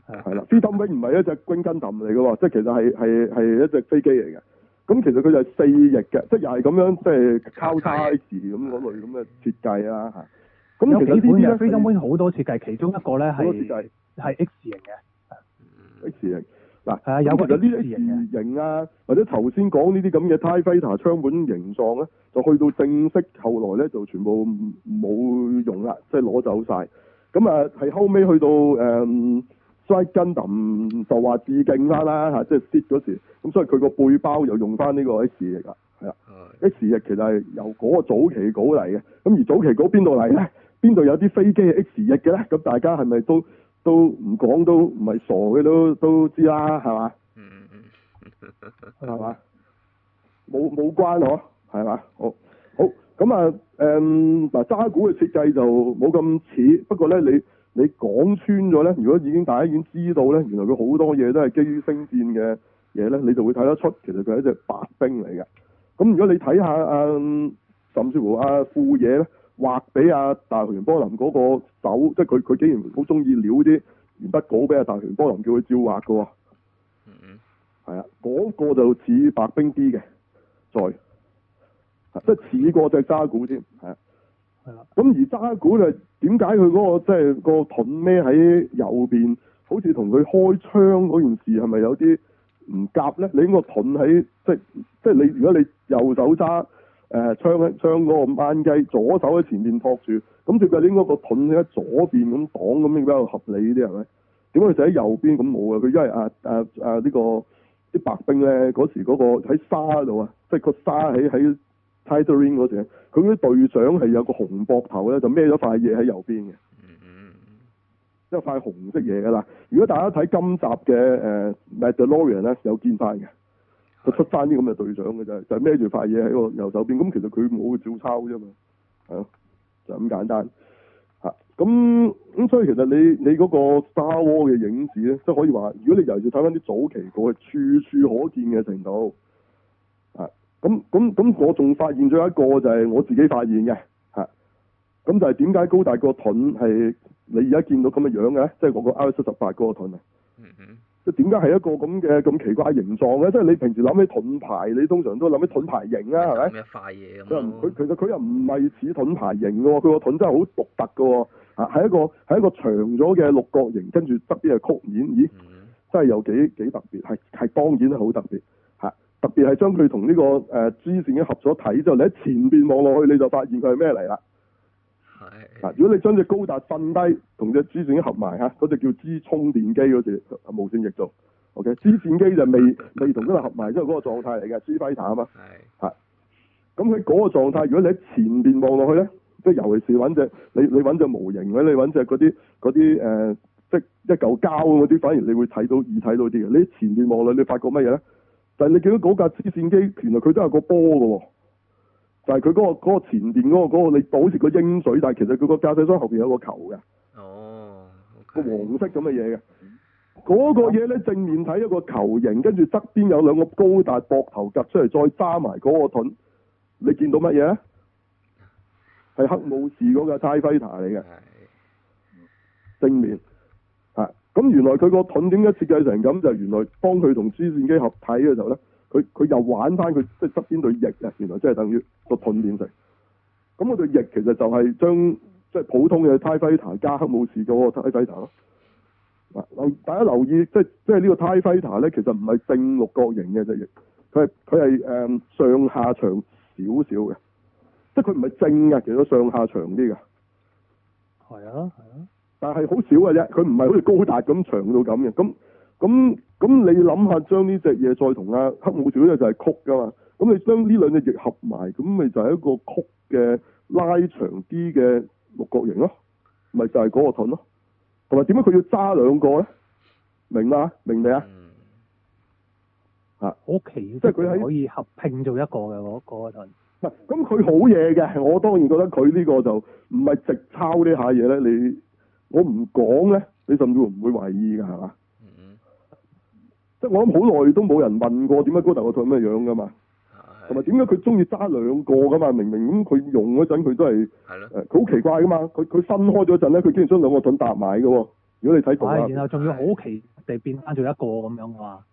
係啦，Freedom Wing 唔係一隻軍艦艦嚟嘅喎，即係其實係係係一隻飛機嚟嘅。咁其實佢就係四翼嘅，即又係咁樣，即係交叉式咁嗰類咁嘅設計啦嚇。咁、嗯、其實呢啲飛行員好多設計，其中一個咧係係 X 型嘅。X 型嗱，啊、有個型其實呢啲 U 型啊，或者頭先講呢啲咁嘅 Tie Fighter 槍管形狀咧，就去到正式後來咧就全部冇用啦，即係攞走晒。咁啊，係後尾去到誒。嗯所以 Gundam 就話致敬翻啦嚇、啊，即係跌嗰時，咁、啊、所以佢個背包又用翻呢個 X 翼啦，係啊、oh.，X 翼其實係由嗰個早期稿嚟嘅，咁、啊、而早期稿邊度嚟咧？邊度有啲飛機係 X 翼嘅咧？咁大家係咪都都唔講都唔係傻嘅都都知啦，係嘛、mm. 啊啊？嗯嗯嗯，係嘛？冇冇關呵？係嘛？好好咁啊，誒嗱，渣古嘅設計就冇咁似，不過咧你。你講穿咗咧，如果已經大家已經知道咧，原來佢好多嘢都係基於星戰嘅嘢咧，你就會睇得出其實佢係一隻白兵嚟嘅。咁如果你睇下啊、嗯，甚至乎啊，富野咧畫俾阿大泉波林嗰個手，即係佢佢竟然好中意潦啲鉛筆稿俾阿大泉波林叫佢照畫嘅喎。嗯嗯、mm，係、hmm. 啊，嗰、那個就似白兵啲嘅，再即係似過隻渣古添，係啊。係啦，咁、嗯、而渣古咧，點解佢嗰個即係個盾孭喺右邊，好似同佢開槍嗰件事係咪有啲唔夾咧？你應該個盾喺即係即係你，如果你右手揸誒、呃、槍喺槍嗰個扳機，左手喺前面托住，咁就緊要應該個盾喺左邊咁擋咁比較合理啲係咪？點解佢就喺右邊咁冇嘅？佢因為啊啊啊呢、這個啲白兵咧嗰時嗰、那個喺沙度啊，即係個沙喺喺。Tittering 嗰陣，佢嗰啲隊長係有個紅膊頭咧，就孭咗塊嘢喺右邊嘅，嗯嗯嗯，即、hmm. 係塊紅色嘢噶啦。如果大家睇今集嘅誒 Mandalorian 咧，又、呃、見翻嘅，就出翻啲咁嘅隊長嘅就係孭住塊嘢喺個右手邊。咁其實佢冇照抄啫嘛，嚇、啊、就咁簡單嚇。咁、啊、咁所以其實你你嗰個 Star Wars 嘅影子咧，即、就、係、是、可以話，如果你又要睇翻啲早期個，係處處可見嘅程度。咁咁咁，我仲發現咗一個就係我自己發現嘅嚇，咁就係點解高達個盾係你而家見到咁嘅樣嘅咧？即係我個 R 七十八嗰個盾啊！嗯嗯、mm，即係點解係一個咁嘅咁奇怪嘅形狀咧？即係你平時諗起盾牌，你通常都諗起盾牌形啊，係咪？塊嘢咁佢其實佢又唔係似盾牌形嘅喎，佢個盾真係好獨特嘅喎，嚇，係一個係一個長咗嘅六角形，跟住側邊又曲面，咦，真係有幾幾特別，係係當然好特別。特別係將佢同呢個誒支線機合咗睇之後，你喺前邊望落去，你就發現佢係咩嚟啦。係的。嗱，如果你將隻高達瞓低，同隻支線機合埋吓，嗰隻叫支充電機嗰隻無線移動。O K. 支線機就未未同嗰度合埋，因為嗰個狀態嚟嘅，支飛彈啊嘛。係。吓。咁佢嗰個狀態，如果你喺前邊望落去咧，即係尤其是揾隻你你揾隻模型，或者你揾隻嗰啲嗰啲誒，即係一嚿膠嗰啲，反而你會睇到易睇到啲嘅。你喺前邊望落去，你發覺乜嘢咧？就係你見到嗰架支線機，原來佢都係個波嘅喎，就係佢嗰個前邊嗰、嗰個、嗰個，你好似個英水，但係其實佢個駕駛艙後邊有個球嘅，哦，oh, okay. 個黃色咁嘅嘢嘅，嗰、嗰個嘢咧正面睇一個球形，跟住側邊有兩個高達膊頭夾出嚟，再揸埋嗰個盾，你見到乜嘢？係黑武士嗰架泰飛塔嚟嘅，正面。咁原來佢個盾點解設計成咁？就原來當佢同支線機合體嘅時候咧，佢佢又玩翻佢即係側邊對翼啊！原來即係等於個盾變成咁，佢對翼其實就係將即係普通嘅泰飛塔加黑武士個泰飛塔咯。嗱，大家留意，即係即係呢個泰飛塔咧，其實唔係正六角形嘅隻翼，佢係佢係誒上下長少少嘅，即係佢唔係正嘅，其實上下長啲㗎。係啊，係啊。但係好少嘅啫，佢唔係好似高達咁長到咁嘅。咁咁咁，你諗下將呢隻嘢再同阿黑武士咧就係曲㗎嘛？咁你將呢兩隻翼合埋，咁咪就係一個曲嘅拉長啲嘅六角形咯，咪就係嗰個盾咯。同埋點解佢要揸兩個咧？明嘛？明未、嗯、啊？嚇！好奇，即係佢係可以合拼做一個嘅嗰、嗰個盾。唔係，咁佢好嘢嘅。我當然覺得佢呢個就唔係直抄呢下嘢咧。你。我唔講咧，你甚至乎唔會懷疑㗎，係嘛？Mm hmm. 即係我諗好耐都冇人問過點解高達個盾咩樣㗎嘛？同埋點解佢中意揸兩個㗎嘛？明明咁佢用嗰陣佢都係誒，佢好、mm hmm. 呃、奇怪㗎嘛？佢佢伸開咗陣咧，佢竟然將兩個盾搭埋㗎喎。如果你睇到然後仲要好奇地變翻做一個咁樣嘅話。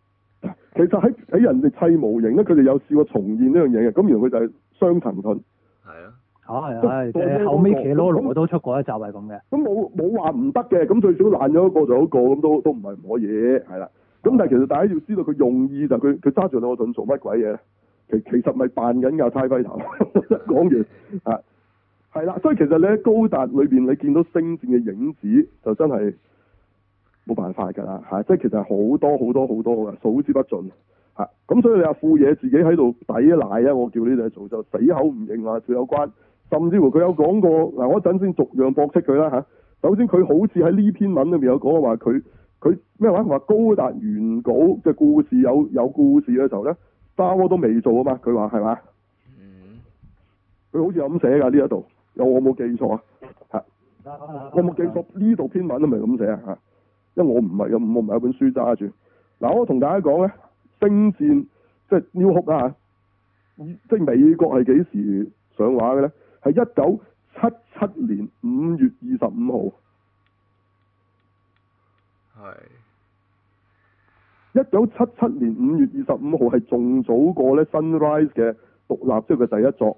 Mm hmm. 其實喺喺人哋砌模型咧，佢哋有試過重現呢樣嘢嘅。咁原來佢就係雙層盾。係啊、mm。Hmm. 啊，唉、啊，啊那個、後尾騎龍我都出過一集係咁嘅，咁冇冇話唔得嘅，咁、嗯嗯嗯、最少爛咗一個就好個咁都都唔係唔可以係啦。咁 但係其實大家要知道佢用意就佢佢揸住兩個盾做乜鬼嘢？其其實咪扮緊噶差輝頭。 講完啊，係啦，所以其實你喺高達裏邊你見到星戰嘅影子就真係冇辦法㗎啦嚇，即係其實係好多好多好多嘅數之不盡。嚇。咁所以你阿、啊、富野自己喺度抵賴啊，我叫你哋做就死口唔認話佢有關。甚至乎佢有講過嗱，我一陣先逐樣駁斥佢啦吓。首先佢好似喺呢篇文裏面有講話，佢佢咩話？話高達原稿嘅故事有有故事嘅時候咧，沙窩都未做啊嘛。佢話係嘛？嗯，佢好似咁寫噶呢一度，有冇我冇記錯，嗯、我冇記錯啊？吓，嗯，我冇記錯呢度篇文係咪咁寫啊？吓，因為我唔係咁，我唔係有本書揸住。嗱，我同大家講咧，星戰即係 New Hope 啊，即係美國係幾時上畫嘅咧？係一九七七年五月二十五號，係一九七七年五月二十五號，係仲早過咧 Sunrise 嘅獨立即嘅、就是、第一作，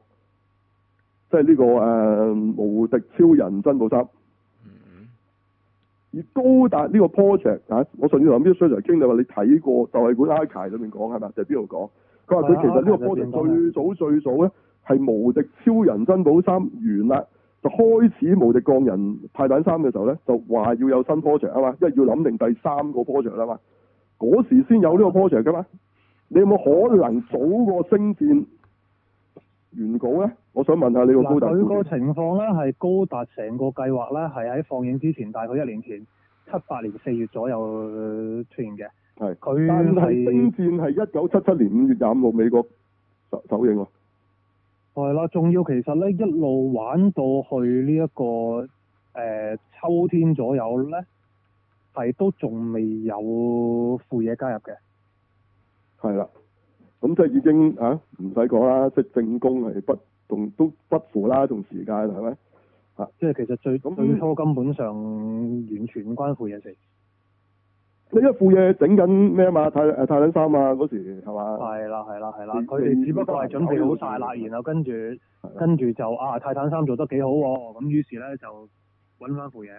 即係呢個誒、呃、無敵超人珍寶三，嗯、而高達呢個 project 啊，我上次同阿 Micky Sir 傾就話你睇過就係本 Archive 裏面講，係咪？就係邊度講？佢話佢其實呢個 project 最早最早咧。 嗯係無敵超人珍寶三完啦，就開始無敵鋼人泰坦三嘅時候呢，就話要有新 project 啊嘛，因為要諗定第三個 project 啊嘛，嗰時先有呢個 project 噶嘛，你有冇可能早過星戰原稿呢？我想問下你個高達佢個情況呢，係高達成個計劃呢，係喺放映之前大概一年前，七八年四月左右出現嘅。係，佢但係星戰係一九七七年五月廿五號美國首首映喎。係啦，仲要其實咧，一路玩到去呢、這、一個誒、呃、秋天左右咧，係都仲未有富野加入嘅。係啦，咁、嗯、即係已經嚇唔使講啦，即係正攻係不動都不符啦，同時間啦，係咪？嚇、啊！即係其實最咁、嗯、最初根本上完全關富野事。你依副嘢整緊咩啊嘛？泰誒、呃、泰坦三啊，嗰時係嘛？係啦，係啦，係啦，佢哋只不過係準備好曬啦，然後跟住 跟住就啊，泰坦三做得幾好喎、啊，咁於是咧就揾翻副嘢。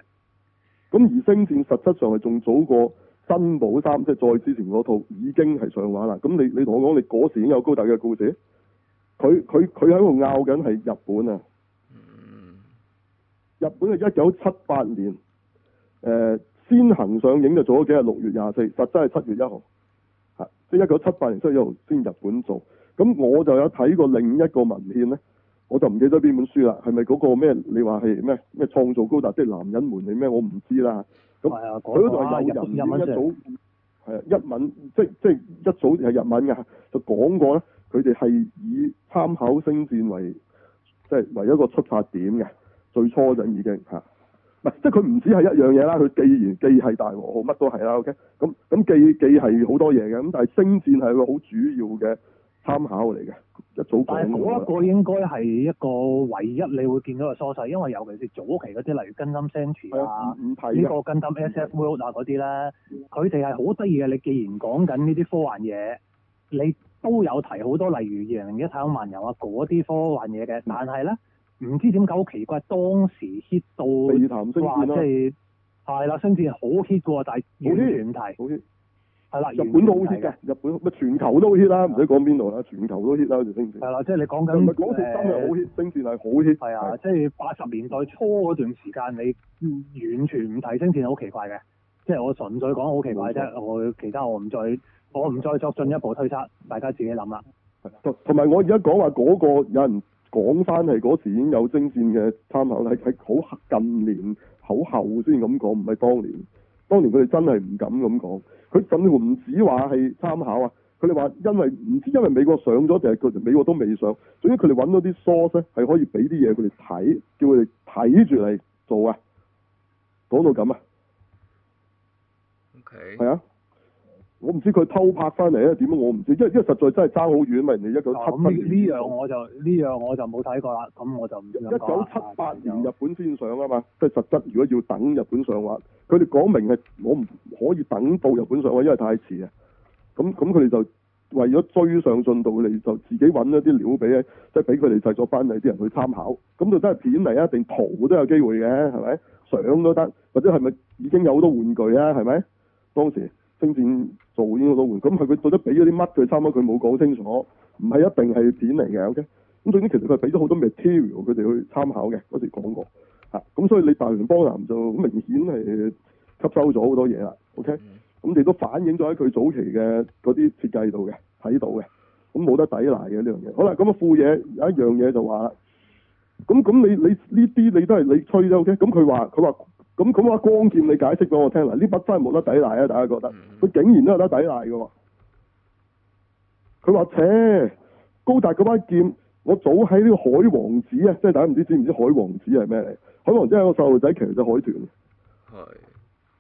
咁 而星戰實質上係仲早過新寶三，即係再之前嗰套已經係上畫啦。咁你，你同我講，你嗰時已經有高達嘅故事？佢，佢，佢喺度拗緊係日本啊！嗯， 日本係一九七八年，誒、呃。呃先行上映就做咗幾日，六月廿四，實質係七月一號，吓，即係一九七八年七月一號先日本做。咁我就有睇過另一個文獻咧，我就唔記得邊本書啦，係咪嗰個咩？你話係咩？咩《創造高達》即係《男人們》係咩？我唔知啦。咁佢嗰度係有人於一早，係啊一文，即即係一早係日文噶，就講過咧，佢哋係以參考星戰為即係為一個出發點嘅，最初就已經嚇。即係佢唔止係一樣嘢啦。佢既然既係大和號，乜都係啦。OK，咁咁既既係好多嘢嘅，咁但係星戰係個好主要嘅參考嚟嘅，一早講過。但係嗰一個應該係一個唯一你會見到嘅疏勢，因為尤其是早期嗰啲，例如《Gundam Century》啊，呢、啊、個《Gundam SF World、啊》嗰啲咧，佢哋係好得意嘅。你既然講緊呢啲科幻嘢，你都有提好多例如、啊《二零零一太空漫遊》啊嗰啲科幻嘢嘅，但係咧。嗯唔知點解好奇怪，當時 h i t 到話即係係啦，星戰、啊啊就是、好 h i t 嘅但係完全唔提好 h i t 係啦，了日本都好 h i t 嘅，日本乜全球都 h i t 啦，唔使講邊度啦，全球都 h i t 啦嗰時星戰係啦，即係你講緊誒講熱心係好 h i t 星戰係好 h i t 係啊，即係八十年代初嗰段時間，你完全唔提星戰好奇怪嘅，即係我純粹講好奇怪啫，錯我其他我唔再我唔再作進一步推測，大家自己諗啦。同同埋我而家講話嗰個有人。講翻係嗰時已經有精戰嘅參考啦，係係好近年好後先咁講，唔係當年。當年佢哋真係唔敢咁講。佢近乎唔止話係參考啊，佢哋話因為唔知，因為美國上咗定係其實美國都未上，總之佢哋揾到啲 source 係可以俾啲嘢佢哋睇，叫佢哋睇住嚟做 Okay. 啊。講到咁啊，係啊。我唔知佢偷拍翻嚟咧點我唔知，因為因為實在真係爭好遠啊嘛！人哋一九七八年呢呢樣我就呢樣我就冇睇過啦。咁我就唔知。一九七八年日本先上啊嘛，即係實質如果要等日本上畫，佢哋講明係我唔可以等到日本上畫，因為太遲啊。咁咁佢哋就為咗追上進度嚟，就自己揾一啲料俾，即係俾佢哋製作班底啲人去參考。咁就真係片嚟啊，定圖都有機會嘅，係咪？相都得，或者係咪已經有好多玩具啊？係咪當時星戰？做呢個老闆，咁係佢到底俾咗啲乜佢參考？佢冇講清楚，唔係一定係錢嚟嘅，OK。咁總之其實佢係俾咗好多 material 佢哋去參考嘅，嗰時講過咁、啊、所以你大河原邦男就好明顯係吸收咗好多嘢啦，OK、mm。咁、hmm. 亦都反映咗喺佢早期嘅嗰啲設計度嘅，睇到嘅。咁冇得抵賴嘅呢樣嘢。好啦，咁啊副嘢有一樣嘢就話啦，咁咁你你呢啲你，你都係你吹啫，OK。咁佢話佢話。咁咁啊！光劍，你解釋俾我聽啦！呢筆真係冇得抵賴啊！大家覺得佢竟然都有得抵賴嘅喎？佢話，扯、呃，高達嗰把劍，我早喺呢個海王子啊！即係大家唔知知唔知海王子係咩嚟？海王子係個細路仔其騎隻海豚。係的。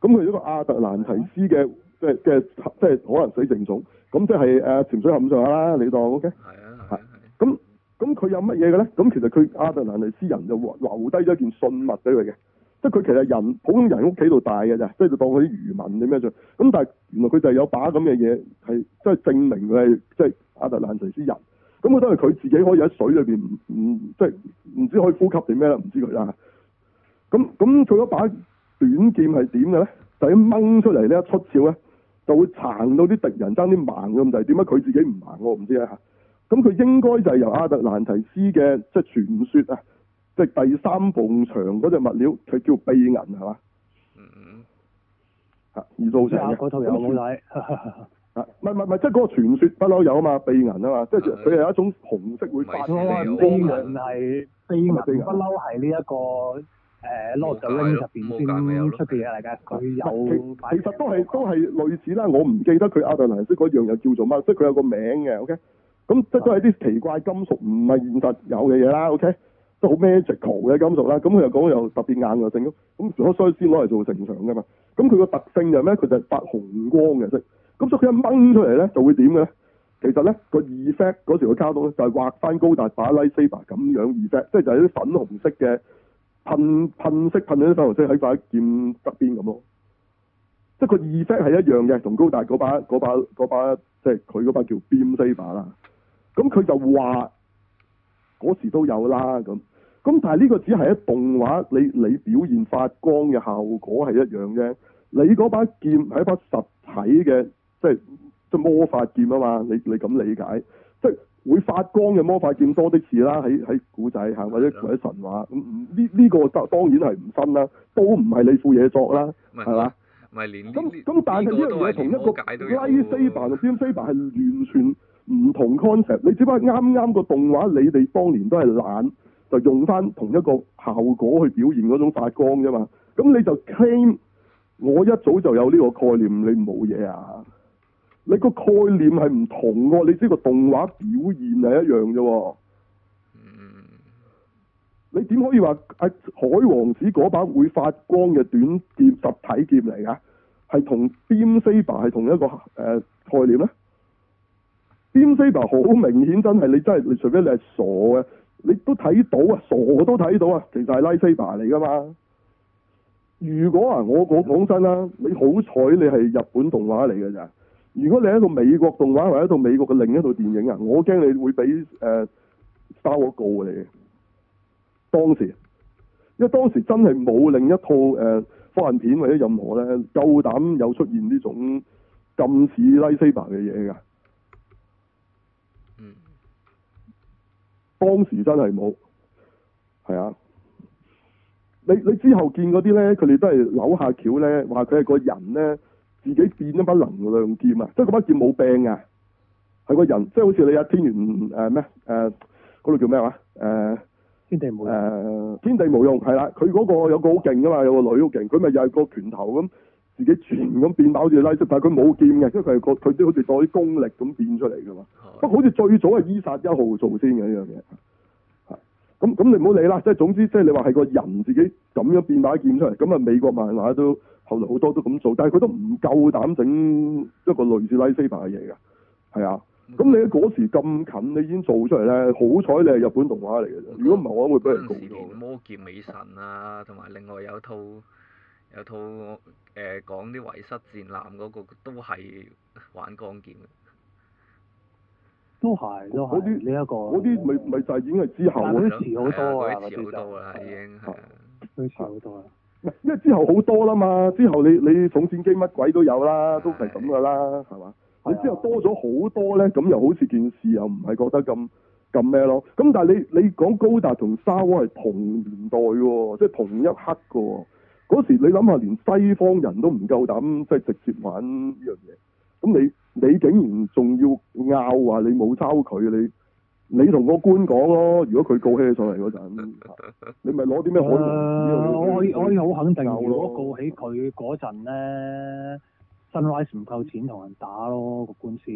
咁佢一個亞特蘭提斯嘅即係嘅即係可能水城種，咁即係誒潛水艦上下啦，你當嘅。係、okay? 啊。係咁咁佢有乜嘢嘅咧？咁其實佢亞特蘭提斯人就留低咗件信物俾佢嘅。即係佢其實人普通人屋企度大嘅咋，即係當佢啲漁民嘅咩咗，咁但係原來佢就係有把咁嘅嘢，係即係證明佢係即係阿特蘭提斯人。咁佢都係佢自己可以喺水裏邊唔唔，即係唔知可以呼吸定咩啦，唔知佢啦。咁咁佢嗰把短劍係點嘅咧？就係掹出嚟呢一出鞘咧，就會撐到啲敵人爭啲盲，咁就係點解佢自己唔盲我唔知啊。咁佢應該就係由阿特蘭提斯嘅即係傳說啊。即係第三埲牆嗰隻物料，佢叫秘銀係嘛？嗯，嚇，二度嗰套有冇睇？ 啊，唔係唔係，即係嗰個傳説不嬲有啊嘛，秘銀啊嘛，即係佢係一種紅色會發光嘅。秘銀係秘銀、這個，不嬲係呢一個誒 Lord of the Ring 入邊先出嘅嘢，大家佢有、啊其。其實都係都係類似啦，我唔記得佢亞特蘭式嗰樣又叫做乜色，佢有個名嘅。OK，咁即係都係啲奇怪金屬，唔係現實有嘅嘢啦。OK。都好 magical 嘅金屬啦，咁佢又講又特別硬核性咁，咁所所以先攞嚟做成長噶嘛。咁佢個特性就咩佢就發紅光嘅色。咁所以一掹出嚟咧，就會點嘅咧？其實咧、那個 effect 嗰時個卡通咧，就係、是、畫翻高達把拉 i g h Saber 咁樣 effect，即係就係啲粉紅色嘅噴噴色噴咗啲粉紅色喺把劍側邊咁咯。即係個 effect 係一樣嘅，同高達嗰把嗰把把，把即係佢嗰把叫 Beam Saber 啦。咁佢就話嗰時都有啦咁。咁但係呢個只係一動畫，你你表現發光嘅效果係一樣啫。你嗰把劍係一把實體嘅，即係即魔法劍啊嘛。你你咁理解，即係會發光嘅魔法劍多啲似啦。喺喺古仔行或者或者神話，唔唔呢呢個就當然係唔分啦，都唔係你副嘢作啦，係嘛是？咁咁吧，但係呢樣嘢同一個解，Light Saber，Saber 係完全唔同 concept。你只不過啱啱個動畫，你哋當年都係懶。就用翻同一個效果去表現嗰種發光啫嘛，咁你就 claim 我一早就有呢個概念，你冇嘢啊？你個概念係唔同喎，你知個動畫表現係一樣啫。你點可以話阿海王子嗰把會發光嘅短劍實體劍嚟㗎？係同 Beam Saber 係同一個誒、呃、概念咧 Beam Saber，好明顯真係你真係，除非你係傻嘅。你都睇到啊，傻都睇到啊，其實係 Light Saber 嚟噶嘛。如果啊，我我講真啦，你好彩你係日本動畫嚟嘅咋。如果你係一個美國動畫或者一套美國嘅另一套電影啊，我驚你會俾誒 Star Wars 告你。當時，因為當時真係冇另一套誒科幻片或者任何咧夠膽有出現呢種咁似 Light Saber 嘅嘢㗎。當時真係冇，係啊！你你之後見嗰啲呢，佢哋都係扭下橋呢，話佢係個人呢，自己變咗把能量劍啊！即係嗰把劍冇病啊，係個人，即係好似你阿天元誒咩誒嗰度叫咩話誒天地無用，呃、天地無用係啦，佢嗰、啊、個有個好勁㗎嘛，有個女好勁，佢咪又係個拳頭咁。自己全咁變埋好似拉西法，但係佢冇劍嘅，因係佢係個佢都好似當啲功力咁變出嚟㗎嘛。嗯、不過好似最早係伊薩一號先做先嘅呢樣嘢。係咁咁，你唔好理啦。即係總之，即、就、係、是、你話係個人自己咁樣變埋啲劍出嚟。咁啊，美國漫畫都後嚟好多都咁做，但係佢都唔夠膽整一個類似拉西法嘅嘢㗎。係啊，咁、嗯、你喺嗰時咁近，你已經做出嚟咧，好彩你係日本動畫嚟嘅啫。如果唔係，我會俾人告咗。魔劍美神啊，同埋另外有套。有套誒，講啲遺失戰艦嗰個都係玩光劍嘅，都係都係嗰啲你一個，嗰啲咪咪就係已經係之後，嗰啲遲好多啦，遲好多啦已經係，佢遲好多啦。因為之後好多啦嘛，之後你你重戰機乜鬼都有啦，都係咁噶啦，係嘛？你之後多咗好多咧，咁又好似件事又唔係覺得咁咁咩咯？咁但係你你講高達同沙鍋係同年代喎，即係同一刻噶喎。嗰時你諗下，連西方人都唔夠膽即係直接玩呢樣嘢，咁你你竟然仲要拗話你冇抄佢，你你同個官講咯，如果佢告起上嚟嗰陣， 你咪攞啲咩海、啊？誒、呃，去我可以去我以好肯定，如果告起佢嗰陣咧，Sunrise 唔夠錢同人打咯，個官司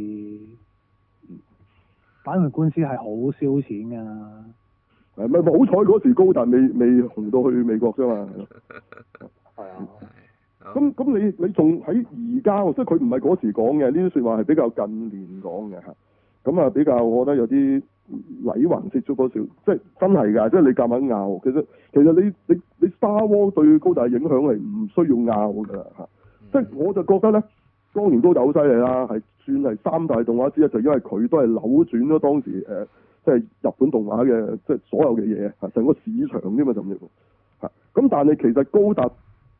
打完、嗯、官司係好燒錢㗎。誒咪好彩嗰時高達，但未未紅到去美國啫嘛。係啊 咁咁你你仲喺而家，即係佢唔係嗰時講嘅，呢啲説話係比較近年講嘅嚇。咁、嗯、啊，比較我覺得有啲泥環接觸多少，即係真係㗎，即係你夾硬拗。其實其實你你你 Star Wars 對高達影響係唔需要拗㗎嚇。即係我就覺得咧，當然高達好犀利啦，係算係三大動畫之一，就因為佢都係扭轉咗當時誒。呃即係日本動畫嘅，即係所有嘅嘢，成個市場啫嘛，就咁樣嚇。咁但係其實《高達》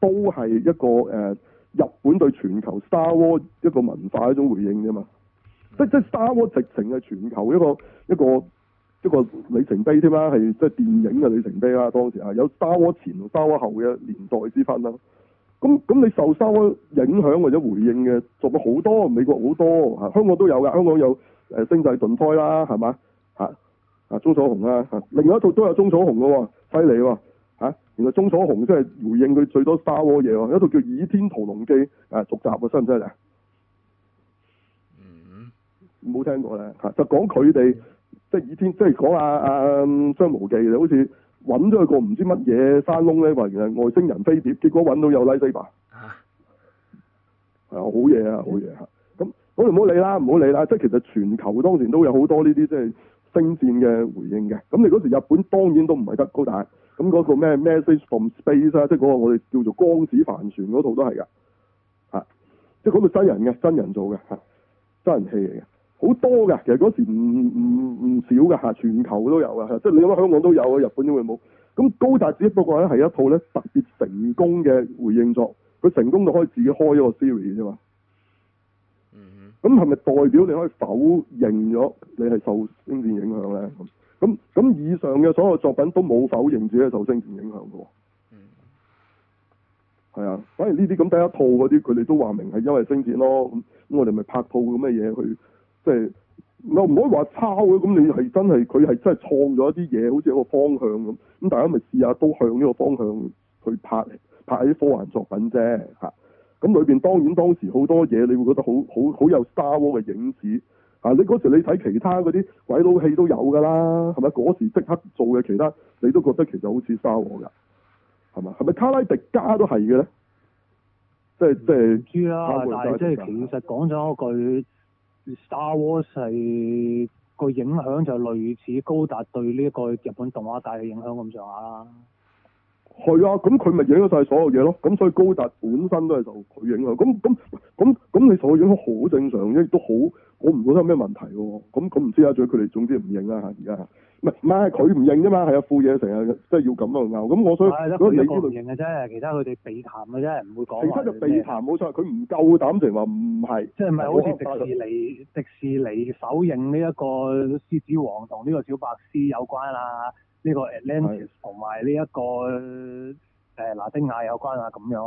都係一個誒、呃、日本對全球 Star、Wars、一個文化一種回應啫嘛。即即 Star War 直情係全球一個一個一個里程碑添啦，係即係電影嘅里程碑啦、啊。當時係有 Star War 前、Star War 後嘅年代之分啦、啊。咁咁你受沙 t 影響或者回應嘅，做咗好多。美國好多嚇，香港都有㗎。香港有誒、呃《星際遁胎》啦，係嘛？吓啊，鐘楚紅啊，另外一套都有鐘楚紅嘅，犀利喎，吓、啊！原來鐘楚紅真係回應佢最多 Star Wars 嘢喎，一套叫《倚天屠龍記》誒，續、啊、集啊，犀唔犀利啊？嗯、mm，冇、hmm. 聽過咧吓、啊，就講佢哋即係《倚天》即啊，即係講阿阿張無忌，就好似搵咗去個唔知乜嘢山窿咧，話原嚟外星人飛碟，結果搵到有拉西吧係好嘢啊，好嘢吓、啊，咁好就唔好理啦，唔好理啦，即係其實全球當年都有好多呢啲即係。星戰嘅回應嘅，咁你嗰時日本當然都唔係得高達，咁嗰套咩 Message from Space 啊？即係嗰個我哋叫做光子帆船嗰套都係㗎，嚇、啊，即係嗰個真人嘅真人做嘅，係、啊、真人戲嚟嘅，好多嘅，其實嗰時唔唔唔少嘅嚇，全球都有嘅、啊，即係你諗香港都有啊，日本都會冇，咁、啊、高達只不過咧係一套咧特別成功嘅回應作，佢成功就可以自己開咗個 series 啫嘛。咁係咪代表你可以否認咗你係受星戰影響咧？咁咁咁以上嘅所有作品都冇否認自己受星戰影響㗎喎。係啊、嗯，反而呢啲咁第一套嗰啲，佢哋都話明係因為星戰咯。咁咁我哋咪拍套咁嘅嘢去，即係又唔可以話抄嘅。咁你係真係佢係真係創咗一啲嘢，好似一個方向咁。咁大家咪試下都向呢個方向去拍拍啲科幻作品啫，嚇、啊。咁裏邊當然當時好多嘢，你會覺得好好好有 Star Wars 嘅影子。啊！你嗰時你睇其他嗰啲鬼佬戲都有㗎啦，係咪嗰時即刻做嘅其他，你都覺得其實好似 Star Wars 㗎，係咪？係咪卡拉迪加都係嘅咧？即係即係，唔知啦。但係即係其實講咗一句，Star Wars 係個影響就類似高達對呢一個日本動畫界嘅影響咁上下啦。係啊，咁佢咪影咗晒所有嘢咯，咁所以高達本身都係就佢影啊，咁咁咁咁你所佢影都好正常啫，亦都好，我唔覺得有咩問題喎，咁咁唔知啊，最佢哋總之唔認啦、啊、嚇，而家唔係唔係佢唔認啫、啊、嘛，係啊，副嘢成日即係要咁樣拗，咁我所以如果你呢度認嘅啫，其他佢哋避談嘅啫，唔會講其他就避談，冇錯，佢唔夠膽成話唔係，即係唔係好似迪士尼，人迪士尼迪士尼否認呢一個獅子王同呢個小白獅有關啦、啊？呢個 Atlantis 同埋呢一個誒那丁亞有關啊，咁樣。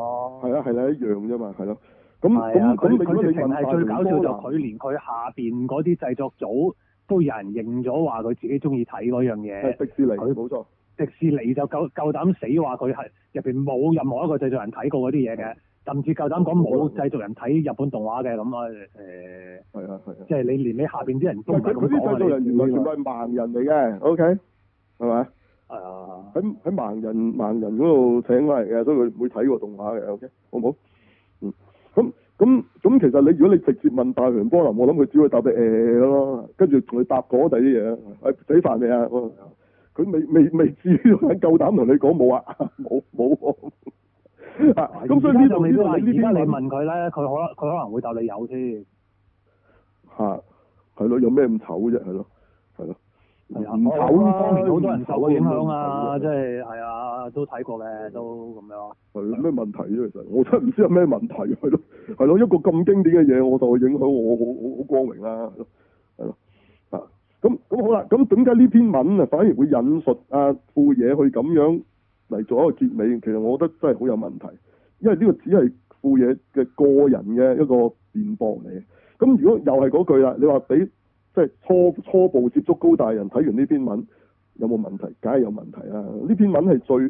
係啊，係啦，一樣啫嘛，係咯。咁咁咁，佢情佢係最搞笑就佢連佢下邊嗰啲製作組都有人認咗話佢自己中意睇嗰樣嘢。迪士尼，佢冇錯。迪士尼就夠夠膽死話佢係入邊冇任何一個製作人睇過嗰啲嘢嘅，甚至夠膽講冇製作人睇日本動畫嘅咁啊誒。係啊，係啊。即係你連你下邊啲人都唔係咁講嘅。佢啲製作人原來全部係盲人嚟嘅。O K。係咪？係啊！喺喺、uh, 盲人盲人嗰度請返嚟嘅，所以佢唔會睇過動畫嘅。O、OK? K，好唔好？嗯，咁咁咁，其實你如果你直接問大雄波林，我諗佢只會答你誒、欸、咯，跟住同你答果啲嘢。誒，洗飯未啊？佢、欸、未未未至於 夠膽同你講冇啊？冇冇。咁所以呢度呢？而家你問佢咧，佢可能佢可能會答你有先、啊。嚇！係咯，有咩咁醜啫？係咯，係咯。唔醜的啊！好多人受嘅影響啊，即係係啊，的都睇過咧，都咁樣。係咯的？咩對問題咧？其實吧我真係唔知有咩問題，係咯，係咯， 一個咁經典嘅嘢，我就會影響我好好好光榮啦，係咯，啊，咁咁、嗯、好啦，咁點解呢篇文啊反而會引述啊富、啊、野去咁樣嚟做一個結尾？其實我覺得真係好有問題，因為呢個只係富野嘅個人嘅一個辯駁嚟嘅。咁如果又係嗰句啦，你話俾。即係初初步接觸高達人，睇完呢篇文有冇問題？梗係有問題啦、啊！呢篇文係最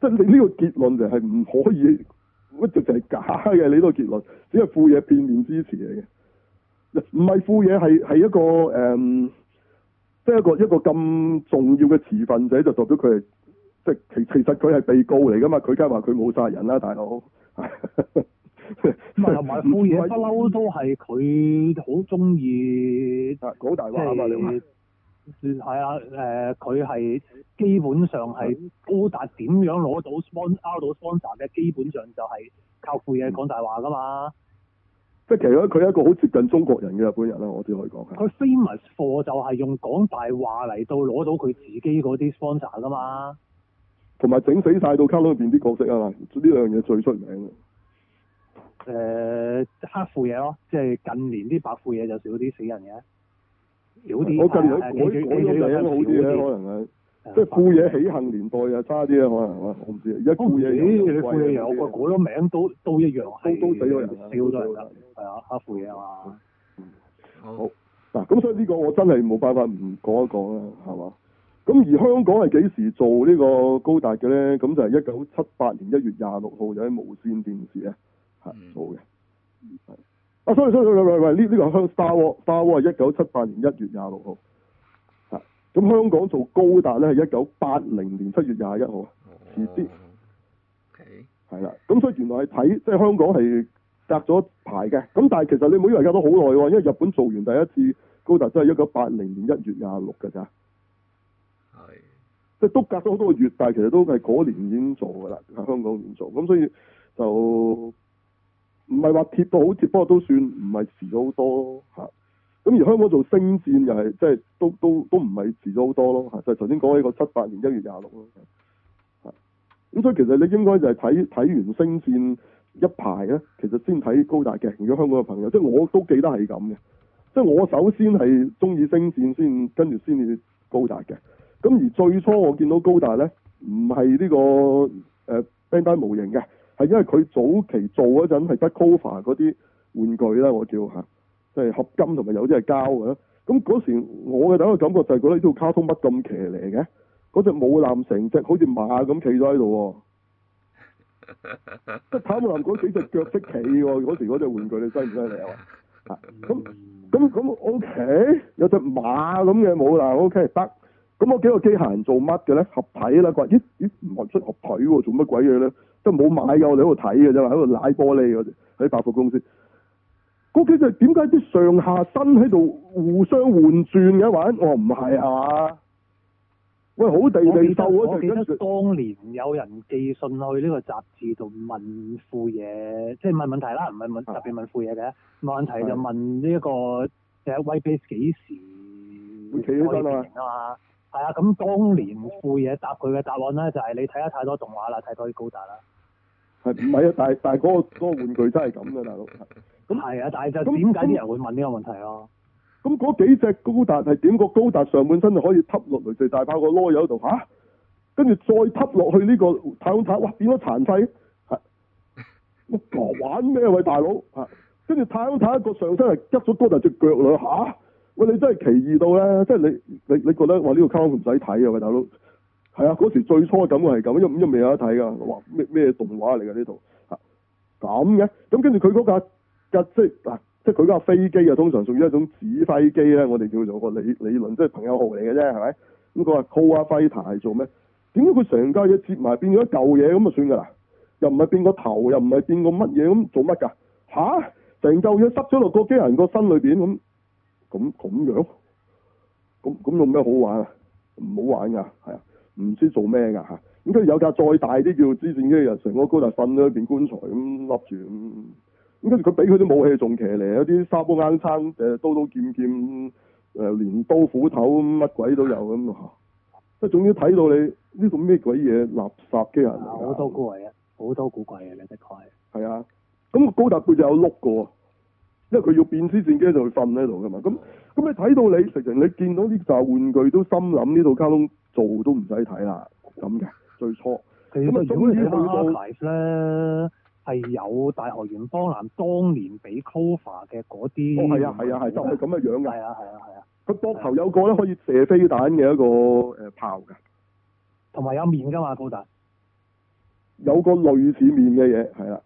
即係你呢個結論就係唔可以，一直就係假嘅你呢個結論，只係富野片面支持嚟嘅，唔係富野係係一個誒，即、呃、係、就係、一個一個咁重要嘅持份者就代表佢係即係其其實佢係被告嚟㗎嘛？佢梗係話佢冇殺人啦，大佬。 咁啊，同埋富野不嬲都係佢好中意講大話啊嘛！你話係啊？誒， 佢係、呃、基本上係高達點樣攞到 sponsor 嘅？Sp 基本上就係靠富野講大話噶嘛。即係、嗯嗯、 其實佢係一個好接近中國人嘅日本人啦，我只可以講。佢 famous for 就係用講大話嚟到攞到佢自己嗰啲 sponsor 噶嘛。同埋整死晒到卡窿入邊啲角色啊嘛！呢兩樣嘢最出名。誒黑富野咯，即係近年啲白富野就少啲死人嘅，少啲。我近年誒誒啲嘢可能啊，即係富野起行年代啊，差啲啊，可能啊，我唔知啊。而家富野，你富野有個好多名都都一樣，都都死過人，少咗係啊，黑富野啊嘛。好嗱，咁所以呢個我真係冇辦法唔講一講啦，係嘛？咁而香港係幾時做呢個高達嘅咧？咁就係一九七八年一月廿六號，就喺無線電視啊。係、mm hmm. 做嘅，係啊 sorry, sorry, so 呢呢個係香 Star Wars Star Wars 係一九七八年一月廿六號，吓、啊、咁香港做高達咧係一九八零年七月廿一號，遲啲，係啦 Okay.，咁所以原來係睇，即係香港係隔咗排嘅，咁但係其實你咪以為隔咗好耐，因為日本做完第一次高達都係一九八零年一月廿六嘅咋，係 Okay. 即係都隔咗好多個月，但係其實都係嗰年已經做噶啦，喺、mm hmm. 香港已經做，咁所以就。唔係話貼到好貼，不過都算唔係遲咗好多咯嚇。咁而香港做星戰又係即係都都都唔係遲咗好多咯嚇。就係頭先講起個七八年一月廿六咯嚇。咁所以其實你應該就係睇睇完星戰一排咧，其實先睇高達嘅。如果香港嘅朋友，即係我都記得係咁嘅。即係我首先係中意星戰先，跟住先至高達嘅。咁而最初我見到高達咧，唔係呢個誒 Bandai 模型嘅。係因為佢早期做嗰陣係得 Cover 嗰啲玩具咧，我叫嚇，即係合金同埋有啲係膠嘅。咁嗰時我嘅第一個感覺就係覺得呢套卡通乜咁騎嚟嘅？嗰隻冇冧成隻好似馬咁企咗喺度，即係跑冇冧嗰幾隻腳識企喎。嗰時嗰隻玩具你犀唔犀利啊？咁咁咁 OK，有隻馬咁嘅冇啦，OK 得。咁我幾個機械人做乜嘅咧？合體啦，佢話咦咦唔係出合體喎，啊，做乜鬼嘢咧？都冇買嘅，我哋喺度睇嘅啫嘛，喺度拉玻璃嗰喺百貨公司。屋企就係點解啲上下身喺度互相換轉嘅話？我唔係啊，喂，好地地瘦啊！我記，我記得當年有人寄信去呢個雜誌度問副嘢，啊、即係問問題啦，唔係問特別問副嘢嘅。冇、啊、問題就問呢、這、一個，第一 Whiteface 幾時？幾多年啊嘛？係啊，咁當年副嘢答佢嘅答案咧，就係、是、你睇下太多動畫啦，睇多啲高達啦。唔係啊，但係但係、那、嗰、個那個玩具真係咁嘅，大佬。咁係、嗯、啊，但係就點解啲人會問呢個問題咯、啊？咁嗰、嗯嗯嗯、幾隻高達係點個高達上半身就可以插落雷射大炮個囉柚度嚇？跟、啊、住再插落去呢個太空塔，哇變咗殘廢。乜、啊、玩咩啊，啊，啊？喂大佬，跟住太空塔一個上身係執咗高達隻腳嚟嚇？喂你真係奇異到咧，即係你你你覺得哇呢個卡通唔使睇啊？喂大佬。係啊！嗰時最初咁係咁，因為因未有得睇㗎。哇！咩咩動畫嚟㗎呢度？嚇，咁嘅咁跟住佢嗰架架即嗱，即佢、啊、架飛機啊，通常屬於一種指揮機咧。我哋叫做個理理論，即係朋友號嚟嘅啫，係咪？咁佢話 Core Fighter 係做咩？點解佢成架嘢接埋變咗一嚿嘢咁啊？就算㗎啦，又唔係變個頭，又唔係變個乜嘢咁，做乜㗎？吓、啊？成嚿嘢塞咗落個機人個身裏邊咁，咁咁樣，咁咁有咩好玩，好玩啊？唔好玩㗎，係啊！唔知做咩噶嚇，咁跟住有架再大啲叫支戰機嘅人，成個高達瞓咗一件棺材咁笠住咁，跟住佢俾佢啲武器仲騎嚟，有啲沙煲硬撐，誒、呃、刀刀劍劍，誒、呃、鐮刀斧頭乜鬼都有咁，即係總之睇到你呢種咩鬼嘢垃圾機器人好多古怪啊，好多古怪嘅、啊啊、你的確係。係啊，咁、那個、高達佢就有碌個因為佢要變屍戰機就瞓喺度噶嘛，咁咁你睇到你成成你見到啲舊玩具都心諗呢套卡通做都唔使睇啦，咁嘅最初。其實總之啲卡牌咧係有大河原邦男當年俾 cover 嘅嗰啲。係啊係啊係，就係咁嘅樣嘅。係啊係啊係啊。佢膊頭有個咧可以射飛彈嘅一個誒炮㗎。同埋有面㗎嘛，高達。有個類似面嘅嘢，係啦，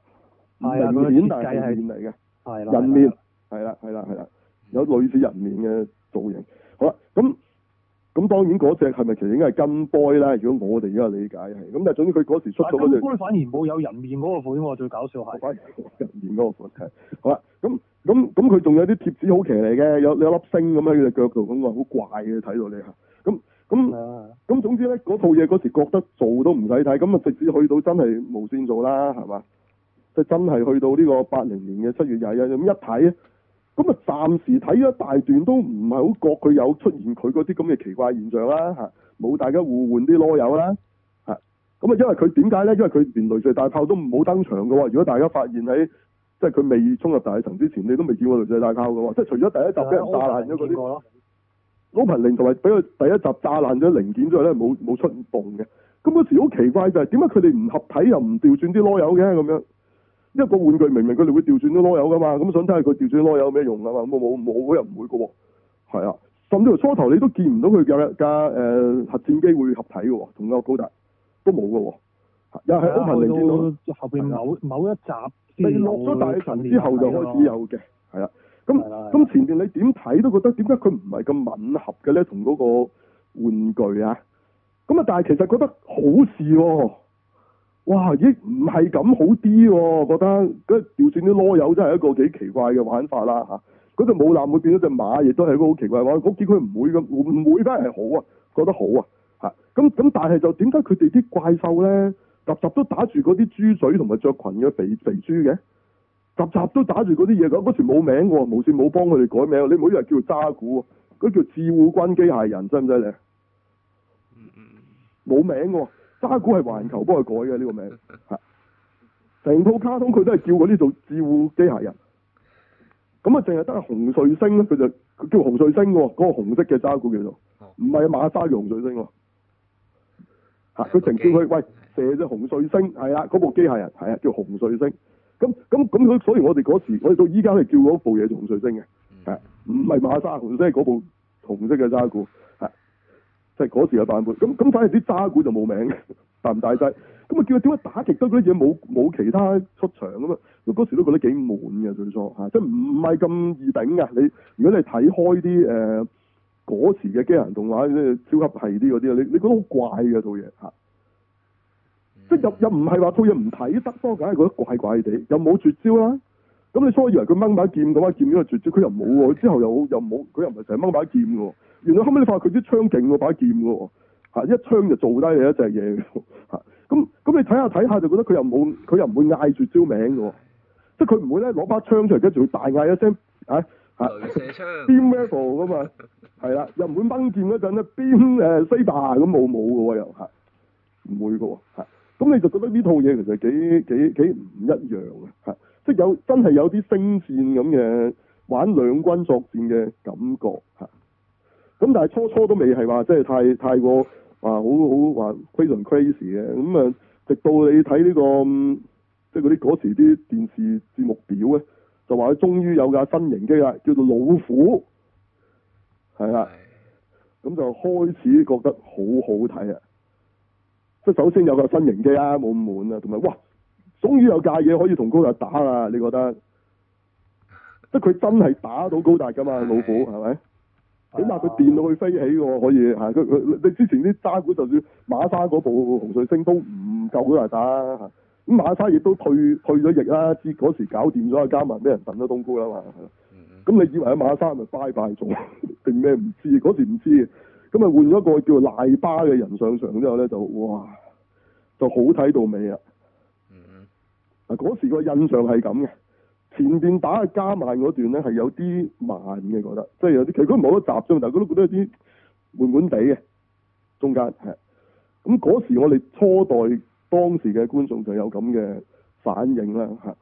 唔係面，但係面嚟嘅。係啦，人面係啦，係啦，係啦，有類似人面嘅造型。好啦，咁咁當然嗰隻係咪其實應該係金龜啦？如果我哋依家理解係，咁但係總之佢嗰時出咗對反而冇有人面嗰個款喎，我最搞笑係。反而冇人面嗰個款，係好啦。咁咁咁，佢、嗯、仲、嗯嗯嗯、有啲貼紙好騎嚟嘅，有有粒星咁樣喺佢隻腳度，咁啊好怪嘅睇到你嚇。咁咁咁，總之咧嗰套嘢嗰時覺得做都唔使睇，咁啊直至去到真係無線做啦，係嘛？即真係去到呢個八零年嘅七月廿一咁一睇咧，咁啊暫時睇咗大段都唔係好覺佢有出現佢嗰啲咁嘅奇怪現象啦嚇，冇大家互換啲囉柚啦嚇，咁啊因為佢點解咧？因為佢連雷射大炮都冇登場㗎喎。如果大家發現喺即係佢未衝入大氣層之前，你都未見過雷射大炮㗎喎。即係除咗第一集俾人炸爛咗嗰啲，open 零同埋俾佢第一集炸爛咗零件之後咧，冇冇出動嘅。咁嗰時好奇怪就係點解佢哋唔合體又唔調轉啲囉柚嘅咁樣？一個玩具明明佢哋會調轉咗囉柚噶嘛，咁想睇下佢調轉囉柚有咩用啊嘛？咁啊冇冇，又唔會噶。係啊，甚至乎初頭你都見唔到佢有一架、呃、核戰機會合體噶，同個高達都冇噶。又係安排零見到後邊某的某一集，落咗的大神之後就開始有嘅。係啦，咁咁前邊你點睇都覺得，點解佢唔係咁吻合嘅咧？同嗰個玩具啊，咁啊，但係其實覺得好事喎。哇！咦，唔係咁好啲喎、哦，覺得嗰掉轉啲囉柚真係一個幾奇怪嘅玩法啦嚇。嗰隻母艦會變咗隻馬，亦都係一個好奇怪玩。我見佢唔會咁，唔會翻係好啊，覺得好啊嚇。咁咁，但係、啊啊、就點解佢哋啲怪獸咧，集集都打住嗰啲豬嘴同埋著裙嘅肥肥豬嘅，集集都打住嗰啲嘢嘅。嗰條冇名喎，無線冇幫佢哋改名。你唔好以為叫渣古，嗰、那個、叫智慧軍機械人，真唔犀利？冇 名喎。沙鼓係環球幫佢改嘅呢、這個名，吓，成套卡通佢都係叫過呢度照慧機械人，咁啊淨係得紅彗星咧，佢就叫紅彗星嘅，嗰個紅色嘅沙鼓叫做，唔係馬沙嘅紅彗星，吓佢成叫佢喂射咗紅彗星，係啦，嗰部機械人係啊叫紅彗星，咁咁咁所以所以我哋嗰時我哋到依家都係叫嗰部嘢做紅彗星嘅，係唔係馬沙紅彗星嗰部紅色嘅沙鼓。即係嗰時嘅版本，咁咁反而啲渣古就冇名，大唔大劑？咁啊叫佢點解打極多嗰啲嘢冇冇其他出場啊嘛？我嗰時都覺得幾悶嘅，最初嚇、啊，即係唔係咁易頂噶你。如果你睇開啲誒嗰時嘅機械人動畫，即係超級係啲嗰啲，你你覺得好怪嘅套嘢嚇，即係又又唔係話套嘢唔睇得多，梗係覺得怪怪地，又冇絕招啦。咁你初以為佢掹把劍嘅話，掹把劍都係絕招，佢又冇喎。之後又又冇，佢又唔係成日掹把劍喎。原來後尾你發覺佢啲槍勁喎，把劍嘅喎、啊，一槍就做低你一隻嘢嘅，咁、啊、咁你睇下睇下就覺得佢又冇，佢又唔會嗌住招名嘅，即係佢唔會咧攞把槍出嚟跟住仲大嗌一聲，嚇、啊、嚇，邊 l e v e 嘛？係啦、 啊， 又唔會掹劍嗰陣咧邊誒西霸咁冇冇嘅喎又嚇，唔、uh, er 啊啊、會嘅喎，咁你就覺得呢套嘢其實幾幾幾唔一樣嘅嚇、啊啊，即係有真係有啲星戰咁嘅玩兩軍作戰嘅感覺嚇。啊啊咁但係初初都未係話即係太太過話、啊、好好話、啊、crazy crazy 嘅，咁啊直到你睇呢、呢個、嗯、即係嗰啲嗰時啲電視節目表咧，就話佢終於有架新型機啦，叫做老虎，係啦，咁就開始覺得好好睇啊！即係首先有個新型機啊，冇咁悶啊，同埋哇，終於有架嘢可以同高達打啦！你覺得？即係佢真係打到高達㗎嘛？老虎係咪？起碼佢掂到佢飛起嘅喎，可以吓佢，佢你之前啲渣古，就算馬沙嗰部紅水星都唔夠高達打，咁馬沙亦都退退咗役啦，至嗰時搞掂咗阿加埋俾人燉咗冬菇啦嘛，咁你以為阿馬沙咪拜拜咗？定咩唔知？嗰時唔知，咁咪換咗個叫賴巴嘅人上場之後咧，就哇就好睇到尾啊！嗱，嗰時個印象係咁嘅。前邊打嘅加慢嗰段咧係有啲慢嘅，覺得即係有啲，其實佢冇得集中，但係佢都覺得有啲悶悶地嘅中間，係咁嗰時我哋初代當時嘅觀眾就有咁嘅反應啦，嚇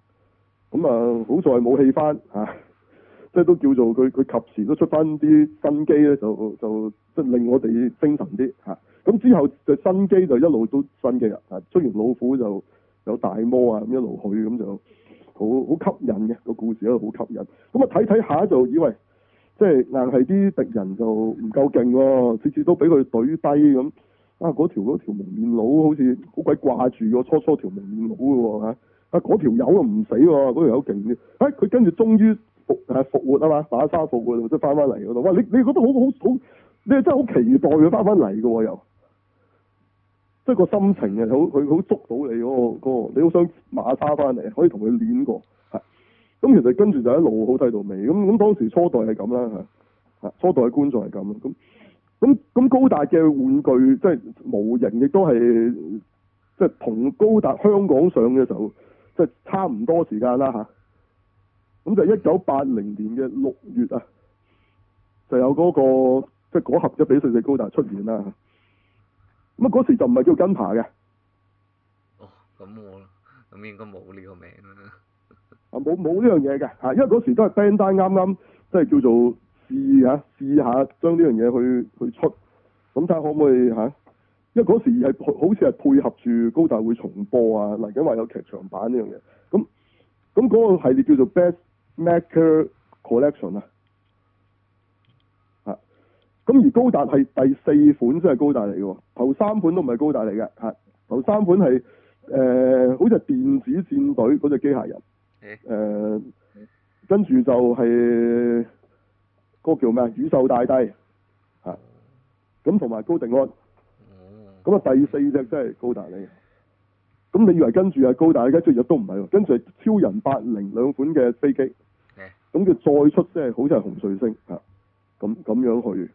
咁啊好在冇氣翻嚇、啊，即係都叫做佢佢及時都出翻啲新機咧，就就即係令我哋精神啲嚇。咁之後嘅新機就一路都新嘅人，啊出完老虎就有大魔啊，咁一路去咁就。好好吸引嘅個故事喺度好吸引。咁啊睇睇下就以為，即、哎、係、就係、硬係啲敵人就唔夠勁喎，次次都俾佢懟低咁。啊，嗰條嗰條蒙面佬好似好鬼掛住個，初初條蒙面佬嘅喎啊，嗰條友啊唔死喎，嗰條友勁嘅。哎，佢跟住終於復係復活啊嘛，打沙復活，即係翻翻嚟嗰度。哇、啊，你你覺得好好好，你係真係好期待佢翻翻嚟嘅又。即係個心情嘅，好佢好捉到你嗰、嗰個、嗰個、你好想馬沙翻嚟，可以同佢練過，係。咁、嗯、其實跟住就一路好睇到尾，咁、嗯、咁當時初代係咁啦，嚇嚇初代嘅觀眾係咁，咁咁咁高達嘅玩具即係模型，亦都係即係同高達香港上嘅時候即係、即係、差唔多時間啦吓，咁就一九八零年嘅六月啊，就有嗰、嗰個即係嗰盒一比四四高達出現啦。咁嗰時就唔係叫做金牌嘅。哦，咁我，咁應該冇呢個名啦、 啊。啊，冇冇呢樣嘢嘅嚇，因為嗰時都係 band 啱啱，即係叫做試下，試下將呢樣嘢去去出，咁睇下可唔可以嚇。因為嗰時好似係配合住高達會重播啊，嚟緊話有劇場版呢樣嘢。咁咁嗰個系列叫做 Best Maker Collection 啊。咁而高達係第四款即係高達嚟嘅，頭三款都唔係高達嚟嘅，嚇頭三款係誒、呃、好似係電子戰隊嗰隻機械人，誒、呃、跟住就係、是、嗰、嗰個叫咩啊宇宙大帝嚇，咁同埋高迪安，咁啊第四隻即係高達嚟嘅，咁你以為跟住係高達，而家出咗都唔係喎，跟住超人八零兩款嘅飛機，咁佢再出即係好似係紅彗星嚇，咁、啊、咁樣去。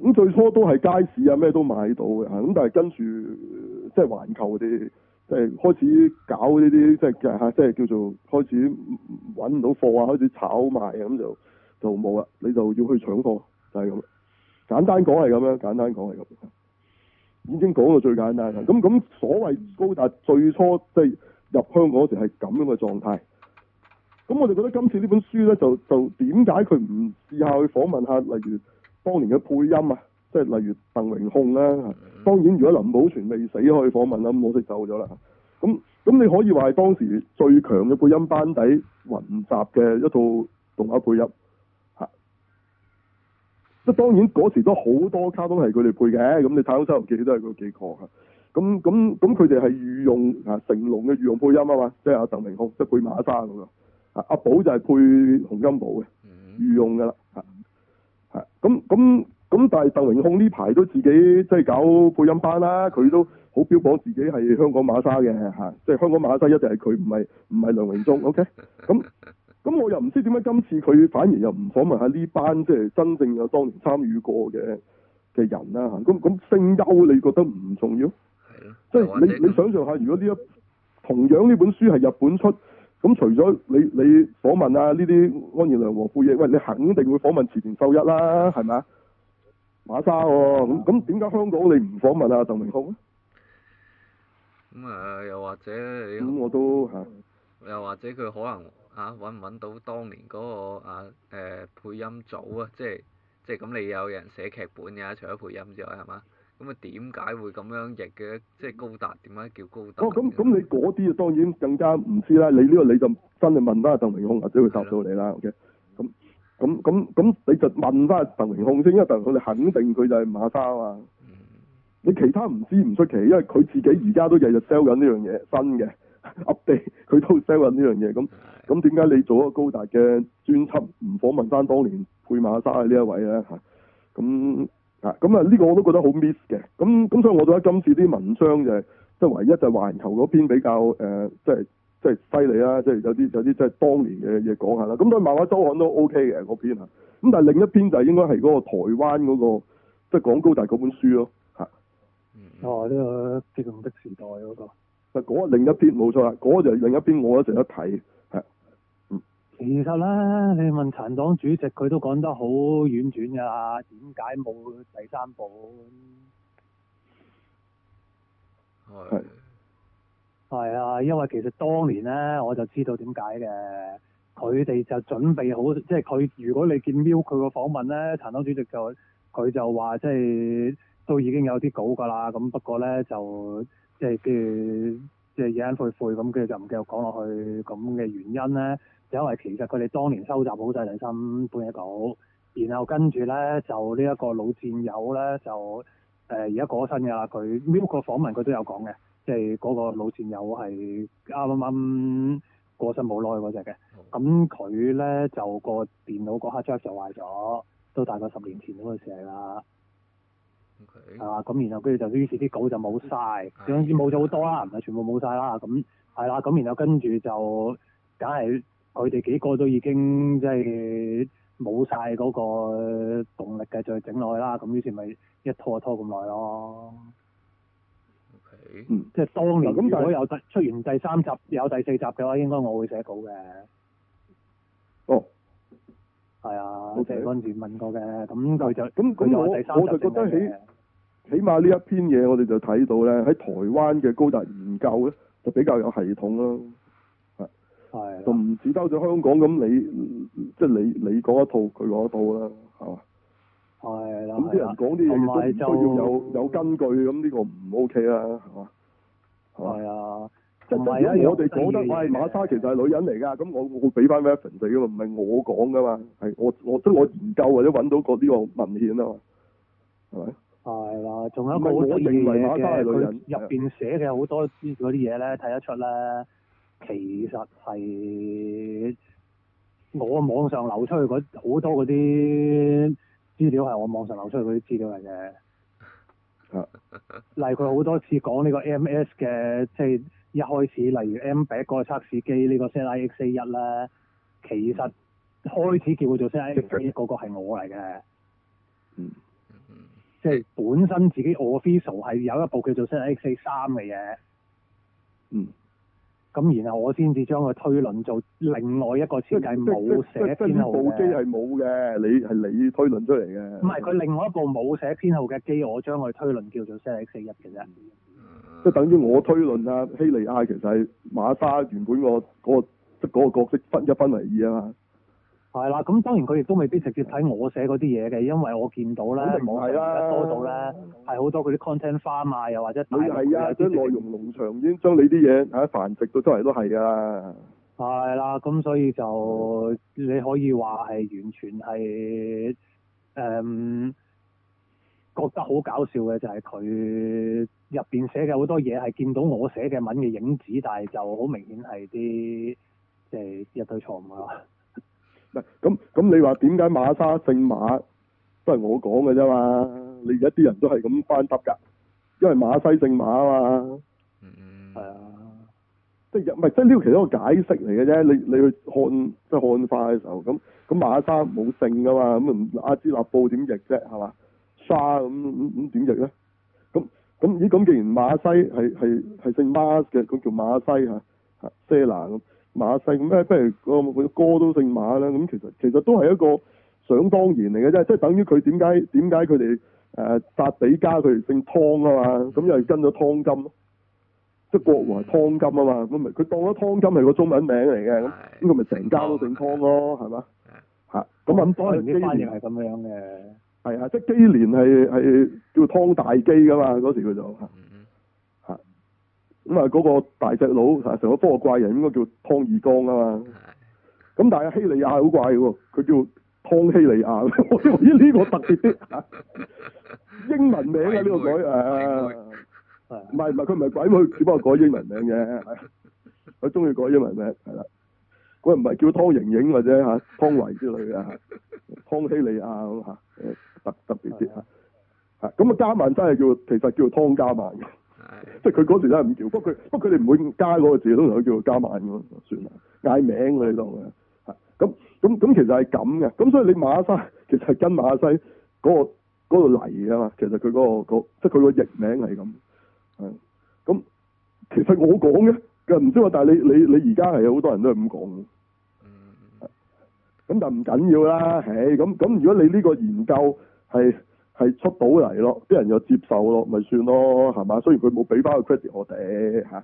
咁最初都係街市啊，咩都買到嘅，咁但係跟住即係環球啲，即係開始搞呢啲，即係即係叫做開始揾唔到貨啊，開始炒賣啊，咁就就冇啦。你就要去搶貨，就係咁。簡單講係咁樣，簡單講係咁。已經講到最簡單啦。咁咁所謂高達最初即係入香港嗰時係咁樣嘅狀態。咁我就覺得今次呢本書咧，就就點解佢唔試下去訪問下例如？當年嘅配音啊，即係例如鄧榮雄啦。Mm hmm. 當然，如果林保全未死可以訪問啦，咁我即走咗啦。咁咁，你可以話係當時最強嘅配音班底雲集嘅一套動畫配音。吓，即係當然嗰時都好多卡通係佢哋配嘅，咁你都《睇通西遊記》都係佢哋配嘅。咁咁咁，佢哋係御用啊，成龍嘅御用配音啊嘛，即係阿鄧榮雄即係配馬沙咁樣，阿、啊、寶就係配洪金寶嘅、mm hmm. 御用噶啦。咁咁咁，但係鄧榮控呢排都自己即係搞配音班啦、啊，佢都好標榜自己係香港馬沙嘅嚇、啊，即係香港馬沙一定係佢，唔係唔係梁榮忠。OK，咁、嗯、咁、嗯、我又唔知點解今次佢反而又唔訪問下呢班即係、就是、真正有當年參與過嘅嘅人啦，咁咁，聲優你覺得唔重要？係啊，即係你、啊、你想像下，如果呢一同樣呢本書係日本出。咁除咗你你訪問啊呢啲安彥良和富億，餵你肯定會訪問池田秀一啦，係咪啊？馬沙喎，咁咁點解香港你唔訪問啊鄧明峰？咁誒，又或者你咁、嗯、我都、啊、又或者佢可能嚇揾唔揾到當年嗰個啊誒、呃、配音組啊，即係即係咁你有人寫劇本嘅，除咗配音之外係嘛？咁啊，點解會咁樣譯嘅？即係高達點解叫高達？高哦，咁咁你嗰啲啊，當然更加唔知啦。你呢個你就真係問翻鄧明控，或者會答到你啦。OK，咁咁咁咁你就問翻鄧明控先，因為鄧佢哋肯定佢就係馬沙啊嘛。嗯、你其他唔知唔出奇，因為佢自己而家都日日 sell 緊呢樣嘢，新嘅 update 佢都 sell 緊呢樣嘢。咁咁點解你做咗高達嘅專輯，唔訪問翻當年配馬沙嘅呢一位咧？咁。嗯啊，咁啊，呢個我都覺得好 miss 嘅，咁、嗯、咁、嗯、所以我覺得今次啲文章就即、是、係、就是、唯一就係、是、環球嗰篇比較誒，即係即係犀利啦，即、就、係、是就是就是、有啲有啲即係當年嘅嘢講下啦。咁、嗯、都《漫畫週刊》都 OK 嘅嗰篇啊，咁但係另一篇錯就應該係嗰個台灣嗰個即係講高達嗰本書咯，嚇。哦，呢個自動的時代嗰個。另一篇冇錯啦，嗰就另一篇我一直一睇。其實咧，你問陳黨主席，佢都講得好婉轉噶。點解冇第三本？係係啊，因為其實當年咧，我就知道點解嘅。佢哋就準備好，即係佢。如果你見 Milk 佢個訪問咧，陳黨主席就佢就話，即係都已經有啲稿噶啦。咁不過咧，就即係跟住即係厭厭悔悔，跟住就唔繼續講落去咁嘅原因咧。因為其實佢哋當年收集好晒兩三本嘅稿，然後跟住咧就呢一個老戰友咧就誒而家過咗身嘅啦。佢每個訪問佢都有講嘅，即係嗰個老戰友係啱啱過身冇耐嗰隻嘅。咁佢咧就個電腦嗰刻 job 就壞咗，都大概十年前嗰個時嚟啦。係啊，咁、嗯、然後跟住就於、就是啲稿就冇晒，總之冇咗好多啦，唔係全部冇晒啦。咁係啦，咁然後跟住就梗係。佢哋幾個都已經即係冇晒嗰個動力嘅，再整落去啦。咁於是咪一拖拖咁耐咯。Okay. 即係當年咁、嗯、如果有是出完第三集有第四集嘅話，應該我會寫稿嘅。哦，係啊的，好似嗰陣時問過嘅，咁就咁咁我，我就覺得起，起碼呢一篇嘢我哋就睇到咧，喺台灣嘅高達研究咧就比較有系統咯。係，就唔似兜咗香港咁，你即係你你講一套，佢攞一套啦，係嘛？係的，咁啲、嗯、人講啲嘢都唔需要有有根據，咁呢個唔 O K 啦，係嘛？係啊的，即係的我哋講得，喂，馬沙其實係女人嚟噶，咁的對我會我俾翻 reference 噶嘛，唔係我講噶嘛，係我我即係我研究或者搵到嗰啲個文獻啊嘛，係咪？係啦，仲有一個的我認為馬沙係女人入邊的寫嘅好多嗰啲嘢咧，睇得出咧。其實係我網上流出去好多嗰啲資料係我網上流出去嗰啲資料嚟嘅。 例如佢好多次講呢個 MS 嘅，即、就、係、是、一開始，例如 M 第一個測試機呢、呢個 s i x 一啦，其實開始叫佢做 IX 1, s i x 一嗰個係我嚟嘅、嗯。嗯。即係本身自己我 official 係有一部叫做 IX s i x 三嘅嘢。嗯。咁然後我先至將佢推論做另外一個設計，冇寫編號部機係冇嘅，你係你推論出嚟嘅。唔係佢另外一部冇寫編號嘅機，我將佢推論叫做 CX-1 嘅啫。即係等於我推論啊，希利亞其實係馬沙原本、那個嗰個即係嗰個角色分一分為二啊嘛。係啦，咁當然佢亦都未必直接睇我寫嗰啲嘢嘅，因為我見到咧，啊、多到咧係好多嗰啲 content farm、啊，又或者大、啊，即係、啊、內容農場已經將你啲嘢嚇繁殖到周圍都係啊。係啦，咁所以就你可以話係完全係誒、嗯、覺得好搞笑嘅，就係佢入邊寫嘅好多嘢係見到我寫嘅文嘅影子，但係就好明顯係啲即係一堆錯誤啊。就是咁咁你話點解馬沙姓馬都係我講嘅啫嘛？你而家啲人都係咁翻耷噶因為馬西姓馬啊嘛，係、嗯、啊，即係唔係？即係呢個其中一個解釋嚟嘅啫。你你去漢即係漢化嘅時候，咁咁馬沙冇姓噶嘛？咁阿茲納布點譯啫？係嘛？沙咁咁點譯咧？咁咁咦？咁既然馬西係係係姓馬嘅，咁叫馬西吓，謝、啊、拿。啊啊啊啊馬姓咩？不如佢個哥都姓馬啦。咁其實其實都係一個想當然嚟嘅啫。即係等於佢點解點解佢哋誒殺比加佢姓湯啊嘛？咁又係跟咗湯金，即係國王係湯金啊嘛？咁咪佢當咗湯金係個中文名嚟嘅咁，咁佢咪成家都姓湯咯，係嘛的？嚇咁啊！的當然基連係咁樣嘅，係啊！即係基連係係叫湯大基㗎嘛！嗰時佢就。咁啊，嗰個大隻佬成個科學怪人應該叫湯二剛啊嘛。咁但係希利亞好怪喎，佢叫湯希利亞，我覺得呢個特別啲啊。英文名啊，呢、呢個改啊，唔係唔係，佢唔係鬼，佢只不過改英文名嘅。佢中意改英文名，係啦。佢唔係叫湯盈盈或者嚇湯維之類嘅、啊，湯希利亞咁嚇，誒特特別啲嚇。嚇咁啊，啊的啊加曼真係叫，其實叫湯加曼嘅。即係佢嗰時咧唔叫，不過佢不過佢哋唔會加嗰個字，通常常叫佢加萬咁算啦，嗌名喺度嘅，係咁咁咁，其實係咁嘅。咁所以你馬生其實係跟馬西嗰個嚟嘅嘛。其實佢嗰、嗰個、嗰個、即係佢個譯名係咁。係咁，其實我講嘅，佢唔知喎。但係你你你而家係有好多人都係咁講。嗯。咁但唔緊要啦，唉，咁咁如果你呢個研究係。係出到嚟咯，啲人又接受咯，咪算咯，係嘛？雖然佢冇俾翻個 credit 我哋嚇，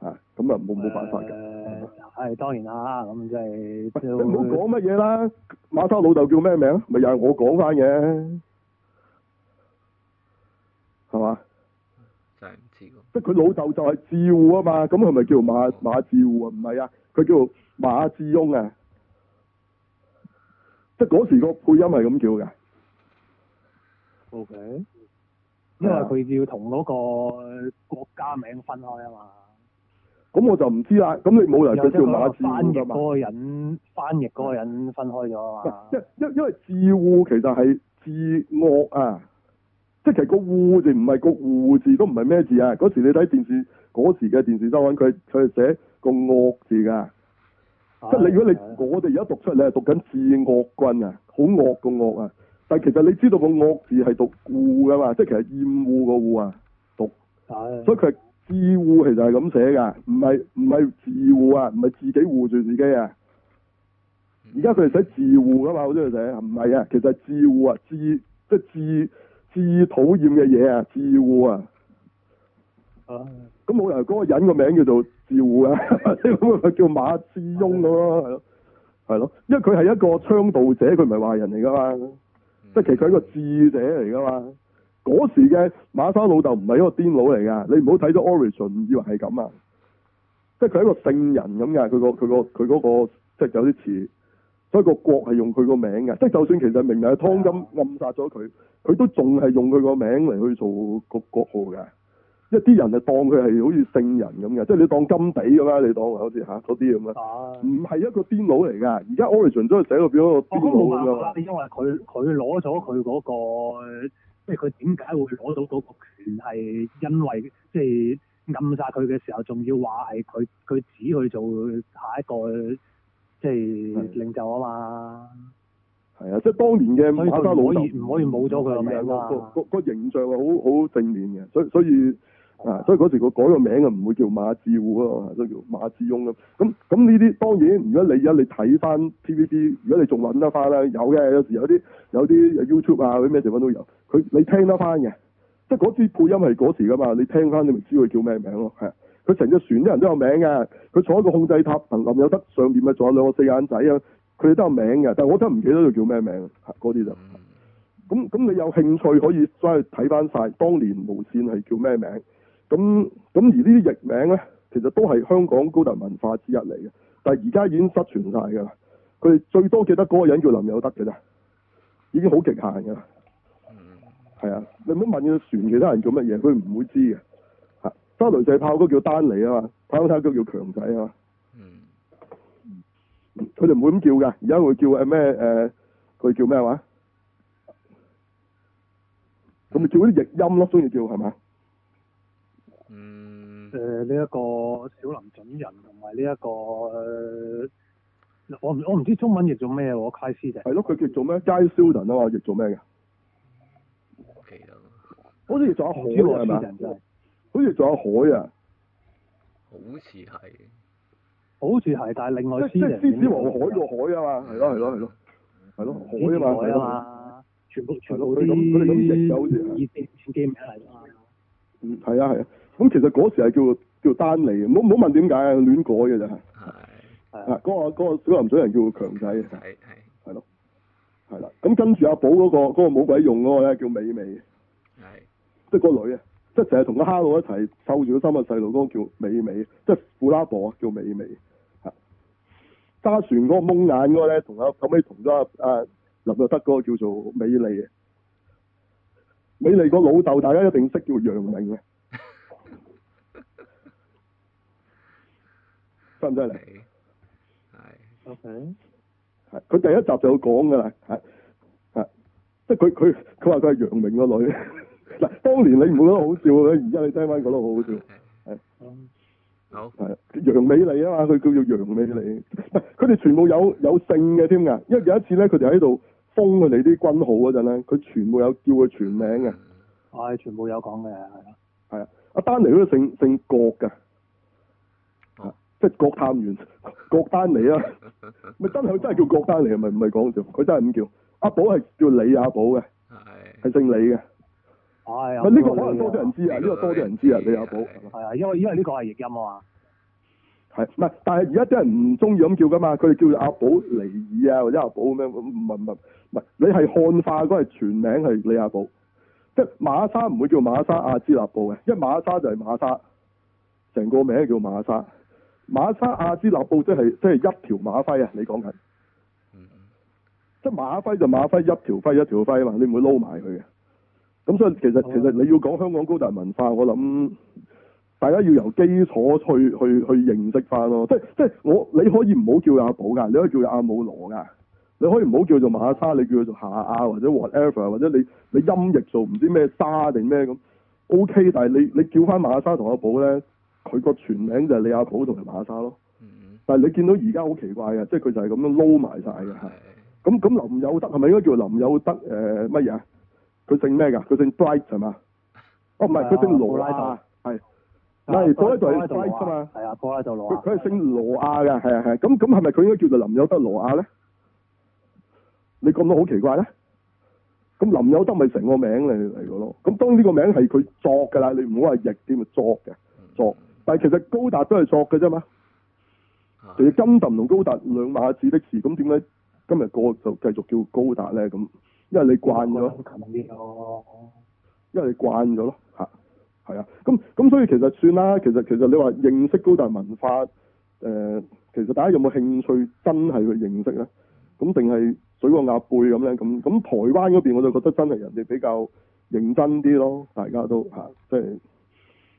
啊，咁啊冇冇辦法嘅。誒係、呃、嗎當然啦，咁即係。你唔好講乜嘢啦！馬沙老豆叫咩名？咪又係我講翻嘅，係、啊啊嗯、嘛？真係唔知即係佢老豆就係趙啊嘛，咁係咪叫馬馬趙啊？唔係啊，佢叫馬志翁啊。啊即係嗰時個配音係咁叫嘅。O、okay. K，因為佢要同嗰個國家名分開啊嘛。咁我就唔知啦。咁你冇人再叫馬字烏㗎嘛？翻譯嗰個人，翻譯嗰個人分開咗啊嘛。嗯嗯、因因因為字護其實係字惡啊，即係其實個護字唔係個戶字都唔係咩字啊。嗰時你睇電視，嗰時嘅電視收緊佢，佢係寫個惡字㗎。即係、哎、呀你如果你我哋而家讀出嚟，你係讀緊字惡軍啊，好惡個惡啊！但其實你知道個惡字係讀故噶嘛？即係其實厭惡個護啊，讀， 所以佢係自護，其實係咁寫噶，唔係唔係自護啊，唔係自己護住自己啊。而家佢哋寫自護噶嘛？好中意寫，唔係啊。其實自護啊，自即係自自討厭嘅嘢啊，自護啊。啊！咁冇 人嗰、那個人個名叫做自護啊，即係咁叫馬志翁咁咯，係咯，係咯。因為佢係一個倡導者，佢唔係壞人嚟噶嘛。即係其實佢係一個智者嚟噶嘛，嗰時嘅馬沙老豆唔係一個癲佬嚟噶，你唔好睇咗 Origin 以為係咁啊！即係佢係一個聖人咁嘅，佢個佢個佢嗰個即係有啲似，所以個國係用佢個名嘅，即係就算其實明明係湯金暗殺咗佢，佢都仲係用佢個名嚟去做個國號嘅。即係啲人就當佢係好似聖人咁嘅，即係你當金地咁啊！你當好似嚇嗰啲咁啊，唔係的一個癲佬嚟噶。而家 Origin 都係寫到變咗個癲佬咯。因為佢佢攞咗佢嗰個，即係佢點解會攞到嗰個權？係因為即係暗殺佢嘅時候，仲要話係佢佢指去做下一個即係的領袖啊嘛。係啊，即係當年嘅馬沙老豆唔可以冇咗佢係咪啊？個闆形象啊，好好正面嘅，所以所以、嗯。啊！所以嗰時佢改個名啊，唔會叫馬照咯，都、啊、叫馬志庸咯。咁咁呢啲當然，如果你而家你睇翻 T V B，如果你仲揾得翻啦，有嘅。有時有啲有啲 YouTube 啊，嗰啲咩地方都有。佢你聽得翻嘅，即係嗰支配音係嗰時噶嘛。你聽翻你咪知佢叫咩名咯，係。佢成隻船啲人都有名嘅，佢坐喺個控制塔，林林有得上邊咪仲有兩個四眼仔啊，佢哋都有名嘅。但係我真係唔記得佢叫咩名，嗰、啊、啲就。咁、啊、咁、啊啊、你有興趣可以走去睇翻晒。當年無線係叫咩名？咁咁、嗯、而呢啲譯名咧，其實都係香港高達文化之一嚟嘅，但係而家已經失傳晒㗎啦。佢哋最多記得嗰個人叫林有德㗎咋，已經好極限㗎啦。係啊、mm.，你唔好問佢船其他人叫乜嘢，佢唔會知嘅。嚇，揸雷射炮嗰叫丹尼啊嘛，拋槍嗰叫強仔啊嘛。嗯、mm.。佢哋唔會咁叫㗎，而家會叫誒咩誒？佢、呃呃、叫咩話？咁咪叫啲譯音咯，鍾意叫係嘛？嗯，誒呢一個小林準人同埋呢一個，我我唔知中文譯做咩喎，街師弟。係咯，佢譯做咩？街小人啊嘛，譯做咩嘅？我記得，好似仲有海，係咪好似仲有海啊？好似係，好似係，但係另外即即獅子王海個海啊嘛。係咯係咯係咯，係咯海啊嘛，全部全部啲以線線機名嚟㗎嘛。嗯，啊係啊。咁其實嗰時係叫叫丹尼，唔好唔好問點解啊，亂改嘅啫。係係啊，嗰個嗰個小林水人叫強仔。係係係咯，係啦的。咁跟住阿寶嗰個嗰個冇鬼用嗰個咧叫美美。係的，即係個女啊，即係成日同個哈佬一齊湊住三個細路哥叫美美，即係富拉婆叫美美。係揸船嗰個蒙眼嗰個咧，同阿，後尾同咗阿阿林有德嗰個叫做美麗嘅。美麗個老豆，大家一定識叫楊明嘅。咁犀係 OK。係佢第一集就有講噶啦，係係即係佢佢佢話佢係楊明個女。嗱， 當年你唔覺得好笑嘅，而家你聽翻覺得好笑。係，好，係楊美麗啊嘛，佢叫做楊美麗。佢 哋全部有有姓嘅添㗎，因為有一次咧，佢哋喺度封佢哋啲軍號嗰陣咧，佢全部有叫佢全名嘅。係、哎，全部有講嘅係咯。係啊，阿丹尼都姓姓郭㗎。即係郭探員，郭丹尼啊，咪 真係真係叫郭丹尼，咪唔係講笑，佢真係咁叫阿寶係叫李阿寶嘅，係係是姓李嘅，係咪呢個可能多啲人知啊？呢、哎、呀個多啲人知啊，哎、呀李阿寶係啊，因為因為呢個係譯音啊嘛，係唔係？但係而家啲人唔中意咁叫噶嘛，佢哋叫做阿寶尼爾啊，或者阿寶咩唔唔唔，你係漢化嗰個全名係李阿寶，即係馬沙唔會叫馬莎阿茲納布嘅，因為馬莎就係馬莎，成個名叫馬莎。莎亞馬莎阿斯納布即係即係一條馬輝啊！你講緊， 即係馬輝就馬輝，一條輝一條輝啊嘛！你唔會撈埋佢嘅。咁所以其實 其實你要講香港高大文化，我諗大家要由基礎去去去認識翻咯。即係即係我你可以唔好叫阿寶噶，你可以叫阿姆羅噶，你可以唔好叫做馬莎，你叫佢做夏阿、啊、或者 whatever 或者你你音譯做唔知咩沙定咩咁 OK，但係你你,你叫翻馬莎同阿寶咧。佢個全名就係李亞普同埋瑪莎咯，但係你見到而家好奇怪嘅，即係佢就係咁樣撈埋晒嘅，係。咁咁林友德係咪應該叫林友德誒乜嘢啊？佢姓咩㗎？佢姓 Bright 係嘛？哦唔係，佢姓羅拉德係。係。係啊，哥喺度羅啊。佢佢係姓羅亞嘅，係啊係。咁咁係咪佢應該叫做林友德羅亞咧？你覺得好奇怪咧？咁林友德咪成個名嚟嚟㗎咯？咁當呢個名係佢作㗎啦，你唔好話譯點，咪作嘅作。但係其實高達都係作嘅啫嘛，其實金屯同高達兩碼子的事，咁點解今日哥就繼續叫高達呢？咁因為你慣咗，因為你慣咗咯，嚇係啊。咁咁、哦啊啊、所以其實算啦。其實其實你話認識高達文化，誒、呃，其實大家有冇興趣真係去認識呢？咁定係水過鴨背咁呢？咁咁台灣嗰邊我就覺得真係人哋比較認真啲咯，大家都嚇、啊、即係。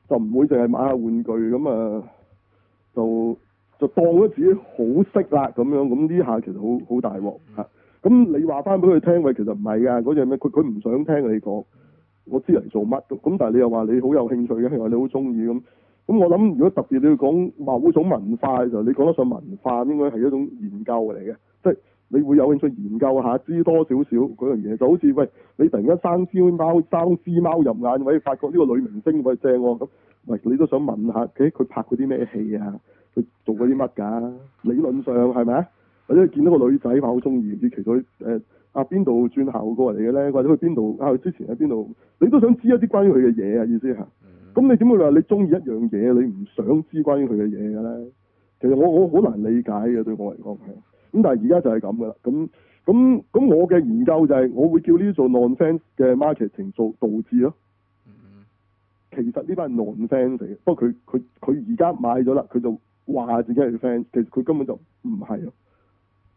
就唔會淨係買下玩具咁啊，就就當咗自己好識啦咁樣，咁呢下其實好好大鑊嚇。咁你話返俾佢聽，喂，其實唔係㗎，嗰樣咩？佢佢唔想聽你講，我知嚟做乜。咁但係你又話你好有興趣嘅，又話你好中意咁。咁我諗如果特別你要講某種文化嘅時候，你講得上文化應該係一種研究嚟嘅，即係。你會有興趣研究下，知多少少嗰樣嘢，就好似喂，你突然間生獅貓生獅貓入眼，喂，發覺呢個女明星喂正喎，哦，咁喂你都想問下，佢、欸、拍過啲咩戲啊？佢做過啲乜㗎？理論上係咪啊？或者見到個女仔嘛好中意，唔知佢誒阿邊度轉校過嚟嘅咧，或者去邊度啊？佢之前喺邊度？你都想知一啲關於佢嘅嘢啊意思嚇？咁你點會話你中意一樣嘢，你唔想知關於佢嘅嘢嘅咧？其實我我好難理解嘅，對我嚟講係。咁但係而家就係咁噶啦，咁咁咁我嘅研究就係、是、我會叫呢啲做 non-fan s 嘅 marketing 做導致咯。其實呢班 non-fan s 嚟嘅，不過佢佢佢而家買咗啦，佢就話自己係 fan，s 其實佢根本就唔係咯，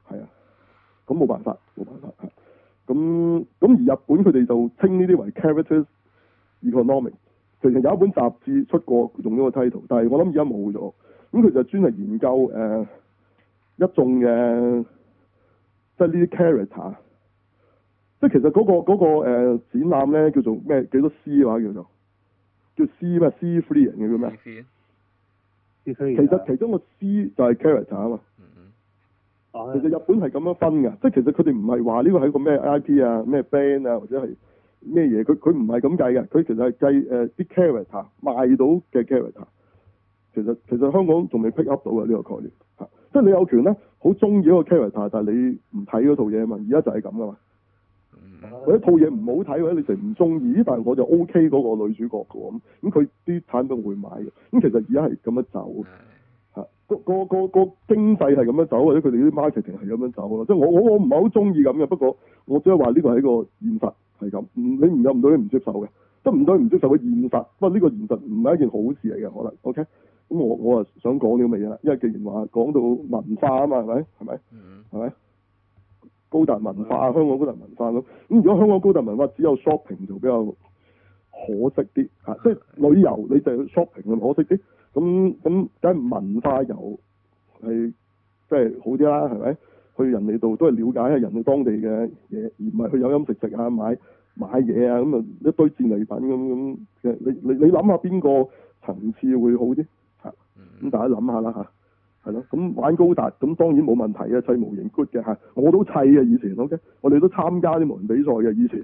係啊，咁冇辦法冇辦法咁咁、啊、而日本佢哋就稱呢啲為 characters e c o n o m i c 其實有一本雜誌出過用咗個 title，但係我諗而家冇咗。咁佢就專係研究誒。呃一眾嘅即係呢啲 character，即係其實嗰、嗰個嗰、嗰個呃、展覽咧叫做咩幾多 C 話叫做叫做 C 咩 C3 嘅叫咩 C、啊、其實其中個 C 就係 character 啊嘛。Mm hmm. 其實日本係咁樣分㗎，即係其實佢哋唔係話呢個係一個咩 IP 啊、咩 band 啊或者係咩嘢，佢佢唔係咁計嘅。佢其實係計誒啲、呃、character 賣到嘅 character。其實其實香港仲未 pick up 到啊呢、呢個概念。即係你有權咧，acter, 嗯、好中意嗰個 character，但係你唔睇嗰套嘢啊嘛。而家就係咁噶嘛。或一套嘢唔好睇，或者你成唔中意，但係我就 O K 嗰個女主角㗎咁。咁佢啲產品會買嘅。咁、嗯、其實而家係咁樣走，嚇、啊、個個個，個經濟係咁樣走，或者佢哋啲 marketing 係咁樣走咯。即係我我我唔係好中意咁嘅，不過我只係話呢個係一個現實係咁、嗯。你唔入唔到，你唔接受嘅。得唔到你唔接受嘅現實，不過呢個現實唔係一件好事嚟嘅，可能 OK。咁我我啊想講啲咩啊？因為既然話講到文化啊嘛，係咪係咪係咪高達文化、mm. 香港高達文化囉咁，如果香港高達文化只有 shopping 就比較可惜啲嚇、mm.，即係旅遊你就去 shopping 咁可惜啲。咁咁梗係文化遊係即係好啲啦，係咪去人哋度都係了解下人哋當地嘅嘢，而唔係去有飲飲食食食啊、買買嘢啊咁啊，一堆戰利品咁，咁你你你諗下邊個層次會好啲？咁大家諗下啦嚇，係、啊、咯，咁、啊、玩高達咁、啊、當然冇問題啊，砌模型 good 嘅嚇、啊，我都砌嘅以前，OK，我哋都參加啲模型比賽嘅以前，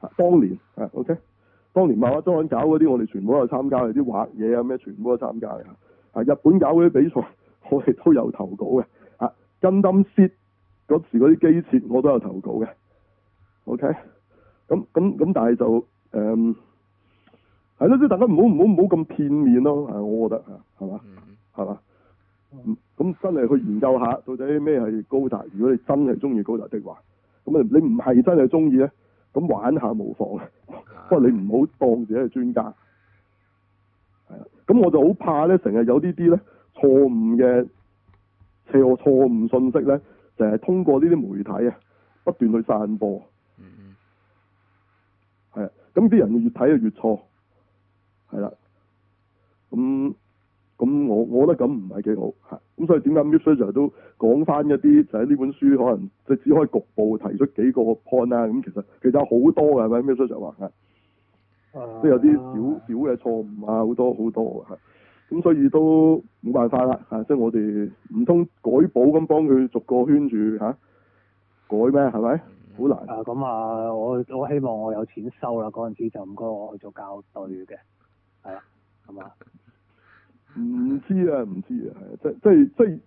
啊、當年啊 OK，當年漫畫週刊搞嗰啲我哋全、啊、全部都係參加嘅，啲畫嘢啊咩全部都係參加嘅，啊日本搞嗰啲比賽我哋都有投稿嘅，啊金針蝨嗰時嗰啲機設我都有投稿嘅，OK，咁咁咁但係就誒。呃係咯，即係、就是，大家唔好唔好唔好咁片面咯，啊，我覺得吓，係嘛，係嘛，咁真係去研究下到底咩係高達。如果你真係中意高達的話，咁啊，你唔係真係中意咧，咁玩下無妨。的 不過你唔好當自己係專家。係啊，咁我就好怕咧，成日有呢啲咧錯誤嘅錯錯誤信息咧，成、就、日、是、通過呢啲媒體啊不斷去散播。嗯啊、嗯，咁啲人越睇就越錯。係啦，咁咁、嗯嗯嗯、我我覺得咁唔係幾好嚇，咁、嗯、所以點解 Mythsearcher 都講翻一啲就係、是、呢本書可能即係、就是、只可以局部提出幾個 point 啊，咁、嗯、其實其實好多嘅係咪 Mythsearcher 話嘅，即係有啲小小嘅錯誤啊，好多好多嚇，咁、嗯、所以都冇辦法啦嚇，即係、嗯、我哋唔通改本咁幫佢逐個圈住嚇、啊、改咩係咪？好難啊咁啊，我我希望我有錢收啦嗰陣時就唔該我去做校對嘅。係啊，係嘛？唔知啊，唔知啊，係即即即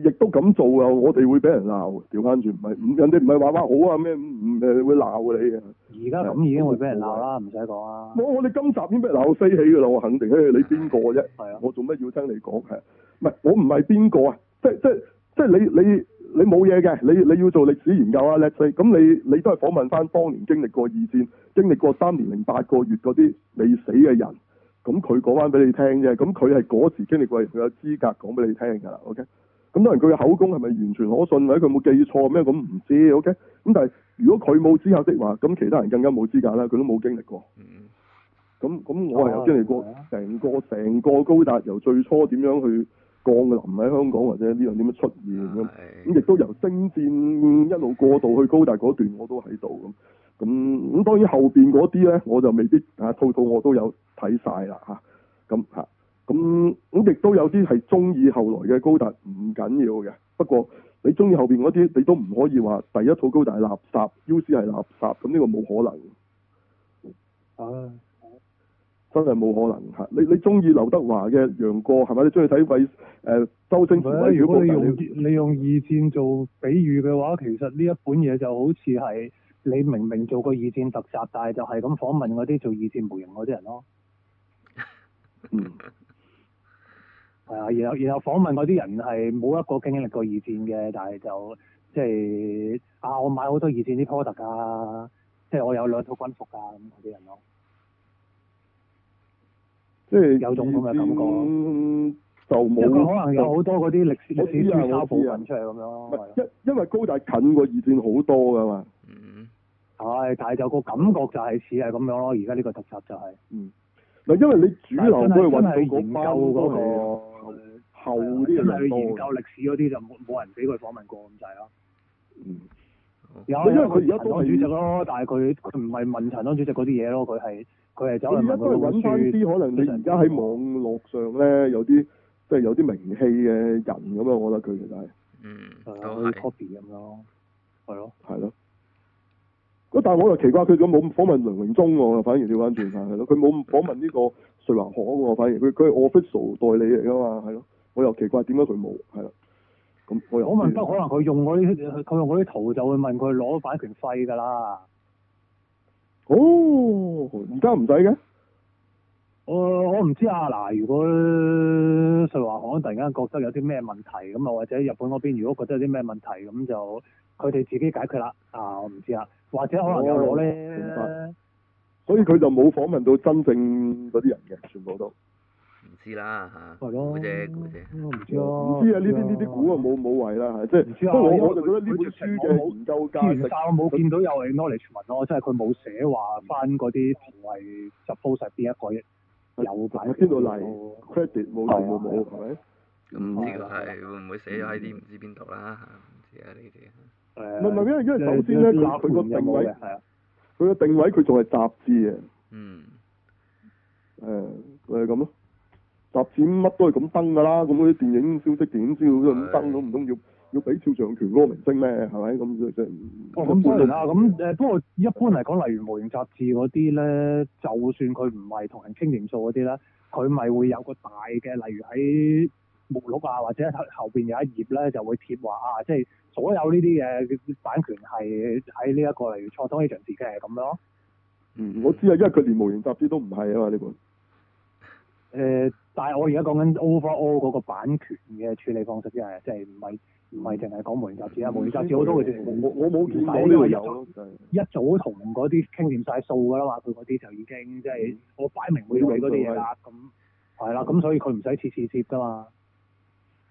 即亦都咁做啊！我哋會俾人鬧，調翻轉唔係，人哋唔係話話好啊咩？唔唔會鬧你啊！而家咁已經是會俾人鬧啦，唔使講啊！冇我們、啊，我哋今集已經俾人鬧到飛起噶啦！我肯定誒，你邊個啫？係啊！ 啊我做咩要聽你講？係唔係？我唔係邊個啊！即即即你你你冇嘢嘅，你你，你，你，你要做歷史研究啊叻 e 咁你你，你都係訪問翻當年經歷過二戰、經歷過三年零八個月嗰啲未死嘅人。咁佢講翻俾你聽啫，咁佢係嗰時經歷過，佢有資格講俾你聽㗎啦，OK？咁當然佢嘅口供係咪完全可信，或者佢冇記錯咩？咁唔知，OK？咁但係如果佢冇資格嘅話，咁其他人更加冇資格啦，佢都冇經歷過。嗯。咁咁我係有經歷過成個成、嗯、個高達由最初點樣去降臨喺香港，或者呢樣點樣出現咁，咁亦都由星戰一路過渡去高達嗰段，我都喺度咁。咁咁當然後邊嗰啲咧，我就未必啊，套套我都有睇晒啦嚇。咁、啊、嚇，咁咁亦都有啲係中意後來嘅高達唔緊要嘅。不過你中意後邊嗰啲，你都唔可以話第一套高達係垃圾，U C 係垃圾，咁呢個冇可，唉可能。啊，真係冇可能嚇！你你中意劉德華嘅楊過係咪？你中意睇喂誒周星馳？啊、如果你用你你用二戰做比喻嘅話，其實呢一本嘢就好似係。你明明做過二戰特集，但係就係咁訪問嗰啲做二戰模型嗰啲人咯。嗯。係啊，然後然後訪問嗰啲人係冇一個經歷過二戰嘅，但係就即係啊，我買好多二戰啲 product 啊，即係我有兩套軍服啊。咁嗰啲人咯。即係有種咁嘅感覺。就冇。可能有好多嗰啲歷史歷史資料放緊出嚟咁樣咯。唔係，因因為高達近過二戰好多㗎嘛。唉，但係就個感覺就係似係咁樣咯，而家呢個特集就係，嗯，嗱，因為你主流都係揾到研究嗰個後啲嘢多，研究歷史嗰啲就冇冇人俾佢訪問過咁滯咯。嗯，有，因為佢而家都係主席咯，但係佢佢唔係問陳安主席嗰啲嘢咯，佢係佢係走嚟問佢嘅，而家都係揾翻啲可能你而家喺網絡上咧有啲即係有啲名氣嘅人咁啊，我覺得佢其實係，嗯，係啊 copy 咁咯，係咯，係咯。但係我又奇怪，佢都冇訪問梁榮忠喎，反而調翻轉係咯，佢冇訪問呢個瑞華行喎，啊，反而佢佢係 official 代理嚟噶嘛，係咯，我又奇怪點解佢冇，係啦，咁、嗯、我又訪問得可能佢用嗰啲佢用嗰啲圖就會問佢攞版權費㗎啦。哦，而家唔使嘅。誒、呃，我唔知阿嗱、呃，如果瑞華行突然間覺得有啲咩問題咁啊，或者日本嗰邊如果覺得有啲咩問題咁就。佢哋自己解決啦。啊，我唔知啊，或者可能有攞咧。所以佢就冇訪問到真正嗰啲人嘅，全部都唔知啦嚇。係囉，姐。姐。唔知啊，唔知啊，呢啲呢啲股啊冇冇位啦嚇，即係。唔知我就覺得呢本書嘅研究家，我冇見到有 knowledge 文咯，即係佢冇寫話翻嗰啲同位 suppose 係邊一個嘅。有㗎。呢個例，credit 冇嚟㗎咪？咁呢個係會唔會寫咗喺啲唔知邊度啦？唔知啊呢啲。唔係、嗯嗯、因為因為首先咧，佢佢、嗯嗯、個定位，佢個、嗯、定位佢仲係雜誌嘅。嗯。誒、嗯，就係咁咯。雜誌乜都係咁登噶啦，咁嗰啲電影消息、電影消息咁登，咁唔通要要畀肖像權嗰個明星咩？係咪咁即係？哦、就是，咁當咁誒，不過一般嚟講，例如模型雜誌嗰啲咧，就算佢唔係同人傾點數嗰啲咧，佢咪會有個大嘅，例如喺目錄啊，或者後後邊有一頁咧，就會貼話啊，啊，即係。所有呢啲嘢，版權係喺呢一個嚟磋商呢樣事嘅咁咯。嗯，我知啊，因為佢連模型雜誌都唔係啊嘛呢本。誒，但係我而家講緊 overall 嗰個版權嘅處理方式啫，係即係唔係唔係淨係講模型雜誌啊，模型雜誌好多嘅事。我我冇見到呢個有，實一早同嗰啲傾掂晒數㗎啦嘛，佢嗰啲就已經即係、就是嗯、我擺明我要俾啲嘢啦，咁係啦，咁所以佢唔使次次接㗎嘛。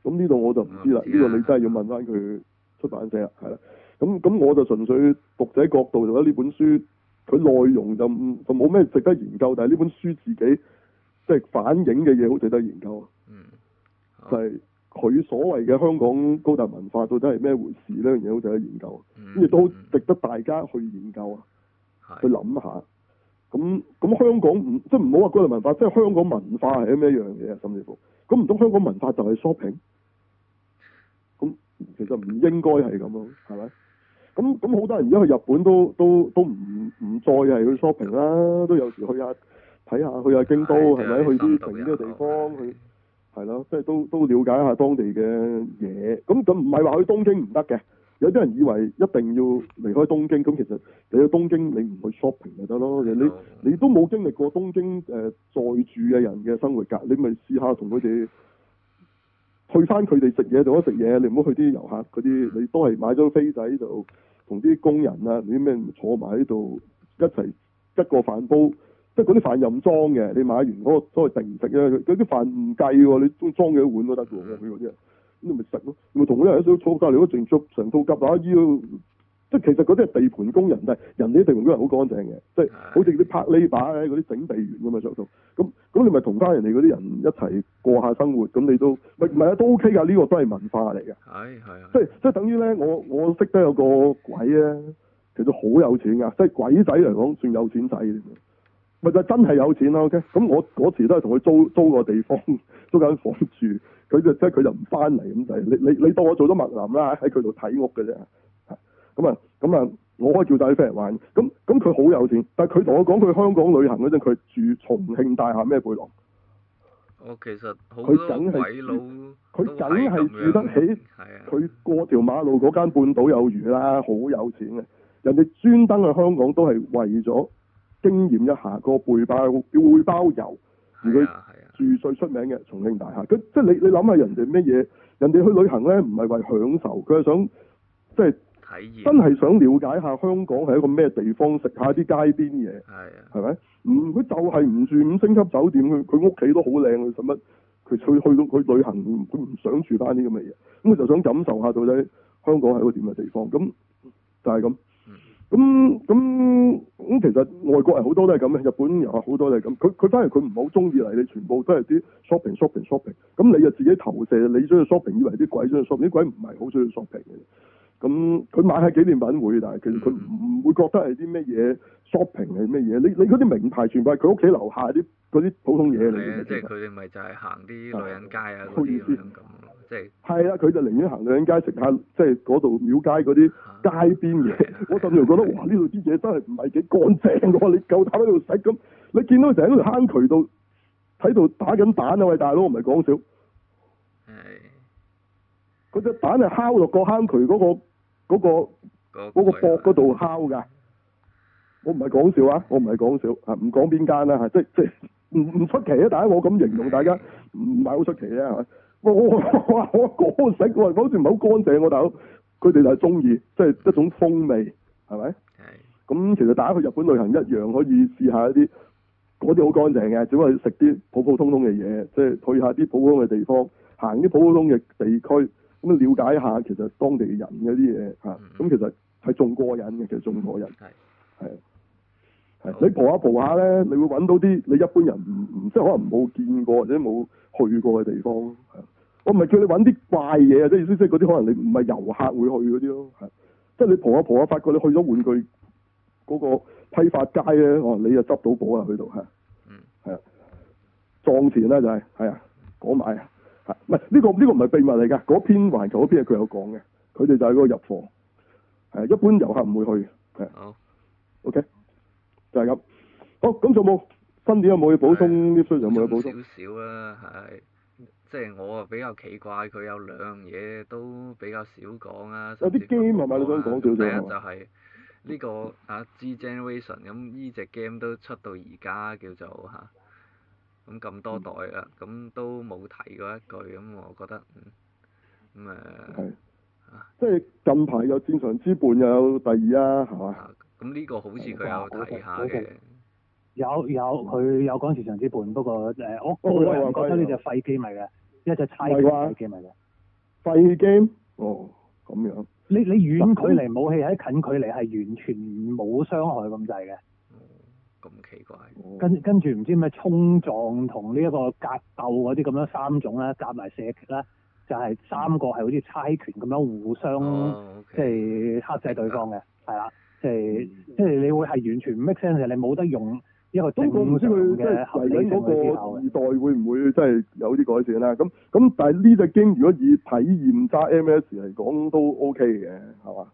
咁呢度我就唔知啦，呢個你真係要問翻佢。出版社啦，係啦，咁咁我就純粹讀者角度，覺得呢本書佢內容就就冇咩值得研究，但係呢本書自己即係、就是、反映嘅嘢，好值得研究。嗯，啊、就係佢所謂嘅香港高達文化到底係咩回事呢樣嘢，好值得研究。亦、嗯、都值得大家去研究啊，嗯嗯、去諗下。咁咁的香港唔即係唔好話高達文化，即係香港文化係啲咩樣嘢啊？甚至乎，咁唔通香港文化就係 shopping？其實唔應該係咁咯，係咪？咁咁好多人而家去日本都都都唔唔再係去 shopping 啦，啊，都有時去下睇下，去下京都係咪？的吧去啲整啲嘅地方的去，係咯，即係都都了解下當地嘅嘢。咁佢唔係話去東京唔得嘅，有啲人以為一定要離開東京。咁其實你去東京你去，你唔去 shopping 咪得咯？你你都冇經歷過東京誒、呃、在住嘅人嘅生活格，你咪試下同佢哋。 去翻佢哋食嘢就咯，食嘢你唔好去啲遊客嗰啲，你都係買咗飛仔度同啲工人啊，啲咩坐埋喺度一齊執個飯煲，即係嗰啲飯任裝嘅，你買完個都係定食啊，佢啲飯唔計喎，你裝幾碗都得嘅喎，佢嗰啲，咁咪食咯，咪同嗰啲人一度坐隔離都成足，成套夾打衣。啊。即其實嗰啲係地盤工人，但係人哋啲地盤工人好乾淨嘅，即係好似啲拍呢把嘅嗰啲整備員咁啊，上到咁咁，你咪同翻人哋嗰啲人一齊過一下生活，咁你都咪唔係啊，都 OK 噶，呢、這個都係文化嚟嘅。係係啊，即係即係等於咧，我我識得有個鬼啊，其實好有錢噶，即係鬼仔嚟講算有錢仔，咪就真係有錢啦。OK，咁我嗰時都係同佢租租個地方，租間房住，佢就即係佢就唔翻嚟咁滯。你你你當我做咗麥林啦，喺佢度睇屋嘅啫。咁啊，咁啊，我可以叫帶啲 friend 嚟玩。咁咁佢好有錢，但係佢同我講佢香港旅行嗰陣，佢住重慶大廈咩背囊？我、哦、其實好多鬼佬佢梗係住得起，佢、啊、過條馬路嗰間半島有餘啦，好有錢嘅。人哋專登去香港都係為咗經驗一下，個背包會包遊，而佢住最出名嘅重慶大廈。佢即係你，你諗下人哋咩嘢？人哋去旅行呢，唔係為享受，佢係想即係。真係想了解下香港係一個咩地方，食下啲街邊嘢，係啊，係咪？唔，佢就係唔住五星級酒店嘅，佢屋企都好靚嘅，使乜？佢去去到佢旅行，佢唔想住翻啲咁嘅嘢，咁佢就想感受下到底香港係一個點嘅地方，咁就係咁。咁咁咁，其實外國人好多都係咁，日本人好多都係咁。佢佢反而佢唔好中意嚟，你全部都係啲 shopping shopping shopping。咁你就自己投射，你想去 shopping，以為啲鬼想去 shopping，啲鬼唔係好想去 shopping 嘅。咁佢買係紀念品會，但係其實佢唔會覺得係啲咩嘢 shopping 係咩嘢。你你嗰啲名牌全部係佢屋企樓下啲嗰啲普通嘢嚟嘅。即係佢哋咪就係行啲女人街啊嗰啲咁，即係係啊，佢就寧願行女人街食下，即係嗰度廟街嗰啲街邊嘢。我甚至覺得哇，呢度啲嘢真係唔係幾乾淨喎！你夠膽喺度食咁？你見到佢成日喺度坑渠度，喺度打緊蛋啊！喂，大佬唔係講笑，係。嗰隻蛋係敲落個坑渠嗰嗰、嗰個博嗰度烤㗎，我唔係講笑啊！我唔係講笑啊！唔講邊間啦，嚇，即即唔唔出奇啊！大家我咁形容大家唔係好出奇啊，我我我食，我好似唔係好乾淨喎大佬。佢哋就係中意即係一種風味，係咪？係。咁其實大家去日本旅行一樣可以試下一啲嗰啲好乾淨嘅，只不過食啲普普通通嘅嘢，即係去下啲普通嘅地方，行啲普普通嘅地區。咁了解一下，其實當地人有啲嘢嚇，咁、嗯、其實係仲過癮嘅，其實仲過癮。係係係，你蒲下蒲下咧，你會揾到啲你一般人唔唔即係可能冇見過或者冇去過嘅地方。係我唔係叫你揾啲怪嘢啊，即意思即係嗰啲可能你唔係遊客會去嗰啲咯。係即係你蒲下蒲下，發覺你去咗玩具嗰個批發街咧，可、哦、你又執到寶啊！去到嚇，係啊，撞錢啦，就係係啊講埋啊。唔係呢個呢、這個唔係秘密嚟噶，嗰篇環球篇係佢有講嘅，佢哋就係嗰個入貨，係一般遊客唔會去，係。好、哦。OK，就係咁。好、哦，咁仲有冇？新年有冇要補充啲衰嘢？有冇要補充？少少啦，係，即係我啊比較奇怪，佢有兩樣嘢都比較少講啊。有啲 game 係咪你想講少少？第一就係呢、這個啊，G Generation、嗯咁呢隻 game 都出到而家叫做嚇。啊咁咁多代啦，咁都冇提過一句，咁我覺得嗯，咁誒，即係近排有戰場之絆又有第二啊，係嘛？咁呢個好似佢有睇下嘅，有有佢有講戰場之絆，不過誒我我個人覺得呢隻廢機咪嘅，呢隻猜拳廢機咪嘅，廢機？哦，咁樣。你你遠距離武器喺近距離係完全冇傷害咁滯嘅。咁奇怪，跟跟住唔知咩衝撞同呢一個格鬥嗰啲咁樣三種咧，夾埋射擊啦，就係三個係好似猜拳咁樣互相、呃嗯嗯、即係克制對方嘅，係啦，即係即係你會係完全唔 make sense，你冇得用，因為東哥唔知佢即係嚟應嗰個時代會唔會真係有啲改善咧？咁咁但係呢隻經如果以體驗揸 M S 嚟講都 O K 嘅，係嘛？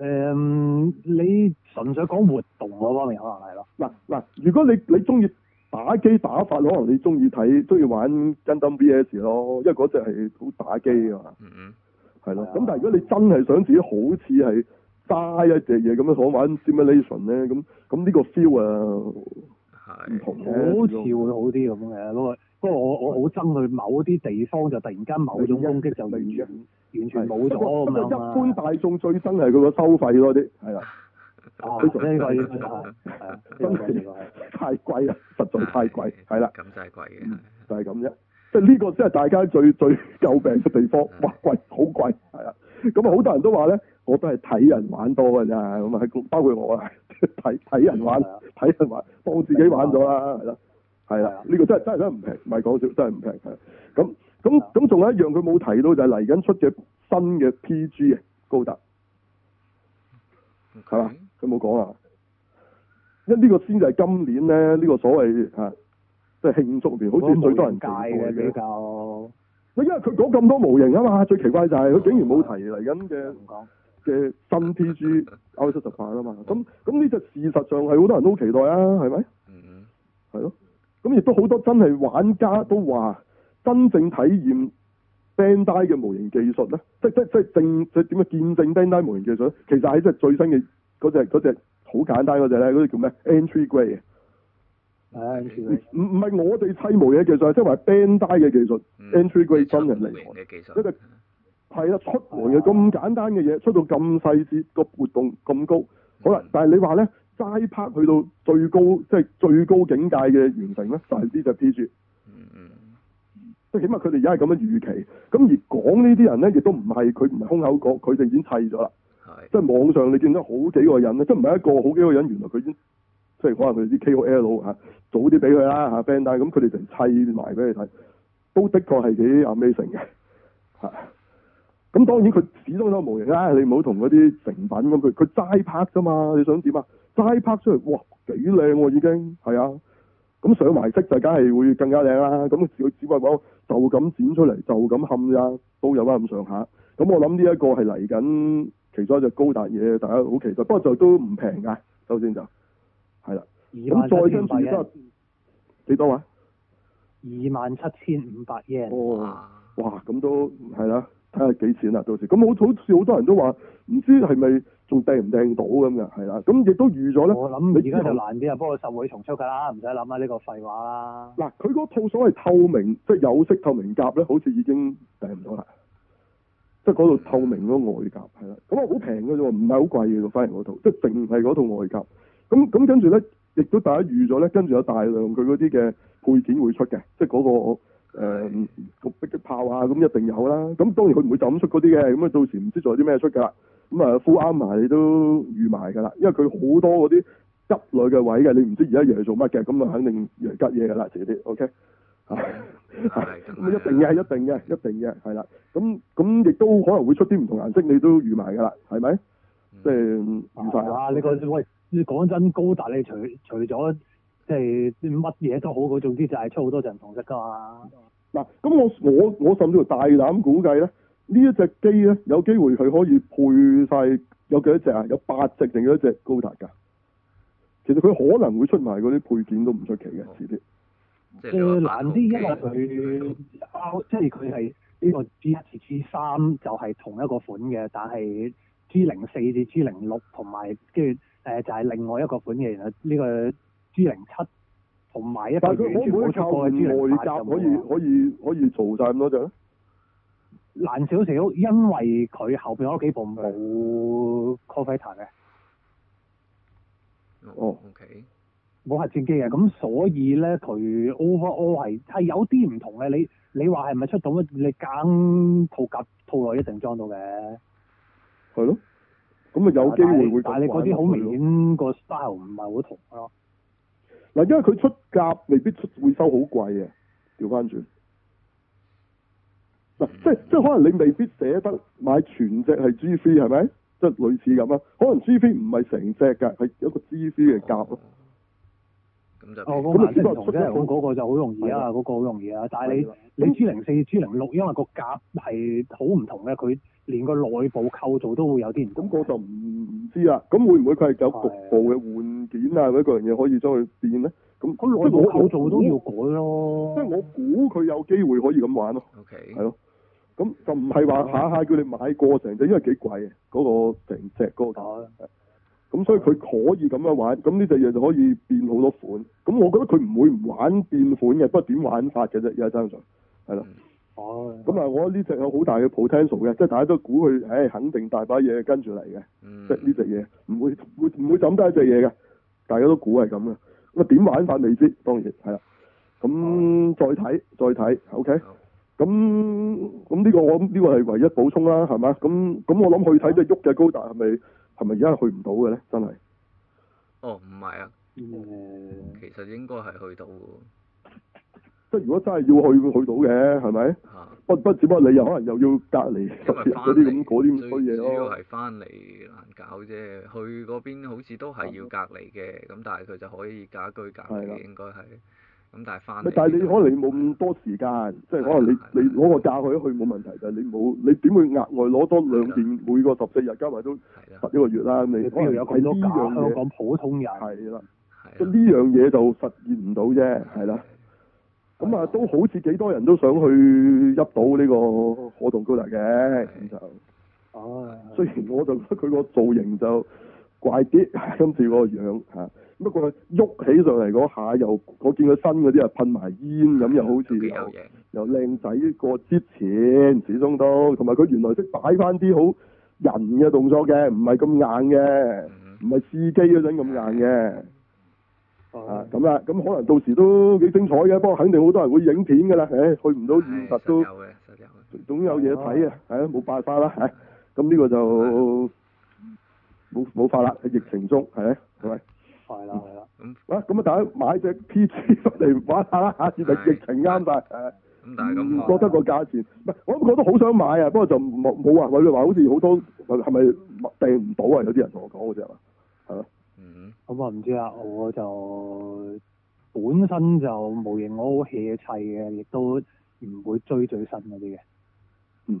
誒，你純粹講活動嗰方面可能係咯。嗱嗱，如果你你中意打機打法，可能你中意睇，中意玩《Gundam VS》咯，因為嗰隻係好打機啊嘛。嗯嗯。係咯。咁但係如果你真係想自己好似係揸一隻嘢咁樣想玩 simulation 咧，咁咁呢個 feel 啊，係唔同嘅，好似會好啲咁嘅。不過不過我我好憎佢某啲地方就突然間某種攻擊就唔準。完全冇咗啊嘛！一般大眾最憎係佢個收費多啲，係啦，佢收費係啊，真係 太貴啊，實在太貴，係啦 的，咁就係貴嘅，就係咁啫。即係呢個真係大家最最詬病嘅地方。哇，貴好貴，係啊。咁啊好多人都話咧，我都係睇人玩多㗎咋。咁啊喺，包括我啊，睇睇人玩，睇人玩，幫自己玩咗啦，係啦，係啦的。呢、呢個真係真係真係唔平，唔係講笑，真係唔平嘅。咁咁咁仲有一樣佢冇提到就係嚟緊出嘅新嘅 PG，這個、啊，高達，係嘛？佢冇講啊，因為呢個先就係今年咧，呢個所謂吓，即係慶祝年，好似最多人期待嘅。比較，嗯，嗯、因為佢講咁多模型啊嘛，最奇怪就係佢竟然冇提嚟緊嘅嘅新 PG RX-78 啊嘛，咁咁呢隻事實上係好多人都好期待啊，係咪？嗯。係咯，咁亦都好多真係玩家都話。真正體驗 Bandai 嘅模型技術咧，即即正即證即點樣見證 Bandai 模型技術咧，其實喺即最新嘅嗰隻好簡單嗰隻咧，嗰隻叫咩 Entry Grade。係唔唔係我哋砌模型嘅技術，即係 Bandai 嘅技術。Entry Grade 真人嚟。嘅、嗯、技術。一哋係啦，出門嘅咁簡單嘅嘢，啊、出到咁細節，個活動咁高，嗯、好啦。但係你話咧，齋拍去到最高即係最高境界嘅完成咧，細呢就天、是、註。即係起碼佢哋而家係咁樣預期，咁而講呢啲人咧，亦都唔係佢唔係空口講，佢哋已經砌咗啦。係的，即係網上你見到好幾個人咧，即係唔係一個好幾個人，原來佢已經即係可能佢啲 KOL 嚇，早啲俾佢啦 friend 啲，咁佢哋就砌埋俾你睇，都的確係幾 amazing 嘅嚇。咁當然佢始終都無形啦，你唔好同嗰啲成品咁，佢佢齋拍啫嘛，你想點啊？齋拍出嚟哇幾靚喎已經係啊！咁上埋色就梗係會更加靚啦，咁佢只不過就咁剪出嚟就咁冚啦，都有啦咁上下。咁我諗呢一個係嚟緊其中一隻高達嘢，大家好期待。不過就都唔平㗎，首先就係啦。咁再跟住都幾多話，啊？二萬七千五百 yen。哇！咁都係啦。睇下幾錢啦、啊，到時咁好、嗯，好似好多人都話唔知係咪仲掟唔掟到咁嘅，係啦，咁、嗯、亦都預咗咧。我諗而家就難啲啊，幫佢十倍重出㗎啦，唔使諗下呢個廢話啦。嗱，佢嗰套所謂透明，即係有色透明甲咧，好似已經掟唔到啦。即係嗰度透明嗰外甲係啦，咁啊好平嘅啫喎，唔係好貴嘅喎，反而嗰套即係淨係嗰套外甲。咁咁跟住咧，亦、嗯、都大家預咗咧，跟住有大量佢嗰啲嘅配件會出嘅，即係嗰、嗰個。誒個、嗯、迫擊炮啊，咁一定有啦。咁當然佢唔會就咁出嗰啲嘅，咁啊到時唔知做啲咩出㗎啦。咁啊 full 啱埋你都預埋㗎啦，因為佢好多嗰啲吉女嘅位嘅，你唔知而家用嚟做乜嘅，咁啊肯定用吉嘢㗎啦，遲啲。O、OK? K、 哎。係咁 一定嘅，一定嘅，一定嘅，係啦。咁咁亦都可能會出啲唔同顏色，你都預埋㗎啦，係咪、嗯？即係預埋。啊！你講真，高達，你除除咗。即係啲乜嘢都好，總之就係出好多隻唔同色噶嘛。嗱、啊，咁我我我甚至乎大膽估計咧，呢一隻機咧有機會佢可以配晒，有幾多隻啊？有八隻定一隻高達噶？其實佢可能會出埋嗰啲配件都唔出奇嘅。誒難啲，因為佢、嗯、即係佢係呢個 G1 至 G3 就係同一個款嘅，但係 G04 至 G06 同埋跟住、呃、誒就係、是、另外一個款嘅，然後呢個。G 零七同埋一個，但係可，可以可以可以，可以做晒咁多隻。難少少，因為佢後邊嗰幾部冇 Core Fighter 嘅。嗯、哦，OK，冇核戰機嘅，咁所以咧，佢 over all 係係有啲唔同嘅。你你話係咪出到咧？你揀套夾套內一定裝到嘅。係咯，咁啊有機會會，但係你嗰啲好明顯個 style 唔係好同咯。嗱，因為佢出甲未必出會收好貴嘅，調翻轉。嗱，即係即係可能你未必捨得買全隻係 G C 係咪？即係類似咁啊，可能 G C 唔係成隻㗎，係有個 G C 嘅甲咯。我個顏色唔嗰個就好容易啊，嗰個好容易啊。但係你你 G 零四、G 零六，因為個格係好唔同嘅，佢連個內部構造都會有啲唔同。咁我就唔唔知啦。咁會唔會佢係走局部嘅換件啊？嗰啲咁嘢可以將佢變咧？咁，佢係內部構造都要改咯。即係我估佢有機會可以咁玩咯。OK，係咯。咁就唔係話下下叫你買過成隻，因為幾貴啊，嗰個成隻嗰個架啦。咁、嗯、所以佢可以咁樣玩，咁、嗯、呢隻嘢就可以變好多款。咁、嗯、我覺得佢唔會唔玩變款嘅，不過點玩法嘅啫，而家張總，係啦。哦、嗯。咁、哎、啊、嗯，我呢隻有好大嘅 potential 嘅，即係大家都估佢，唉、欸，肯定大把嘢跟住嚟嘅。嗯、即係呢隻嘢，唔會會唔會冧低一隻嘢嘅，大家都估係咁嘅。咁啊點玩法未知，當然係啦。咁、嗯嗯、再睇再睇，OK、嗯。咁咁呢個我諗呢、這個係、這個、唯一補充啦，係嘛？咁咁我諗去睇即係喐嘅高達係咪？係咪而家去唔到嘅咧？真係。哦，唔係啊，其實應該係去到嘅。即係如果真係要去，會去到嘅，係咪？嚇、啊！不不，只不過你又可能又要隔離，特別嗰啲咁嗰啲衰嘢咯。最主要係翻嚟難搞啫，去嗰邊好似都係要隔離嘅，咁的但係佢就可以家居隔離，應該係。咁但係你可能你冇咁多時間，即係可能你你攞個價去一去冇問題，但係你冇，你點會額外攞多兩年，每個十四日，加埋都十一個月啦，你可能有咁多假嘅？香港普通人係啦，呢樣嘢就實現唔到啫，係啦。咁啊，都好似幾多人都想去入到呢個可動高達嘅，咁就，哦，雖然我就覺得佢個造型就怪啲，今次個樣嚇。不過佢喐起上嚟嗰下，又我見佢身嗰啲啊，噴埋煙，咁又好似又靚仔 過之前，始終都同埋佢原來識擺翻啲好人嘅動作嘅，唔係咁硬嘅，唔係試機嗰陣咁硬嘅。嗯嗯啊，咁啦，咁可能到時都幾精彩嘅，不過肯定好多人會影片噶啦，欸、唉，去唔到現場都，總有嘢睇、嗯、啊，係咯、啊，冇辦法啦，吓、啊，咁、啊、呢個就冇冇、嗯、法啦，喺疫情中，係咪？係啦，係啦。咁，喂、嗯，咁啊，大家買隻 PG 出嚟玩下啦，下次咪疫情啱晒。但係咁，覺得個價錢，唔係、啊啊，我覺得好想買啊，是不過就冇冇話佢哋話好似好多係咪訂唔到啊？有啲人同我講嗰隻嘛，係咯。嗯哼，咁啊唔知啊，我就本身就冇嘢，我好 hea 嘅砌嘅，亦都唔會追最新嗰啲嘅。嗯。嗯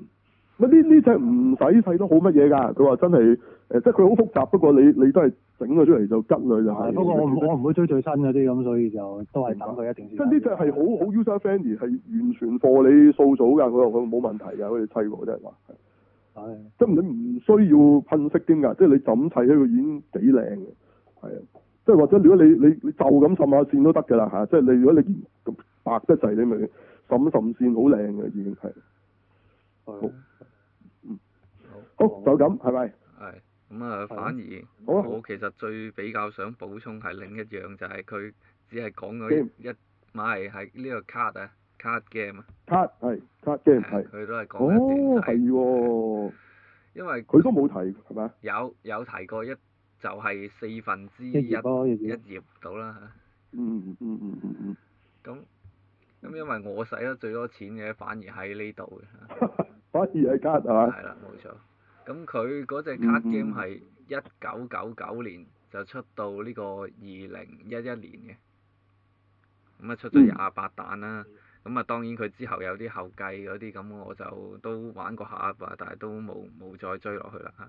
呢呢隻唔使砌都好乜嘢㗎，佢話真係誒、呃，即係佢好複雜，不過你你都係整咗出嚟就吉佢就係、是。就不過我我唔會追最新嗰啲咁，所以就都係等佢一定先白。真呢隻係好好 user friendly，係完全課你掃組㗎，佢話佢冇問題㗎，好似砌過真係話。唉，即係你唔需要噴色添㗎，即係你就咁砌起佢已經幾靚嘅，係啊，即係或者如果你你你就咁滲下線都得㗎啦嚇，即係你如果你白得滯，你咪滲一滲線好靚嘅已經係。係。好就咁係咪？係咁啊！反而我其實最比較想補充係另一樣，就係佢只係講咗一唔係係呢個 card 啊，card game 啊。card 係 card game 係。佢都係講緊點哦，係喎。因為佢都冇提係嘛？有有提過一就係四分之一一頁到啦嚇。嗯嗯嗯嗯嗯嗯。咁咁，因為我使得最多錢嘅，反而喺呢度嘅。反而係 card 係嘛？係啦，冇錯。咁佢嗰隻卡 game 係一九九九年就出到呢個二零一一年嘅，咁啊出咗廿八彈啦，咁啊、嗯、當然佢之後有啲後繼嗰啲咁，我就都玩過一下吧，但係都冇冇再追落去啦嚇。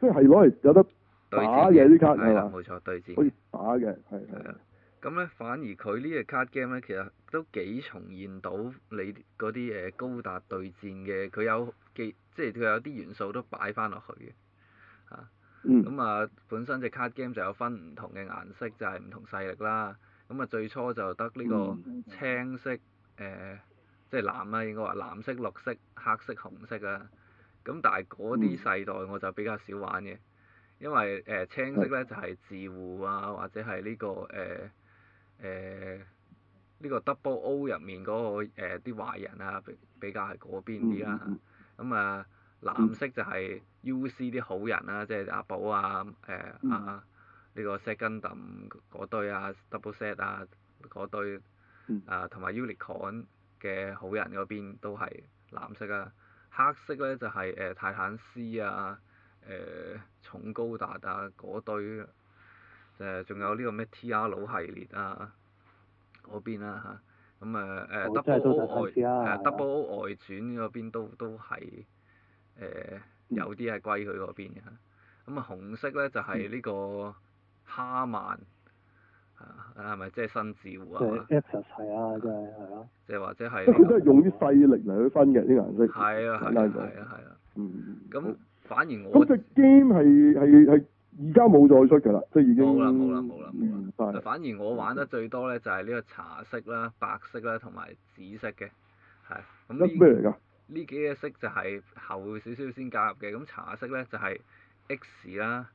即係攞嚟有得打嘢啲卡係嘛？冇錯，對戰可以打嘅，係係啊。咁咧，反而佢呢隻卡 game 咧，其實都幾重現到你嗰啲誒高達對戰嘅，佢有。即係佢有啲元素都擺翻落去嘅，咁啊，、嗯、啊，本身隻卡 game 就有分唔同嘅顏色，就係、是、唔同勢力啦。咁啊，最初就得呢個青色，誒即係藍啦、啊，應該話藍色、綠色、黑色、紅色啊。咁但係嗰啲世代我就比較少玩嘅，因為誒、呃、青色咧就係、是、自護啊，或者係呢、這個誒誒呢個 Double O 入面嗰、那個啲壞、呃、人啊，比比較係嗰邊啲啦、啊嗯嗯咁啊，嗯、藍色就係 UC 啲好人啦、啊，即係阿寶啊，誒、呃嗯、啊，呢、這個 Second 嗰堆啊，Double Set 啊，嗰堆啊，、嗯、啊，同埋 Unicorn 嘅好人嗰邊都係藍色啊，黑色咧就係、是、誒、呃、泰坦斯啊，誒、呃、重高達啊嗰堆，誒、呃、仲有呢個咩 TR 老系列啊，嗰邊啦、啊、嚇。咁啊，誒 double O 外，誒 double O 外傳嗰邊都都係，誒有啲係歸佢嗰邊嘅。咁啊，紅色咧就係呢個哈曼。係咪即係新字乎啊？係啊，即係係啊。即係或者係。即係佢都係用啲勢力嚟去分嘅啲顏色。係啊，係啊，係啊，係啊。嗯。咁反而我。咁隻 game 係，係，係。而家冇再出噶啦，即已經冇啦冇啦冇啦冇啦。反而我玩得最多咧，就係、是、呢個茶色啦、白色啦同埋紫色嘅，係。咁呢？咩嚟㗎？呢幾隻色就係後少少先加入嘅。咁茶色咧就係 X 啦，呢、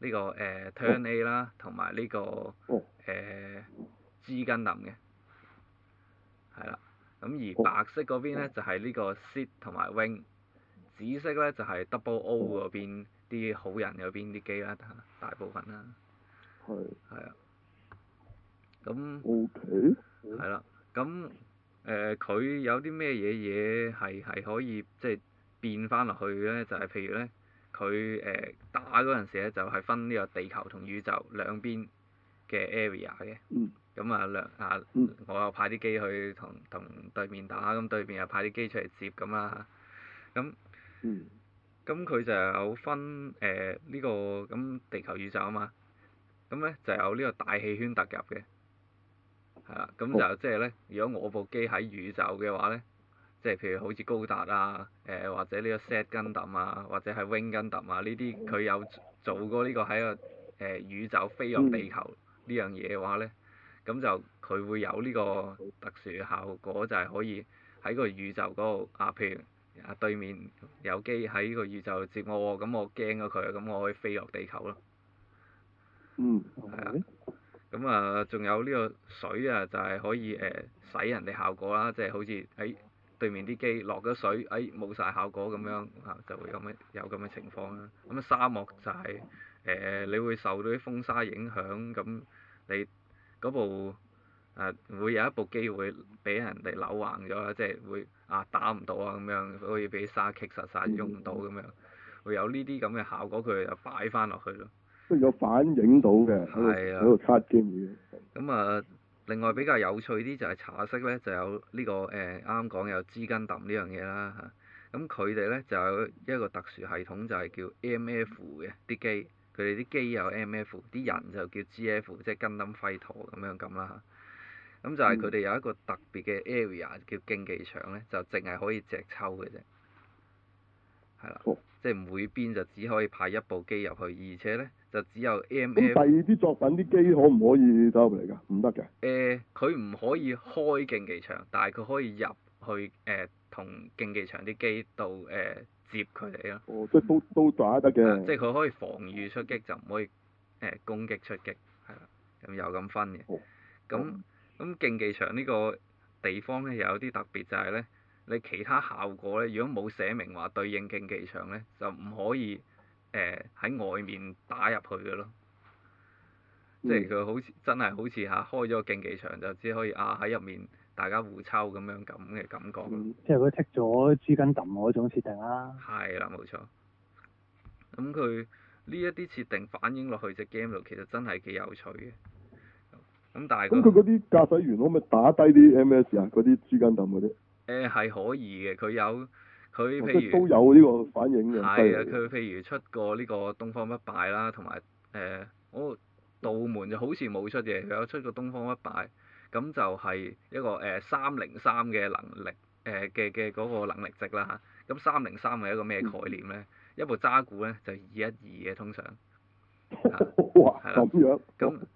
這個誒 Turn A 啦同埋呢個誒 Z Gundam 嘅，係、呃、啦。咁而白色嗰邊咧、哦、就係呢個 Seed 同埋 Wing 紫色咧就係 Double O 嗰邊。啲好人有邊啲機啦，大大部分啦，係，係啊，咁，O.K.，係啦，咁誒佢有啲咩嘢嘢係係可以即係變翻落去嘅咧？就係、是就是、譬如咧，佢誒、呃、打嗰陣時咧，就係、是、分呢個地球同宇宙兩邊嘅 area 嘅，咁啊、嗯、兩下，我又派啲機去同同對面打，咁對面又派啲機出嚟接咁啦，咁，嗯。咁佢就有分誒呢、呃這個咁地球宇宙啊嘛，咁咧就有呢個大氣圈突入嘅，係啊，咁就即係咧，如果我部機喺宇宙嘅話咧，即係譬如好似高達啊，誒、呃、或者呢個 Set Gundam 啊，或者係 Wing Gundam 啊呢啲，佢有做過呢個喺個誒、呃、宇宙飛入地球呢樣嘢嘅話咧，咁就佢會有呢個特殊嘅效果，就係、是、可以喺個宇宙嗰度啊，譬如。啊！對面有機喺呢個宇宙接我，咁我驚咗佢，咁我可以飛落地球咯。嗯。係啊。咁啊，仲有呢個水啊，就係、是、可以誒使、呃、人哋效果啦，即、就、係、是、好似喺、哎、對面啲機落咗水，哎冇晒效果咁樣嚇，就會咁嘅有咁嘅情況啦。咁沙漠就係、是、誒、呃、你會受到啲風沙影響，咁你嗰部。誒、啊、會有一部機會俾人哋扭橫咗，即係會啊打唔到啊咁樣，可以俾沙棘實實用唔到咁樣，會有呢啲咁嘅效果，佢又擺翻落去咯。都有反映到嘅，喺度、啊、測嘅。咁啊，另外比較有趣啲就係茶色咧，就有，這個欸有個啊啊、呢個誒啱啱講有資金揼呢樣嘢啦嚇。咁佢哋咧就有一個特殊系統就，就係叫 M.F. 嘅啲機，佢哋啲機有 M.F.，啲人就叫 G.F.，即係 Gundam Fighter 咁樣咁啦嚇。啊咁就係佢哋有一個特別嘅 area 叫競技場咧，就淨係可以直抽嘅啫。係啦，即係每邊就只可以派一部機入去，而且咧就只有 M。咁第二啲作品啲機可唔可以走入嚟㗎？唔得嘅。誒，佢唔可以開競技場，但係佢可以入去誒同競技場啲機到誒接佢哋咯。哦，即係都都都得嘅。即係佢可以防禦出擊，就唔可以誒攻擊出擊，係啦，咁又咁分嘅。咁。咁競技場呢個地方咧又有啲特別就呢，就係咧你其他效果咧，如果冇寫明話對應競技場咧，就唔可以誒喺、呃、外面打入去嘅咯。即係佢好似、嗯、真係好似嚇開咗個競技場，就只可以啊喺入面大家互抽咁樣咁嘅感覺。嗯、即係佢踢咗豬筋揼嗰種設定啦、啊。係啦，冇錯。咁佢呢一啲設定反映落去隻 game 度，其實真係幾有趣嘅。咁但係、那個，咁佢嗰啲駕駛員可唔可以打低啲 M.S. 啊？嗰啲資金氹嗰啲？誒係可以嘅，佢有佢譬如都有呢個反應嘅。係啊，佢譬如出過呢個《東方不敗》啦，同埋誒我道門就好似冇出嘅，佢有出過《東方不敗》。咁就係一個誒三零三嘅能力誒嘅嘅嗰個能力值啦嚇。咁三零三係一個咩概念咧？一部揸鼓咧就二一二嘅通常。咁 哇，咁樣咁。嗯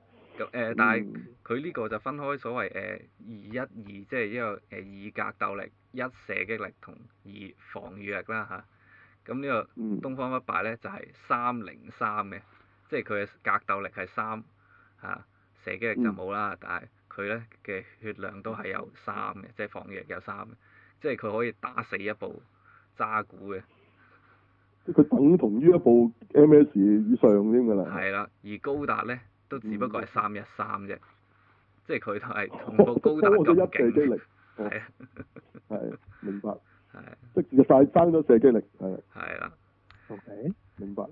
誒，但係佢呢個就分開所謂誒二一二，即係呢個誒二格鬥力、一射擊力同二防禦力啦嚇。咁、啊、呢、嗯嗯嗯、個東方不敗咧就係三零三嘅，即係佢嘅格鬥力係三嚇，射擊力就冇啦，嗯、但係佢咧嘅血量都係有三嘅，即係防禦力有三嘅，即係佢可以打死一部渣古嘅。即佢等同於一部 MS 以上先㗎啦。係啦，而高達咧。都只不過係三一三啫，即係佢都係同個高達咁勁，哦、我一力，啊，係，明白，係是，即係快生咗射擊力，係啊，係 OK 明白。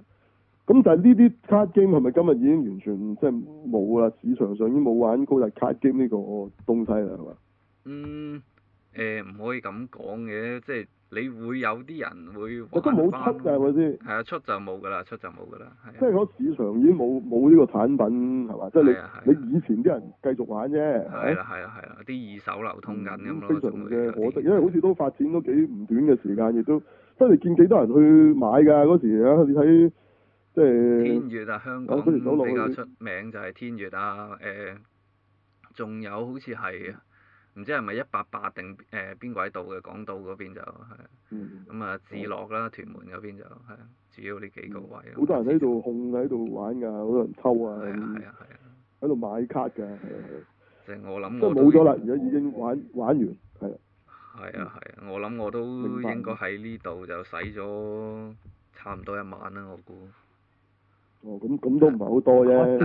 咁但係呢啲卡 game 係咪今日已經完全即係冇啦？市場上已經冇玩高達卡 game 呢個東西啦，係嘛？嗯，誒、呃、唔可以咁講嘅，即係。你會有啲人會，覺得冇出㗎係咪先？係啊，出就冇㗎啦，出就冇㗎啦。啊、即係嗰市場已經冇冇呢個產品係嘛？即係、就是、你、啊、你以前啲人繼續玩啫。係啊係啊係啊，啲二、啊啊啊啊、手流通緊咁。嗯、樣非常嘅可因為好似都發展都幾唔短嘅時間，亦都真係見幾多人去買㗎嗰時啊！喺即係天越啊，香港比較出名就係天越啊，誒、呃，仲有好似係。唔知係咪一八八定誒邊鬼度嘅港島嗰邊就係，咁啊、嗯、置樂啦、嗯、屯門嗰邊就係，主要呢幾個位。好、嗯、多人喺度控喺度玩㗎，好、嗯、多人抽啊，係啊、嗯，係啊，喺度買卡㗎。即係我諗，即係冇咗啦，而家已經玩玩完。係啊係啊，我諗即係我都應該喺呢度就使咗差唔多一晚啦，我估。哦，咁咁都唔係好多啫，唔、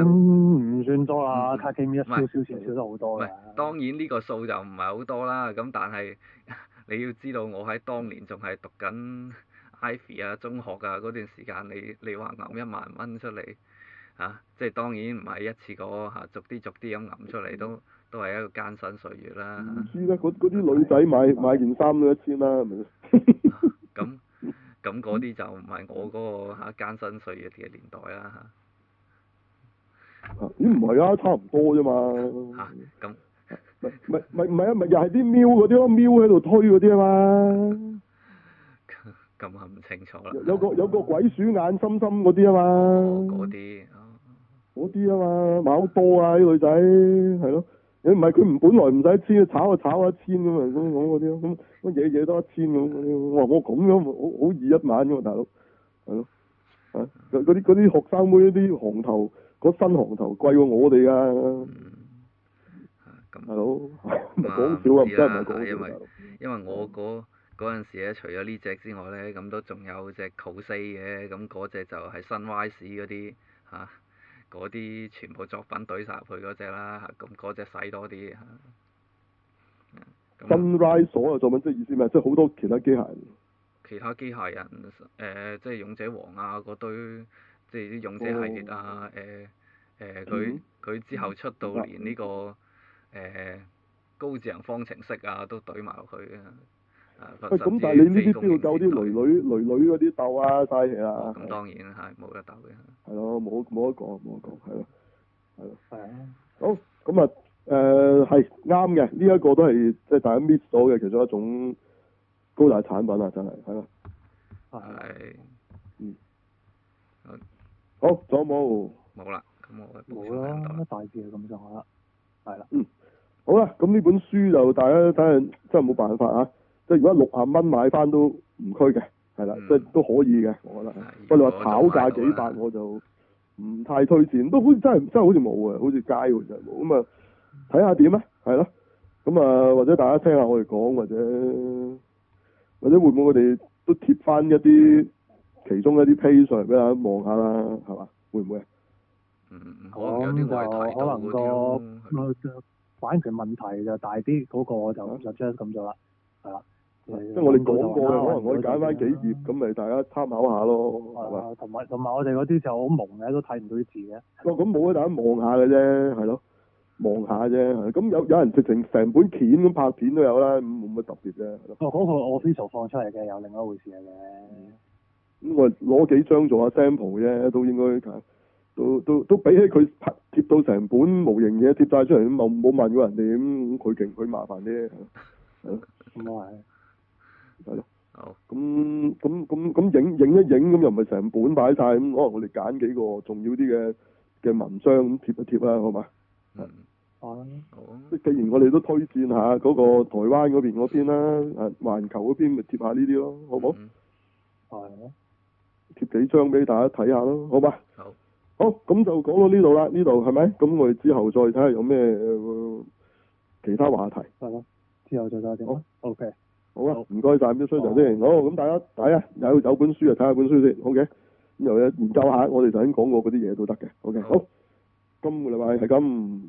嗯嗯、算多啦，卡金一少少少少得好多嘅。當然呢個數就唔係好多啦，咁但係你要知道我喺當年仲係讀緊 Ivy 啊中學啊嗰段時間，你你話揞一萬蚊出嚟嚇、啊，即係當然唔係一次過嚇、啊，逐啲逐啲咁揞出嚟、嗯、都都係一個艱辛歲月啦。唔知咧，嗰啲女仔買對買件衫對都一千啦，係咪？咁。咁嗰啲就唔係我嗰個哈艱辛歲月嘅年代啦嚇。啊，唔係啊，差唔多啫嘛。嚇，咁咪咪咪唔係啊，咪、嗯、不 又係啲喵嗰啲咯，喵喺度推嗰啲啊嘛。咁啊唔清楚啦。有個有個鬼鼠眼深深嗰啲啊嘛。嗰啲、哦。嗰啲啊嘛，咪好多啊啲女仔，係咯。你唔係佢唔，本來唔使一千，炒啊炒一千咁啊，咁嗰啲咁乜嘢嘢都一千咁嗰啲。我話我咁樣好好易一晚嘅喎，大佬，係咯嚇。嗰啲啲學生妹啲行頭，嗰新行頭貴過我哋啊。咁的，大佬，咁少啊，唔知係咪咁因為概因為我嗰嗰陣時咧，除咗呢隻之外咧，咁都仲有隻好、那個、西嘅，咁嗰隻就係新 Y 市嗰啲嚇。那個那嗰啲全部作品堆晒入去嗰隻啦，咁嗰隻細多啲。Sunrise 所有作品即係意思咩？即係好多其他機械人，其他機械人誒，即係勇者王啊嗰堆，即係啲勇者系列啊誒誒，佢佢之後出到連呢、這個誒、呃、高智能方程式啊都堆埋落去啊！喂，咁但係你呢啲都要夠啲女女女女嗰啲鬥啊，嘥氣啊！咁當然啦，係冇得鬥嘅。係咯，冇冇得講，冇得講，係咯，係咯。係啊。好，咁啊，誒，係啱嘅，呢一個都係即係大家 miss 咗嘅其中一種高達產品啊，真係，係咯。係。嗯。好，仲有冇？冇啦。咁我冇啦，大致係咁上下啦。係啦。嗯。好啦，咁呢本書就大家睇下，真係冇辦法啊。如果六啊蚊買翻都唔區嘅，係啦，嗯、即係都可以嘅，我覺得。不過你話炒價幾百，我就唔太推薦。嗯、都好似真係真係好似冇啊，好似街喎就冇。咁、嗯、啊，睇、嗯、下點啊，係咯。咁啊，或者大家聽下我哋講，或者或者會唔會我哋都貼翻一啲其中一啲 page 上嚟俾大家望下啦，係嘛？會唔會啊、嗯？嗯嗯，咁可能個個版權問題就大啲，嗰、嗰個就唔想 share 咁就啦，係啦。即係我哋講過，可能我哋揀翻幾頁咁，咪大家參考下咯，係咪、嗯？同埋同埋，我哋嗰啲就好蒙嘅，都睇唔到啲字嘅。哦，咁冇啊，大家望下嘅啫，係咯，望下啫。咁、嗯、有有人直情成本片咁拍片都有啦，冇冇乜特別啫。哦，嗰、嗰個我先就放出嚟嘅，有另外一回事嘅。咁我攞幾張做下 sample 啫，都應該都都都比起佢拍貼到成本模型嘅貼晒出嚟，冇冇問過人哋咁，佢勁佢麻煩啲。咁啊係。 係咯，咁咁咁咁影影一影咁又唔係成本擺晒，咁可能我哋揀幾個重要啲嘅嘅文章咁貼一貼啦，好嘛、嗯？嗯，好、嗯。即既然我哋都推薦下嗰個台灣嗰邊邊啦，誒環球嗰邊咪貼下呢啲咯，好唔好嗯？嗯。係、嗯。貼幾張俾大家睇下咯，好嘛？嗯、好。咁就講到呢度啦，呢度係咪？咁我哋之後再睇下有咩、呃、其他話題。係咯，之後再加啲。好，OK。好啊，唔該曬咁多商場先，好咁大家睇啊，有有本書啊，睇下本書先，好嘅，咁又研究下，我哋頭先講過嗰啲嘢都得嘅，好嘅，好，今個禮拜係咁。